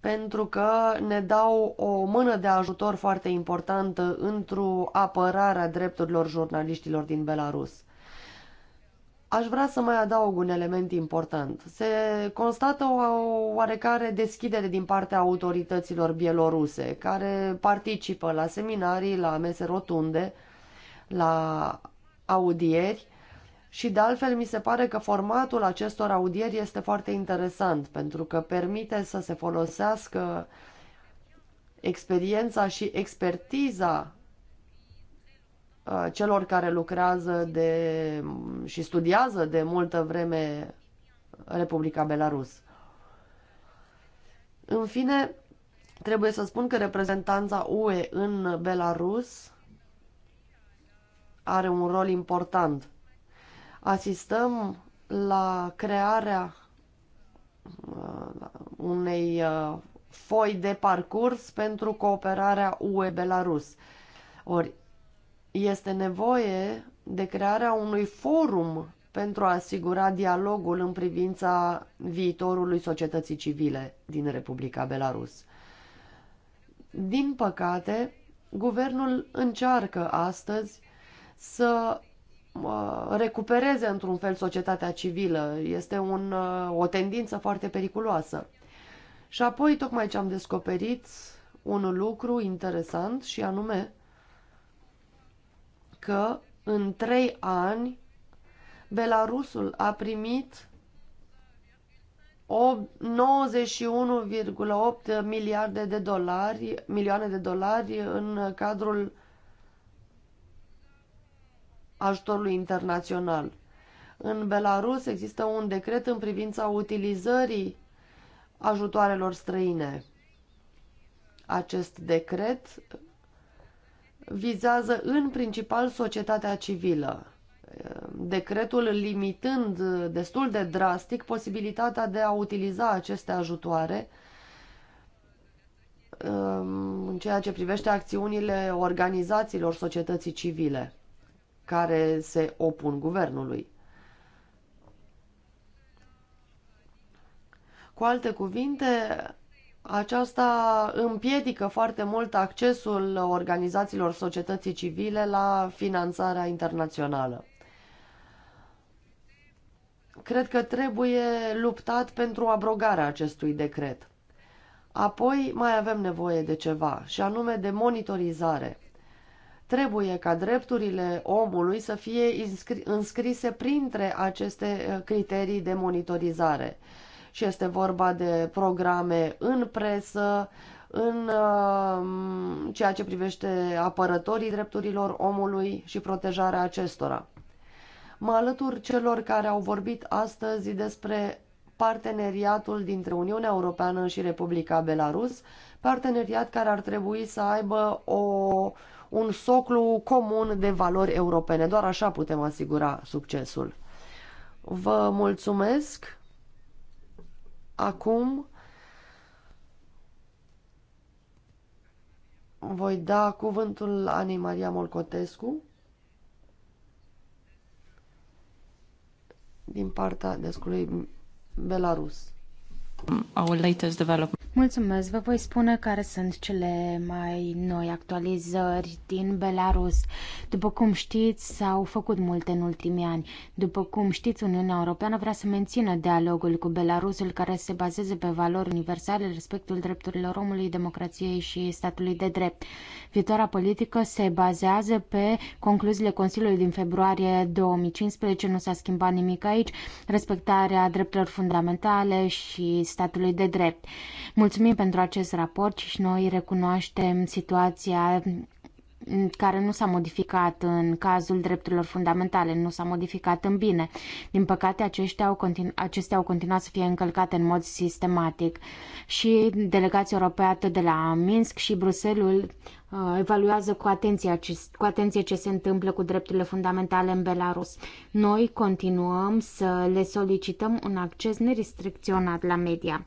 Speaker 2: pentru că ne dau o mână de ajutor foarte importantă într-o apărare a drepturilor jurnaliștilor din Belarus. Aș vrea să mai adaug un element important. Se constată o oarecare deschidere din partea autorităților bieloruse, care participă la seminarii, la mese rotunde, la audieri și de altfel mi se pare că formatul acestor audieri este foarte interesant, pentru că permite să se folosească experiența și expertiza Uh, celor care lucrează de, și studiază de multă vreme Republica Belarus. În fine, trebuie să spun că reprezentanța UE în Belarus are un rol important. Asistăm la crearea uh, unei uh, foi de parcurs pentru cooperarea UE-Belarus. Ori este nevoie de crearea unui forum pentru a asigura dialogul în privința viitorului societății civile din Republica Belarus. Din păcate, guvernul încearcă astăzi să recupereze într-un fel societatea civilă. Este un, o tendință foarte periculoasă. Și apoi, tocmai ce am descoperit, un lucru interesant și anume că în trei ani Belarusul a primit 91,8 miliarde de dolari, milioane de dolari în cadrul ajutorului internațional. În Belarus există un decret în privința utilizării ajutoarelor străine. Acest decret vizează în principal societatea civilă. Decretul limitând destul de drastic posibilitatea de a utiliza aceste ajutoare um, în ceea ce privește acțiunile organizațiilor societății civile care se opun guvernului. Cu alte cuvinte, aceasta împiedică foarte mult accesul organizațiilor societății civile la finanțarea internațională. Cred că trebuie luptat pentru abrogarea acestui decret. Apoi mai avem nevoie de ceva, și anume de monitorizare. Trebuie ca drepturile omului să fie înscrise printre aceste eh, criterii de monitorizare – și este vorba de programe în presă, în um, ceea ce privește apărătorii drepturilor omului și protejarea acestora. Mă alătur celor care au vorbit astăzi despre parteneriatul dintre Uniunea Europeană și Republica Belarus, parteneriat care ar trebui să aibă o, un soclu comun de valori europene. Doar așa putem asigura succesul. Vă mulțumesc! Acum voi da cuvântul Anei Maria Molcotescu din partea descului Belarus.
Speaker 3: Our latest development.
Speaker 1: Mulțumesc, vă voi spune care sunt cele mai noi actualizări din Belarus. După cum știți, s-au făcut multe în ultimii ani. După cum știți, Uniunea Europeană vrea să mențină dialogul cu Belarusul care se bazeze pe valori universale, respectul drepturilor omului, democrației și statului de drept. Viitoarea politică se bazează pe concluziile Consiliului din februarie 2015, nu s-a schimbat nimic aici, respectarea drepturilor fundamentale și statului de drept. Mulțumim pentru acest raport și noi recunoaștem situația care nu s-a modificat în cazul drepturilor fundamentale, nu s-a modificat în bine. Din păcate, au acestea au continuat să fie încălcate în mod sistematic. Și delegația europeană de la Minsk și Bruselul uh, evaluează cu atenție, cu atenție ce se întâmplă cu drepturile fundamentale în Belarus. Noi continuăm să le solicităm un acces nerestricționat la media.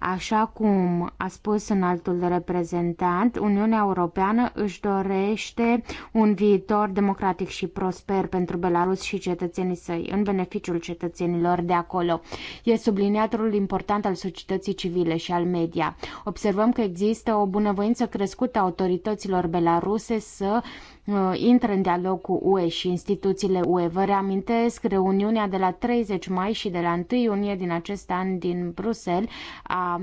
Speaker 1: Așa cum a spus în altul reprezentant, Uniunea Europeană își dorește un viitor democratic și prosper pentru Belarus și cetățenii săi, în beneficiul cetățenilor de acolo. E subliniat rolul important al societății civile și al media. Observăm că există o bunăvoință crescută a autorităților belaruse să Uh, intră în dialog cu UE și instituțiile UE. Vă reamintesc reuniunea de la 30 mai și de la 1 iunie din acest an din Bruxelles a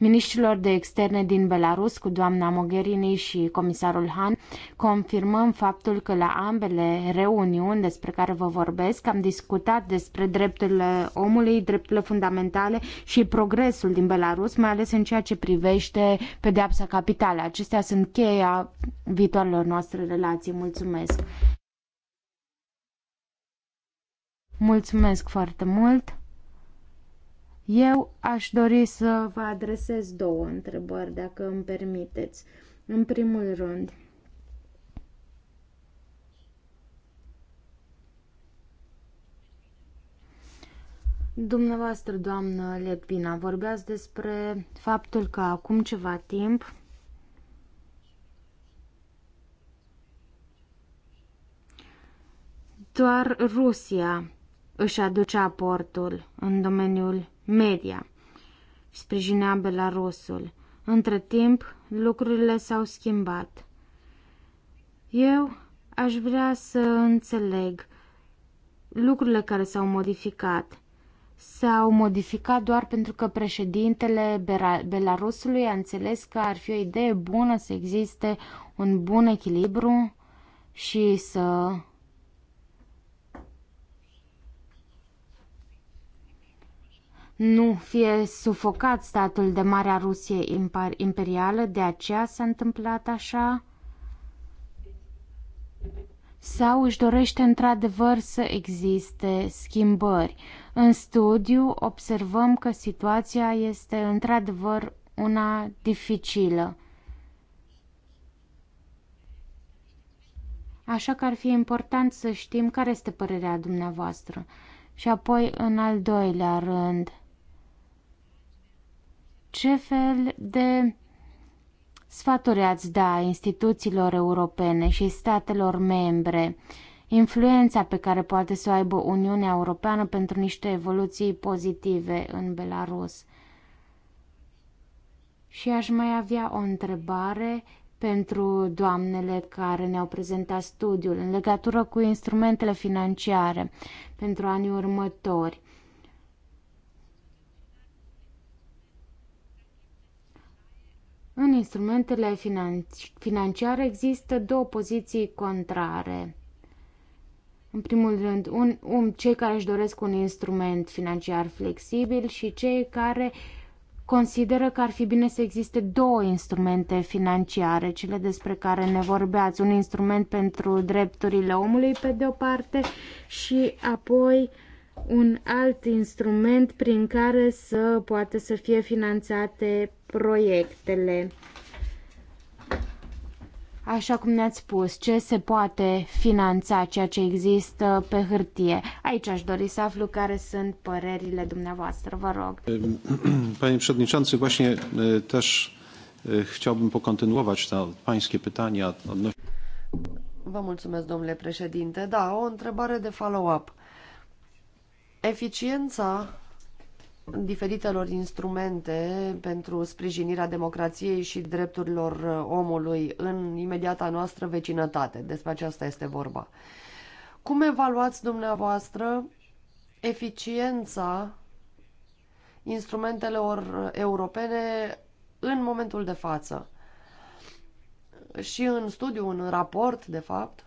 Speaker 1: Ministrilor de externe din Belarus cu doamna Mogherini și comisarul Han confirmăm faptul că la ambele reuniuni despre care vă vorbesc am discutat despre drepturile omului, drepturile fundamentale și progresul din Belarus, mai ales în ceea ce privește pedeapsa capitală. Acestea sunt cheia viitoarelor noastre relații. Mulțumesc! Mulțumesc foarte mult! Eu aș dori să vă adresez două întrebări, dacă îmi permiteți. În primul rând, Dumneavoastră, doamnă Letvina, vorbeați despre faptul că acum ceva timp doar Rusia își aduce aportul în domeniul media sprijinea Belarusul. Între timp, lucrurile s-au schimbat. Eu aș vrea să înțeleg lucrurile care s-au modificat. S-au modificat doar pentru că președintele Belarusului a înțeles că ar fi o idee bună să existe un bun echilibru și să nu fie sufocat statul de Marea Rusie imperială, de aceea s-a întâmplat așa? Sau își dorește într-adevăr să existe schimbări? În studiu observăm că situația este într-adevăr una dificilă. Așa că ar fi important să știm care este părerea dumneavoastră. Și apoi, în al doilea rând, ce fel de sfaturi ați da instituțiilor europene și statelor membre? Influența pe care poate să o aibă Uniunea Europeană pentru niște evoluții pozitive în Belarus? Și aș mai avea o întrebare pentru doamnele care ne-au prezentat studiul în legătură cu instrumentele financiare pentru anii următori. În instrumentele financiare există două poziții contrare. În primul rând, un, un, cei care își doresc un instrument financiar flexibil și cei care consideră că ar fi bine să existe două instrumente financiare, cele despre care ne vorbeați, un instrument pentru drepturile omului pe de o parte și apoi uh, un alt instrument prin care să poată să fie finanțate proiectele. Așa cum ne-ați spus, ce se poate finanța ceea ce există pe hârtie? Aici aș dori să aflu care sunt părerile dumneavoastră, vă rog.
Speaker 2: Panie Przewodniczący, właśnie też chciałbym pokontynuować na pańskie pytania Vă mulțumesc, domnule președinte. Da, o întrebare de follow-up Eficiența diferitelor instrumente pentru sprijinirea democrației și drepturilor omului în imediata noastră vecinătate. Despre aceasta este vorba. Cum evaluați dumneavoastră eficiența instrumentelor europene în momentul de față? Și în studiu, în raport, de fapt,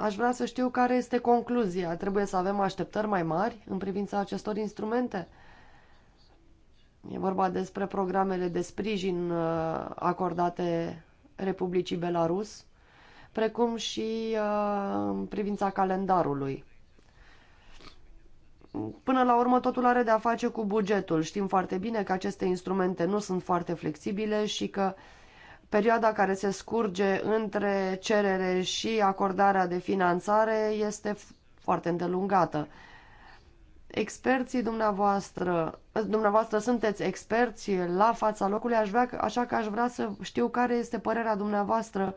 Speaker 2: Aș vrea să știu care este concluzia. Trebuie să avem așteptări mai mari în privința acestor instrumente? E vorba despre programele de sprijin uh, acordate Republicii Belarus, precum și uh, în privința calendarului. Până la urmă, totul are de a face cu bugetul. Știm foarte bine că aceste instrumente nu sunt foarte flexibile și că uh, Perioada care se scurge între cerere și acordarea de finanțare este foarte îndelungată. Experții dumneavoastră, dumneavoastră sunteți experți la fața locului, aș vrea, așa că aș vrea să știu care este părerea dumneavoastră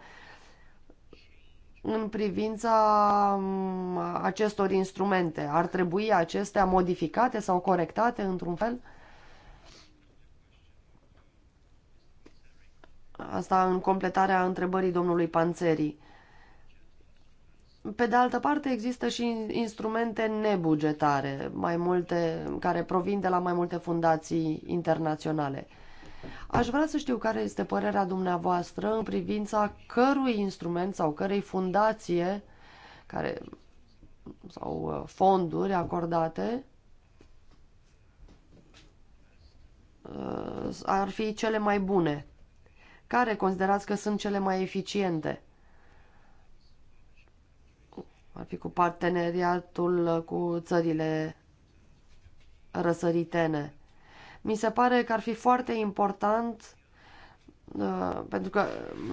Speaker 2: în privința mm, acestor instrumente. Ar trebui acestea modificate sau corectate într-un fel? Asta în completarea întrebării domnului Panțerii. Pe de altă parte, există și instrumente nebugetare, mai multe, care provin de la mai multe fundații internaționale. Aș vrea să știu care este părerea dumneavoastră în privința cărui instrument sau cărei fundație care, sau uh, fonduri acordate uh, ar fi cele mai bune care considerați că sunt cele mai eficiente? Ar fi cu parteneriatul cu țările răsăritene. Mi se pare că ar fi foarte important uh, pentru că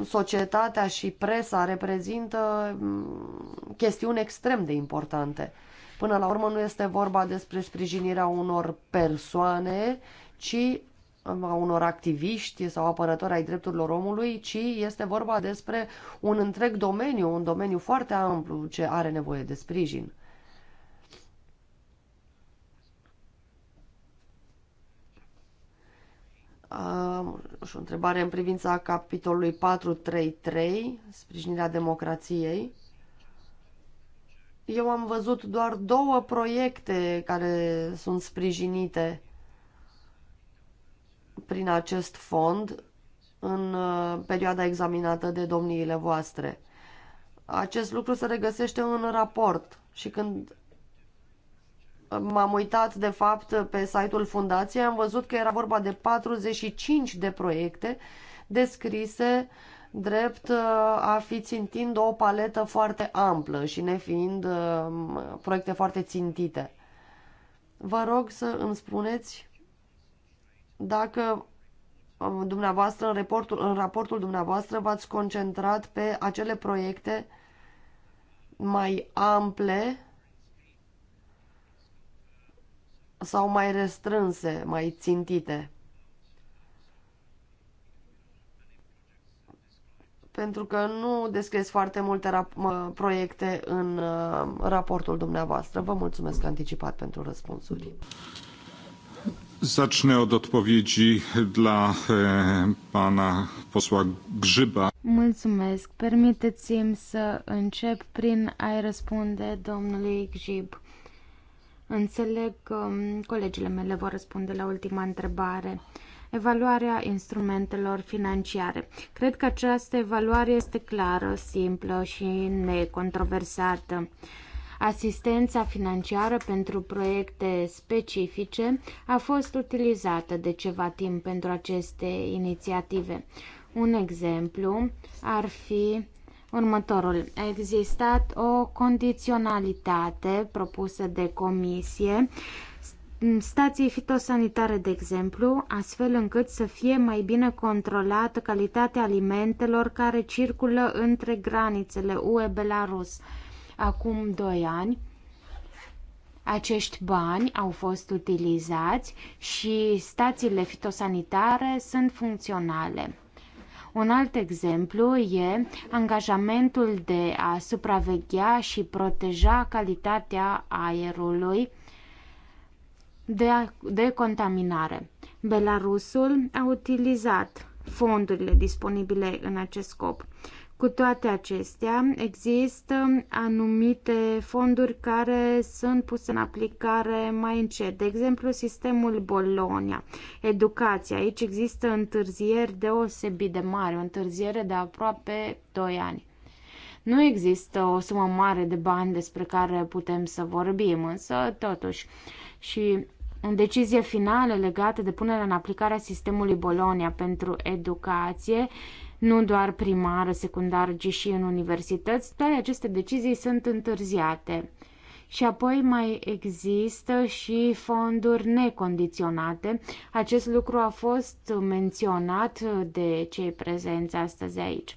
Speaker 2: societatea și presa reprezintă mm, chestiuni extrem de importante. Până la urmă nu este vorba despre sprijinirea unor persoane, ci a unor activiști sau apărători ai drepturilor omului, ci este vorba despre un întreg domeniu, un domeniu foarte amplu ce are nevoie de sprijin. Uh, și o întrebare în privința capitolului 433, sprijinirea democrației. Eu am văzut doar două proiecte care sunt sprijinite prin acest fond în uh, perioada examinată de domniile voastre. Acest lucru se regăsește în raport și când m-am uitat de fapt pe site-ul fundației, am văzut că era vorba de 45 de proiecte descrise drept uh, a fi țintind o paletă foarte amplă și nefiind uh, proiecte foarte țintite. Vă rog să îmi spuneți dacă uh, dumneavoastră, în raportul, în raportul dumneavoastră, v-ați concentrat pe acele proiecte mai ample sau mai restrânse, mai țintite. Pentru că nu descrieți foarte multe proiecte în uh, raportul dumneavoastră. Vă mulțumesc anticipat pentru răspunsuri. Zacznę od odpowiedzi dla pana posła Grzyba.
Speaker 1: Mulțumesc. Permiteți-mi să încep prin a-i răspunde domnului Grzyb. Înțeleg că um, colegile mele vor răspunde la ultima întrebare. Evaluarea instrumentelor financiare. Cred că această evaluare este clară, simplă și necontroversată. Asistența financiară pentru proiecte specifice a fost utilizată de ceva timp pentru aceste inițiative. Un exemplu ar fi următorul. A existat o condiționalitate propusă de comisie stații fitosanitare, de exemplu, astfel încât să fie mai bine controlată calitatea alimentelor care circulă între granițele UE-Belarus. Acum doi ani, acești bani au fost utilizați și stațiile fitosanitare sunt funcționale. Un alt exemplu e angajamentul de a supraveghea și proteja calitatea aerului de, de contaminare. Belarusul a utilizat fondurile disponibile în acest scop. Cu toate acestea, există anumite fonduri care sunt puse în aplicare mai încet. De exemplu, sistemul Bologna, educația. Aici există întârzieri deosebit de mari, o întârziere de aproape 2 ani. Nu există o sumă mare de bani despre care putem să vorbim, însă totuși. Și în decizie finală legată de punerea în aplicare a sistemului Bologna pentru educație, nu doar primară, secundară, ci și în universități, toate aceste decizii sunt întârziate. Și apoi mai există și fonduri necondiționate. Acest lucru a fost menționat de cei prezenți astăzi aici.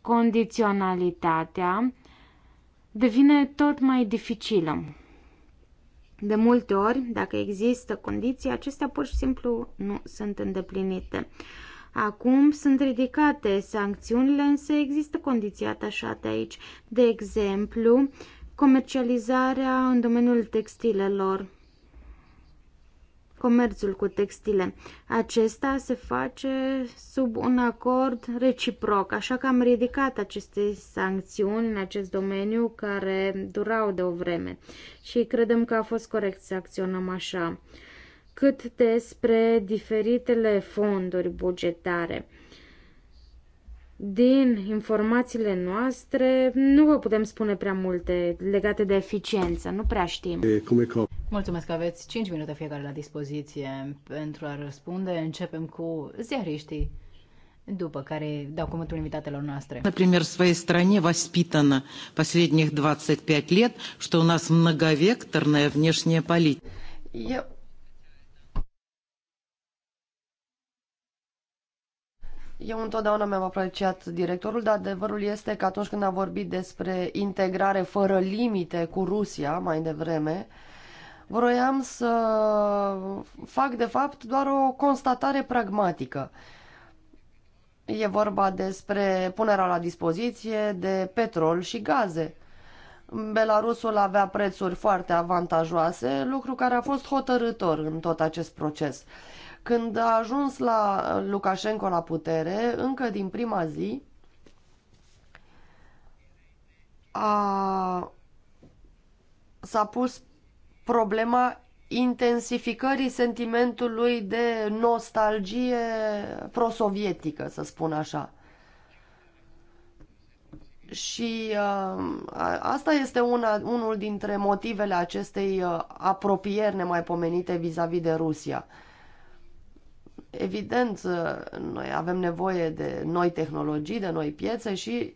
Speaker 1: Condiționalitatea devine tot mai dificilă. De multe ori, dacă există condiții, acestea pur și simplu nu sunt îndeplinite. Acum sunt ridicate sancțiunile, însă există condiții atașate aici. De exemplu, comercializarea în domeniul textilelor, comerțul cu textile. Acesta se face sub un acord reciproc, așa că am ridicat aceste sancțiuni în acest domeniu care durau de o vreme și credem că a fost corect să acționăm așa cât despre diferitele fonduri bugetare. Din informațiile noastre, nu
Speaker 3: vă putem spune prea multe legate de eficiență, nu prea știm. Mulțumesc că aveți 5 minute fiecare la dispoziție pentru a răspunde. Începem cu ziariștii, după care dau cuvântul invitatelor noastre. în в своей стране воспитана последних 25 лет, что у нас многовекторная внешняя политика.
Speaker 2: Eu Eu întotdeauna mi-am apreciat directorul, dar adevărul este că atunci când a vorbit despre integrare fără limite cu Rusia mai devreme, vroiam să fac de fapt doar o constatare pragmatică. E vorba despre punerea la dispoziție de petrol și gaze. Belarusul avea prețuri foarte avantajoase, lucru care a fost hotărător în tot acest proces. Când a ajuns la Lukashenko la putere, încă din prima zi, a, s-a pus problema intensificării sentimentului de nostalgie prosovietică, să spun așa. Și uh, asta este una, unul dintre motivele acestei uh, apropieri nemaipomenite vis-a-vis -vis de Rusia. Uh, Evident, noi avem nevoie de noi tehnologii, de noi piețe și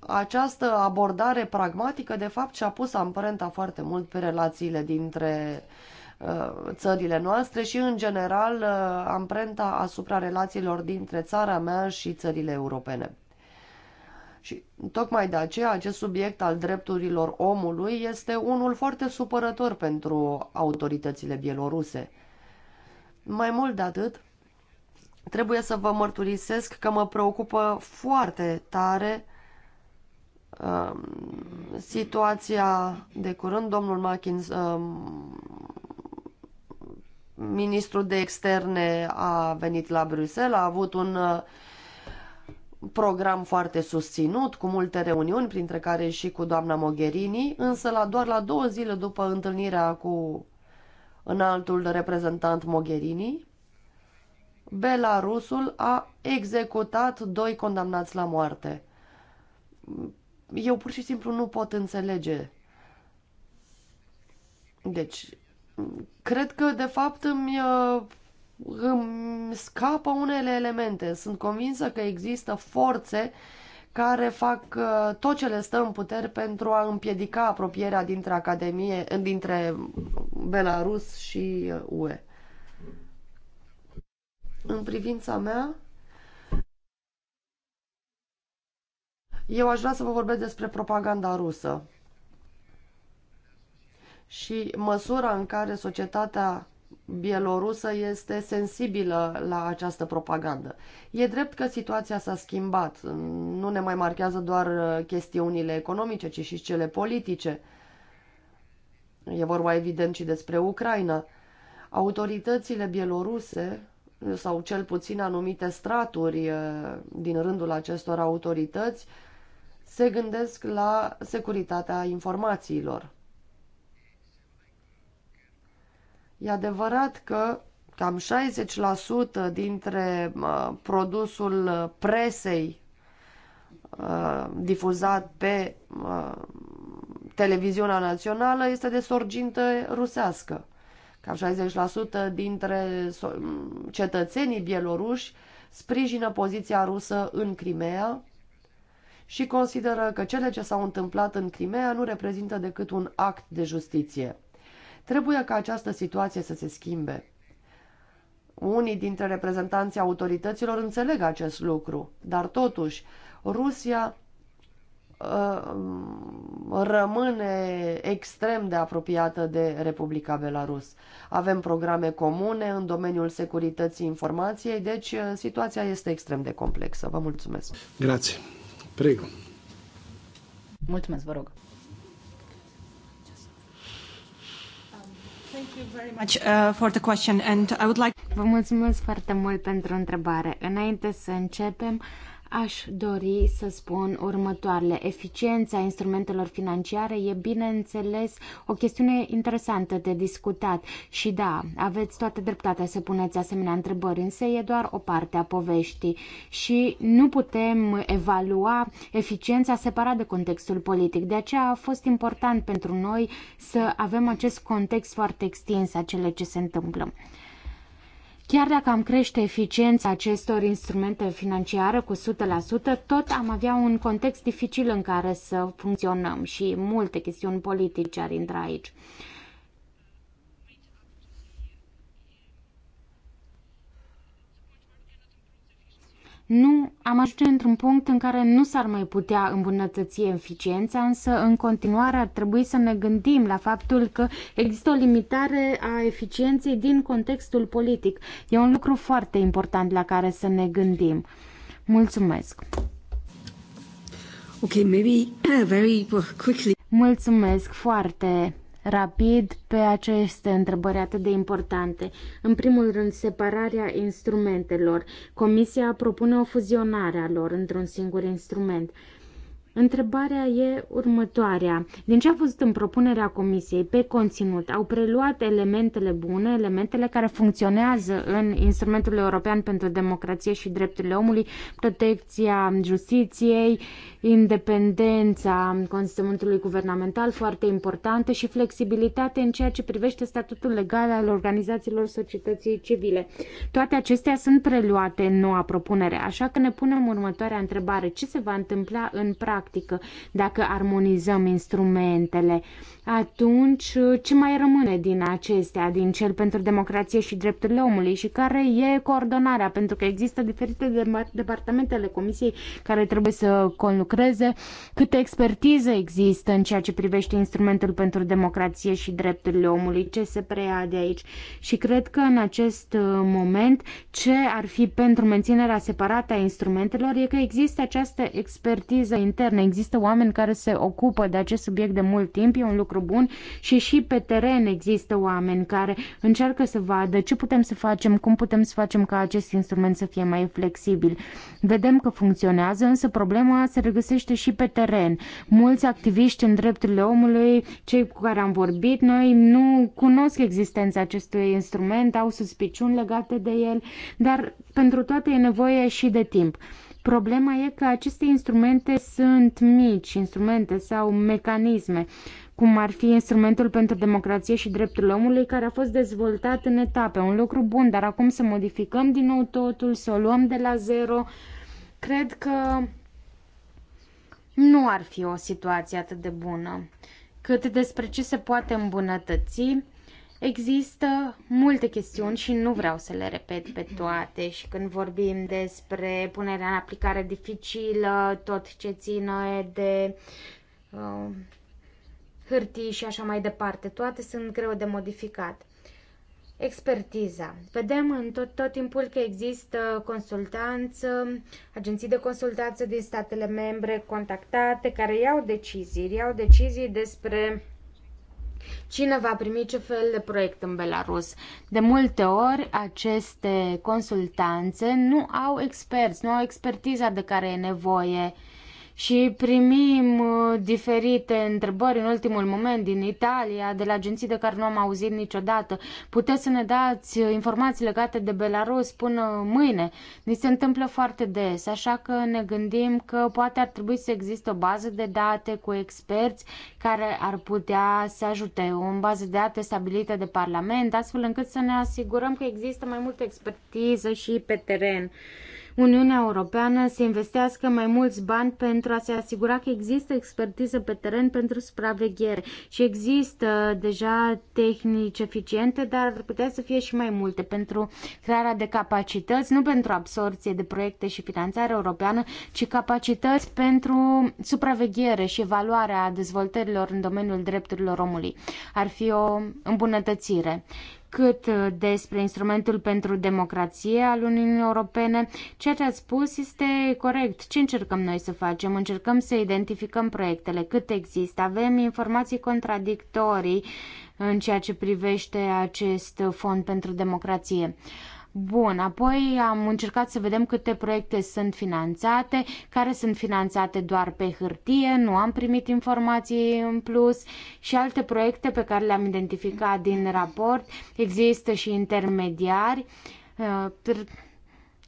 Speaker 2: această abordare pragmatică, de fapt, și-a pus amprenta foarte mult pe relațiile dintre uh, țările noastre și, în general, uh, amprenta asupra relațiilor dintre țara mea și țările europene. Și tocmai de aceea acest subiect al drepturilor omului este unul foarte supărător pentru autoritățile bieloruse. Mai mult de atât, Trebuie să vă mărturisesc că mă preocupă foarte tare um, situația de curând. Domnul Machin, um, ministrul de externe, a venit la Bruxelles, a avut un uh, program foarte susținut, cu multe reuniuni, printre care și cu doamna Mogherini, însă la doar la două zile după întâlnirea cu înaltul reprezentant Mogherini, Belarusul a executat doi condamnați la moarte. Eu pur și simplu nu pot înțelege. Deci, cred că de fapt îmi, uh, îmi scapă unele elemente. Sunt convinsă că există forțe care fac uh, tot ce le stă în puteri pentru a împiedica apropierea dintre Academie, dintre Belarus și uh, UE în privința mea, eu aș vrea să vă vorbesc despre propaganda rusă și măsura în care societatea bielorusă este sensibilă la această propagandă. E drept că situația s-a schimbat. Nu ne mai marchează doar uh, chestiunile economice, ci și cele politice. E vorba evident și despre Ucraina. Autoritățile bieloruse sau cel puțin anumite straturi eh, din rândul acestor autorități se gândesc la securitatea informațiilor. E adevărat că cam 60% dintre eh, produsul presei eh, difuzat pe televiziunea națională este de sorgintă rusească. Cam 60% dintre cetățenii bieloruși sprijină poziția rusă în Crimea și consideră că cele ce s-au întâmplat în Crimea nu reprezintă decât un act de justiție. Trebuie ca această situație să se schimbe. Unii dintre reprezentanții autorităților înțeleg acest lucru, dar totuși Rusia Uh, rămâne extrem de apropiată de Republica Belarus. Avem programe comune în domeniul securității informației, deci uh, situația este extrem de complexă. Vă mulțumesc. Grație. Prego. Mulțumesc,
Speaker 3: vă rog.
Speaker 1: Vă mulțumesc foarte mult pentru întrebare. Înainte să începem, Aș dori să spun următoarele. Eficiența instrumentelor financiare e, bineînțeles, o chestiune interesantă de discutat și da, aveți toată dreptatea să puneți asemenea întrebări, însă e doar o parte a poveștii și nu putem evalua eficiența separat de contextul politic. De aceea a fost important pentru noi să avem acest context foarte extins a cele ce se întâmplă. Chiar dacă am crește eficiența acestor instrumente financiare cu 100%, tot am avea un context dificil în care să funcționăm și multe chestiuni politice ar intra aici. nu am ajunge într-un punct în care nu s-ar mai putea îmbunătăți eficiența, însă în continuare ar trebui să ne gândim la faptul că există o limitare a eficienței din contextul politic. E un lucru foarte important la care să ne gândim. Mulțumesc! Okay, maybe very quickly. Mulțumesc foarte rapid pe aceste întrebări atât de importante. În primul rând, separarea instrumentelor. Comisia propune o fuzionare a lor într-un singur instrument. Întrebarea e următoarea. Din ce a fost în propunerea comisiei pe conținut? Au preluat elementele bune, elementele care funcționează în instrumentul european pentru democrație și drepturile omului, protecția justiției, independența consimțământului guvernamental foarte importantă și flexibilitate în ceea ce privește statutul legal al organizațiilor societății civile. Toate acestea sunt preluate în noua propunere, așa că ne punem următoarea întrebare. Ce se va întâmpla în practică dacă armonizăm instrumentele? Atunci, ce mai rămâne din acestea, din cel pentru democrație și drepturile omului și care e coordonarea? Pentru că există diferite departamentele Comisiei care trebuie să conlucreze lucreze, câtă expertiză există în ceea ce privește instrumentul pentru democrație și drepturile omului, ce se preia de aici. Și cred că în acest uh, moment ce ar fi pentru menținerea separată a instrumentelor e că există această expertiză internă, există oameni care se ocupă de acest subiect de mult timp, e un lucru bun și și pe teren există oameni care încearcă să vadă ce putem să facem, cum putem să facem ca acest instrument să fie mai flexibil. Vedem că funcționează, însă problema se regăsește găsește și pe teren. Mulți activiști în drepturile omului, cei cu care am vorbit, noi nu cunosc existența acestui instrument, au suspiciuni legate de el, dar pentru toate e nevoie și de timp. Problema e că aceste instrumente sunt mici, instrumente sau mecanisme, cum ar fi instrumentul pentru democrație și drepturile omului, care a fost dezvoltat în etape. Un lucru bun, dar acum să modificăm din nou totul, să o luăm de la zero. Cred că nu ar fi o situație atât de bună. Cât despre ce se poate îmbunătăți, Există multe chestiuni și nu vreau să le repet pe toate și când vorbim despre punerea în aplicare dificilă, tot ce ține de uh, hârtii și așa mai departe, toate sunt greu de modificat. Expertiza. Vedem în tot, tot timpul că există consultanță, agenții de consultanță din statele membre contactate care iau decizii, iau decizii despre cine va primi ce fel de proiect în Belarus. De multe ori, aceste consultanțe nu au experți, nu au expertiza de care e nevoie uh, și primim uh, diferite întrebări în ultimul moment din Italia, de la agenții de care nu am auzit niciodată. Puteți să ne dați uh, informații legate de Belarus până mâine. Ni se întâmplă foarte des, așa că ne gândim că poate ar trebui să existe o bază de date cu experți care ar putea să ajute, o bază de date stabilită de Parlament, astfel încât să ne asigurăm că există mai multă expertiză și pe teren. Uniunea Europeană să investească mai mulți bani pentru a se asigura că există expertiză pe teren pentru supraveghere și există deja tehnici eficiente, dar ar putea să fie și mai multe pentru crearea de capacități, nu pentru absorție de proiecte și finanțare europeană, ci capacități pentru supraveghere și evaluarea dezvoltărilor în domeniul drepturilor omului. Ar fi o îmbunătățire cât uh, despre instrumentul pentru democrație al Uniunii Europene. Ceea ce ați spus este corect. Ce încercăm noi să facem? Încercăm să identificăm proiectele, cât există. Avem informații contradictorii în ceea ce privește acest fond pentru democrație. Uh, Bun, apoi am încercat să vedem câte proiecte sunt finanțate, care sunt finanțate doar pe hârtie, nu am primit informații în plus și alte proiecte pe care le-am identificat din raport. Există și intermediari. Uh,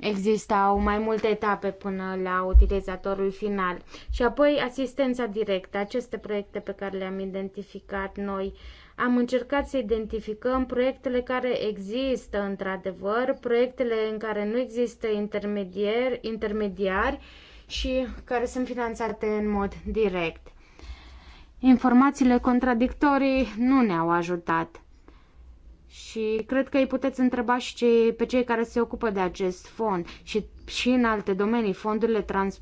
Speaker 1: existau mai multe etape până la utilizatorul final. Și apoi asistența directă, aceste proiecte pe care le-am identificat noi uh, am încercat să identificăm proiectele care există într-adevăr, proiectele în care nu există intermediari, intermediari și care sunt finanțate în mod direct. Informațiile contradictorii nu ne-au ajutat. Și cred că îi puteți întreba și cei, pe cei care se ocupă de acest fond și, și în alte domenii, fondurile trans,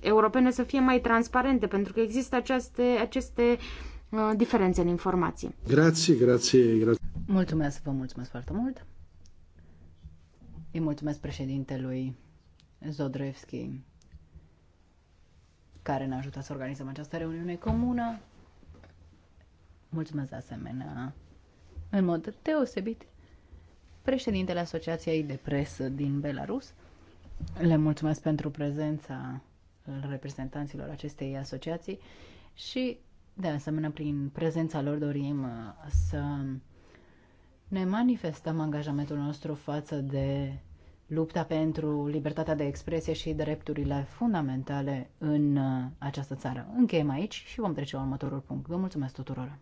Speaker 1: europene să fie mai transparente, pentru că există
Speaker 3: aceste, aceste Uh, diferențe în informații.
Speaker 1: Grație, grație, grație.
Speaker 3: Mulțumesc, vă mulțumesc foarte mult. Îi mulțumesc președintelui Zodrevski care ne-a ajutat să organizăm această reuniune comună. Mulțumesc de asemenea, în mod deosebit, președintele Asociației de Presă din Belarus. Le mulțumesc pentru prezența reprezentanților acestei asociații și de asemenea, prin prezența lor dorim uh, să ne manifestăm angajamentul nostru față de lupta pentru libertatea de expresie și drepturile fundamentale în uh, această țară. Încheiem aici și vom trece la următorul punct. Vă mulțumesc tuturor!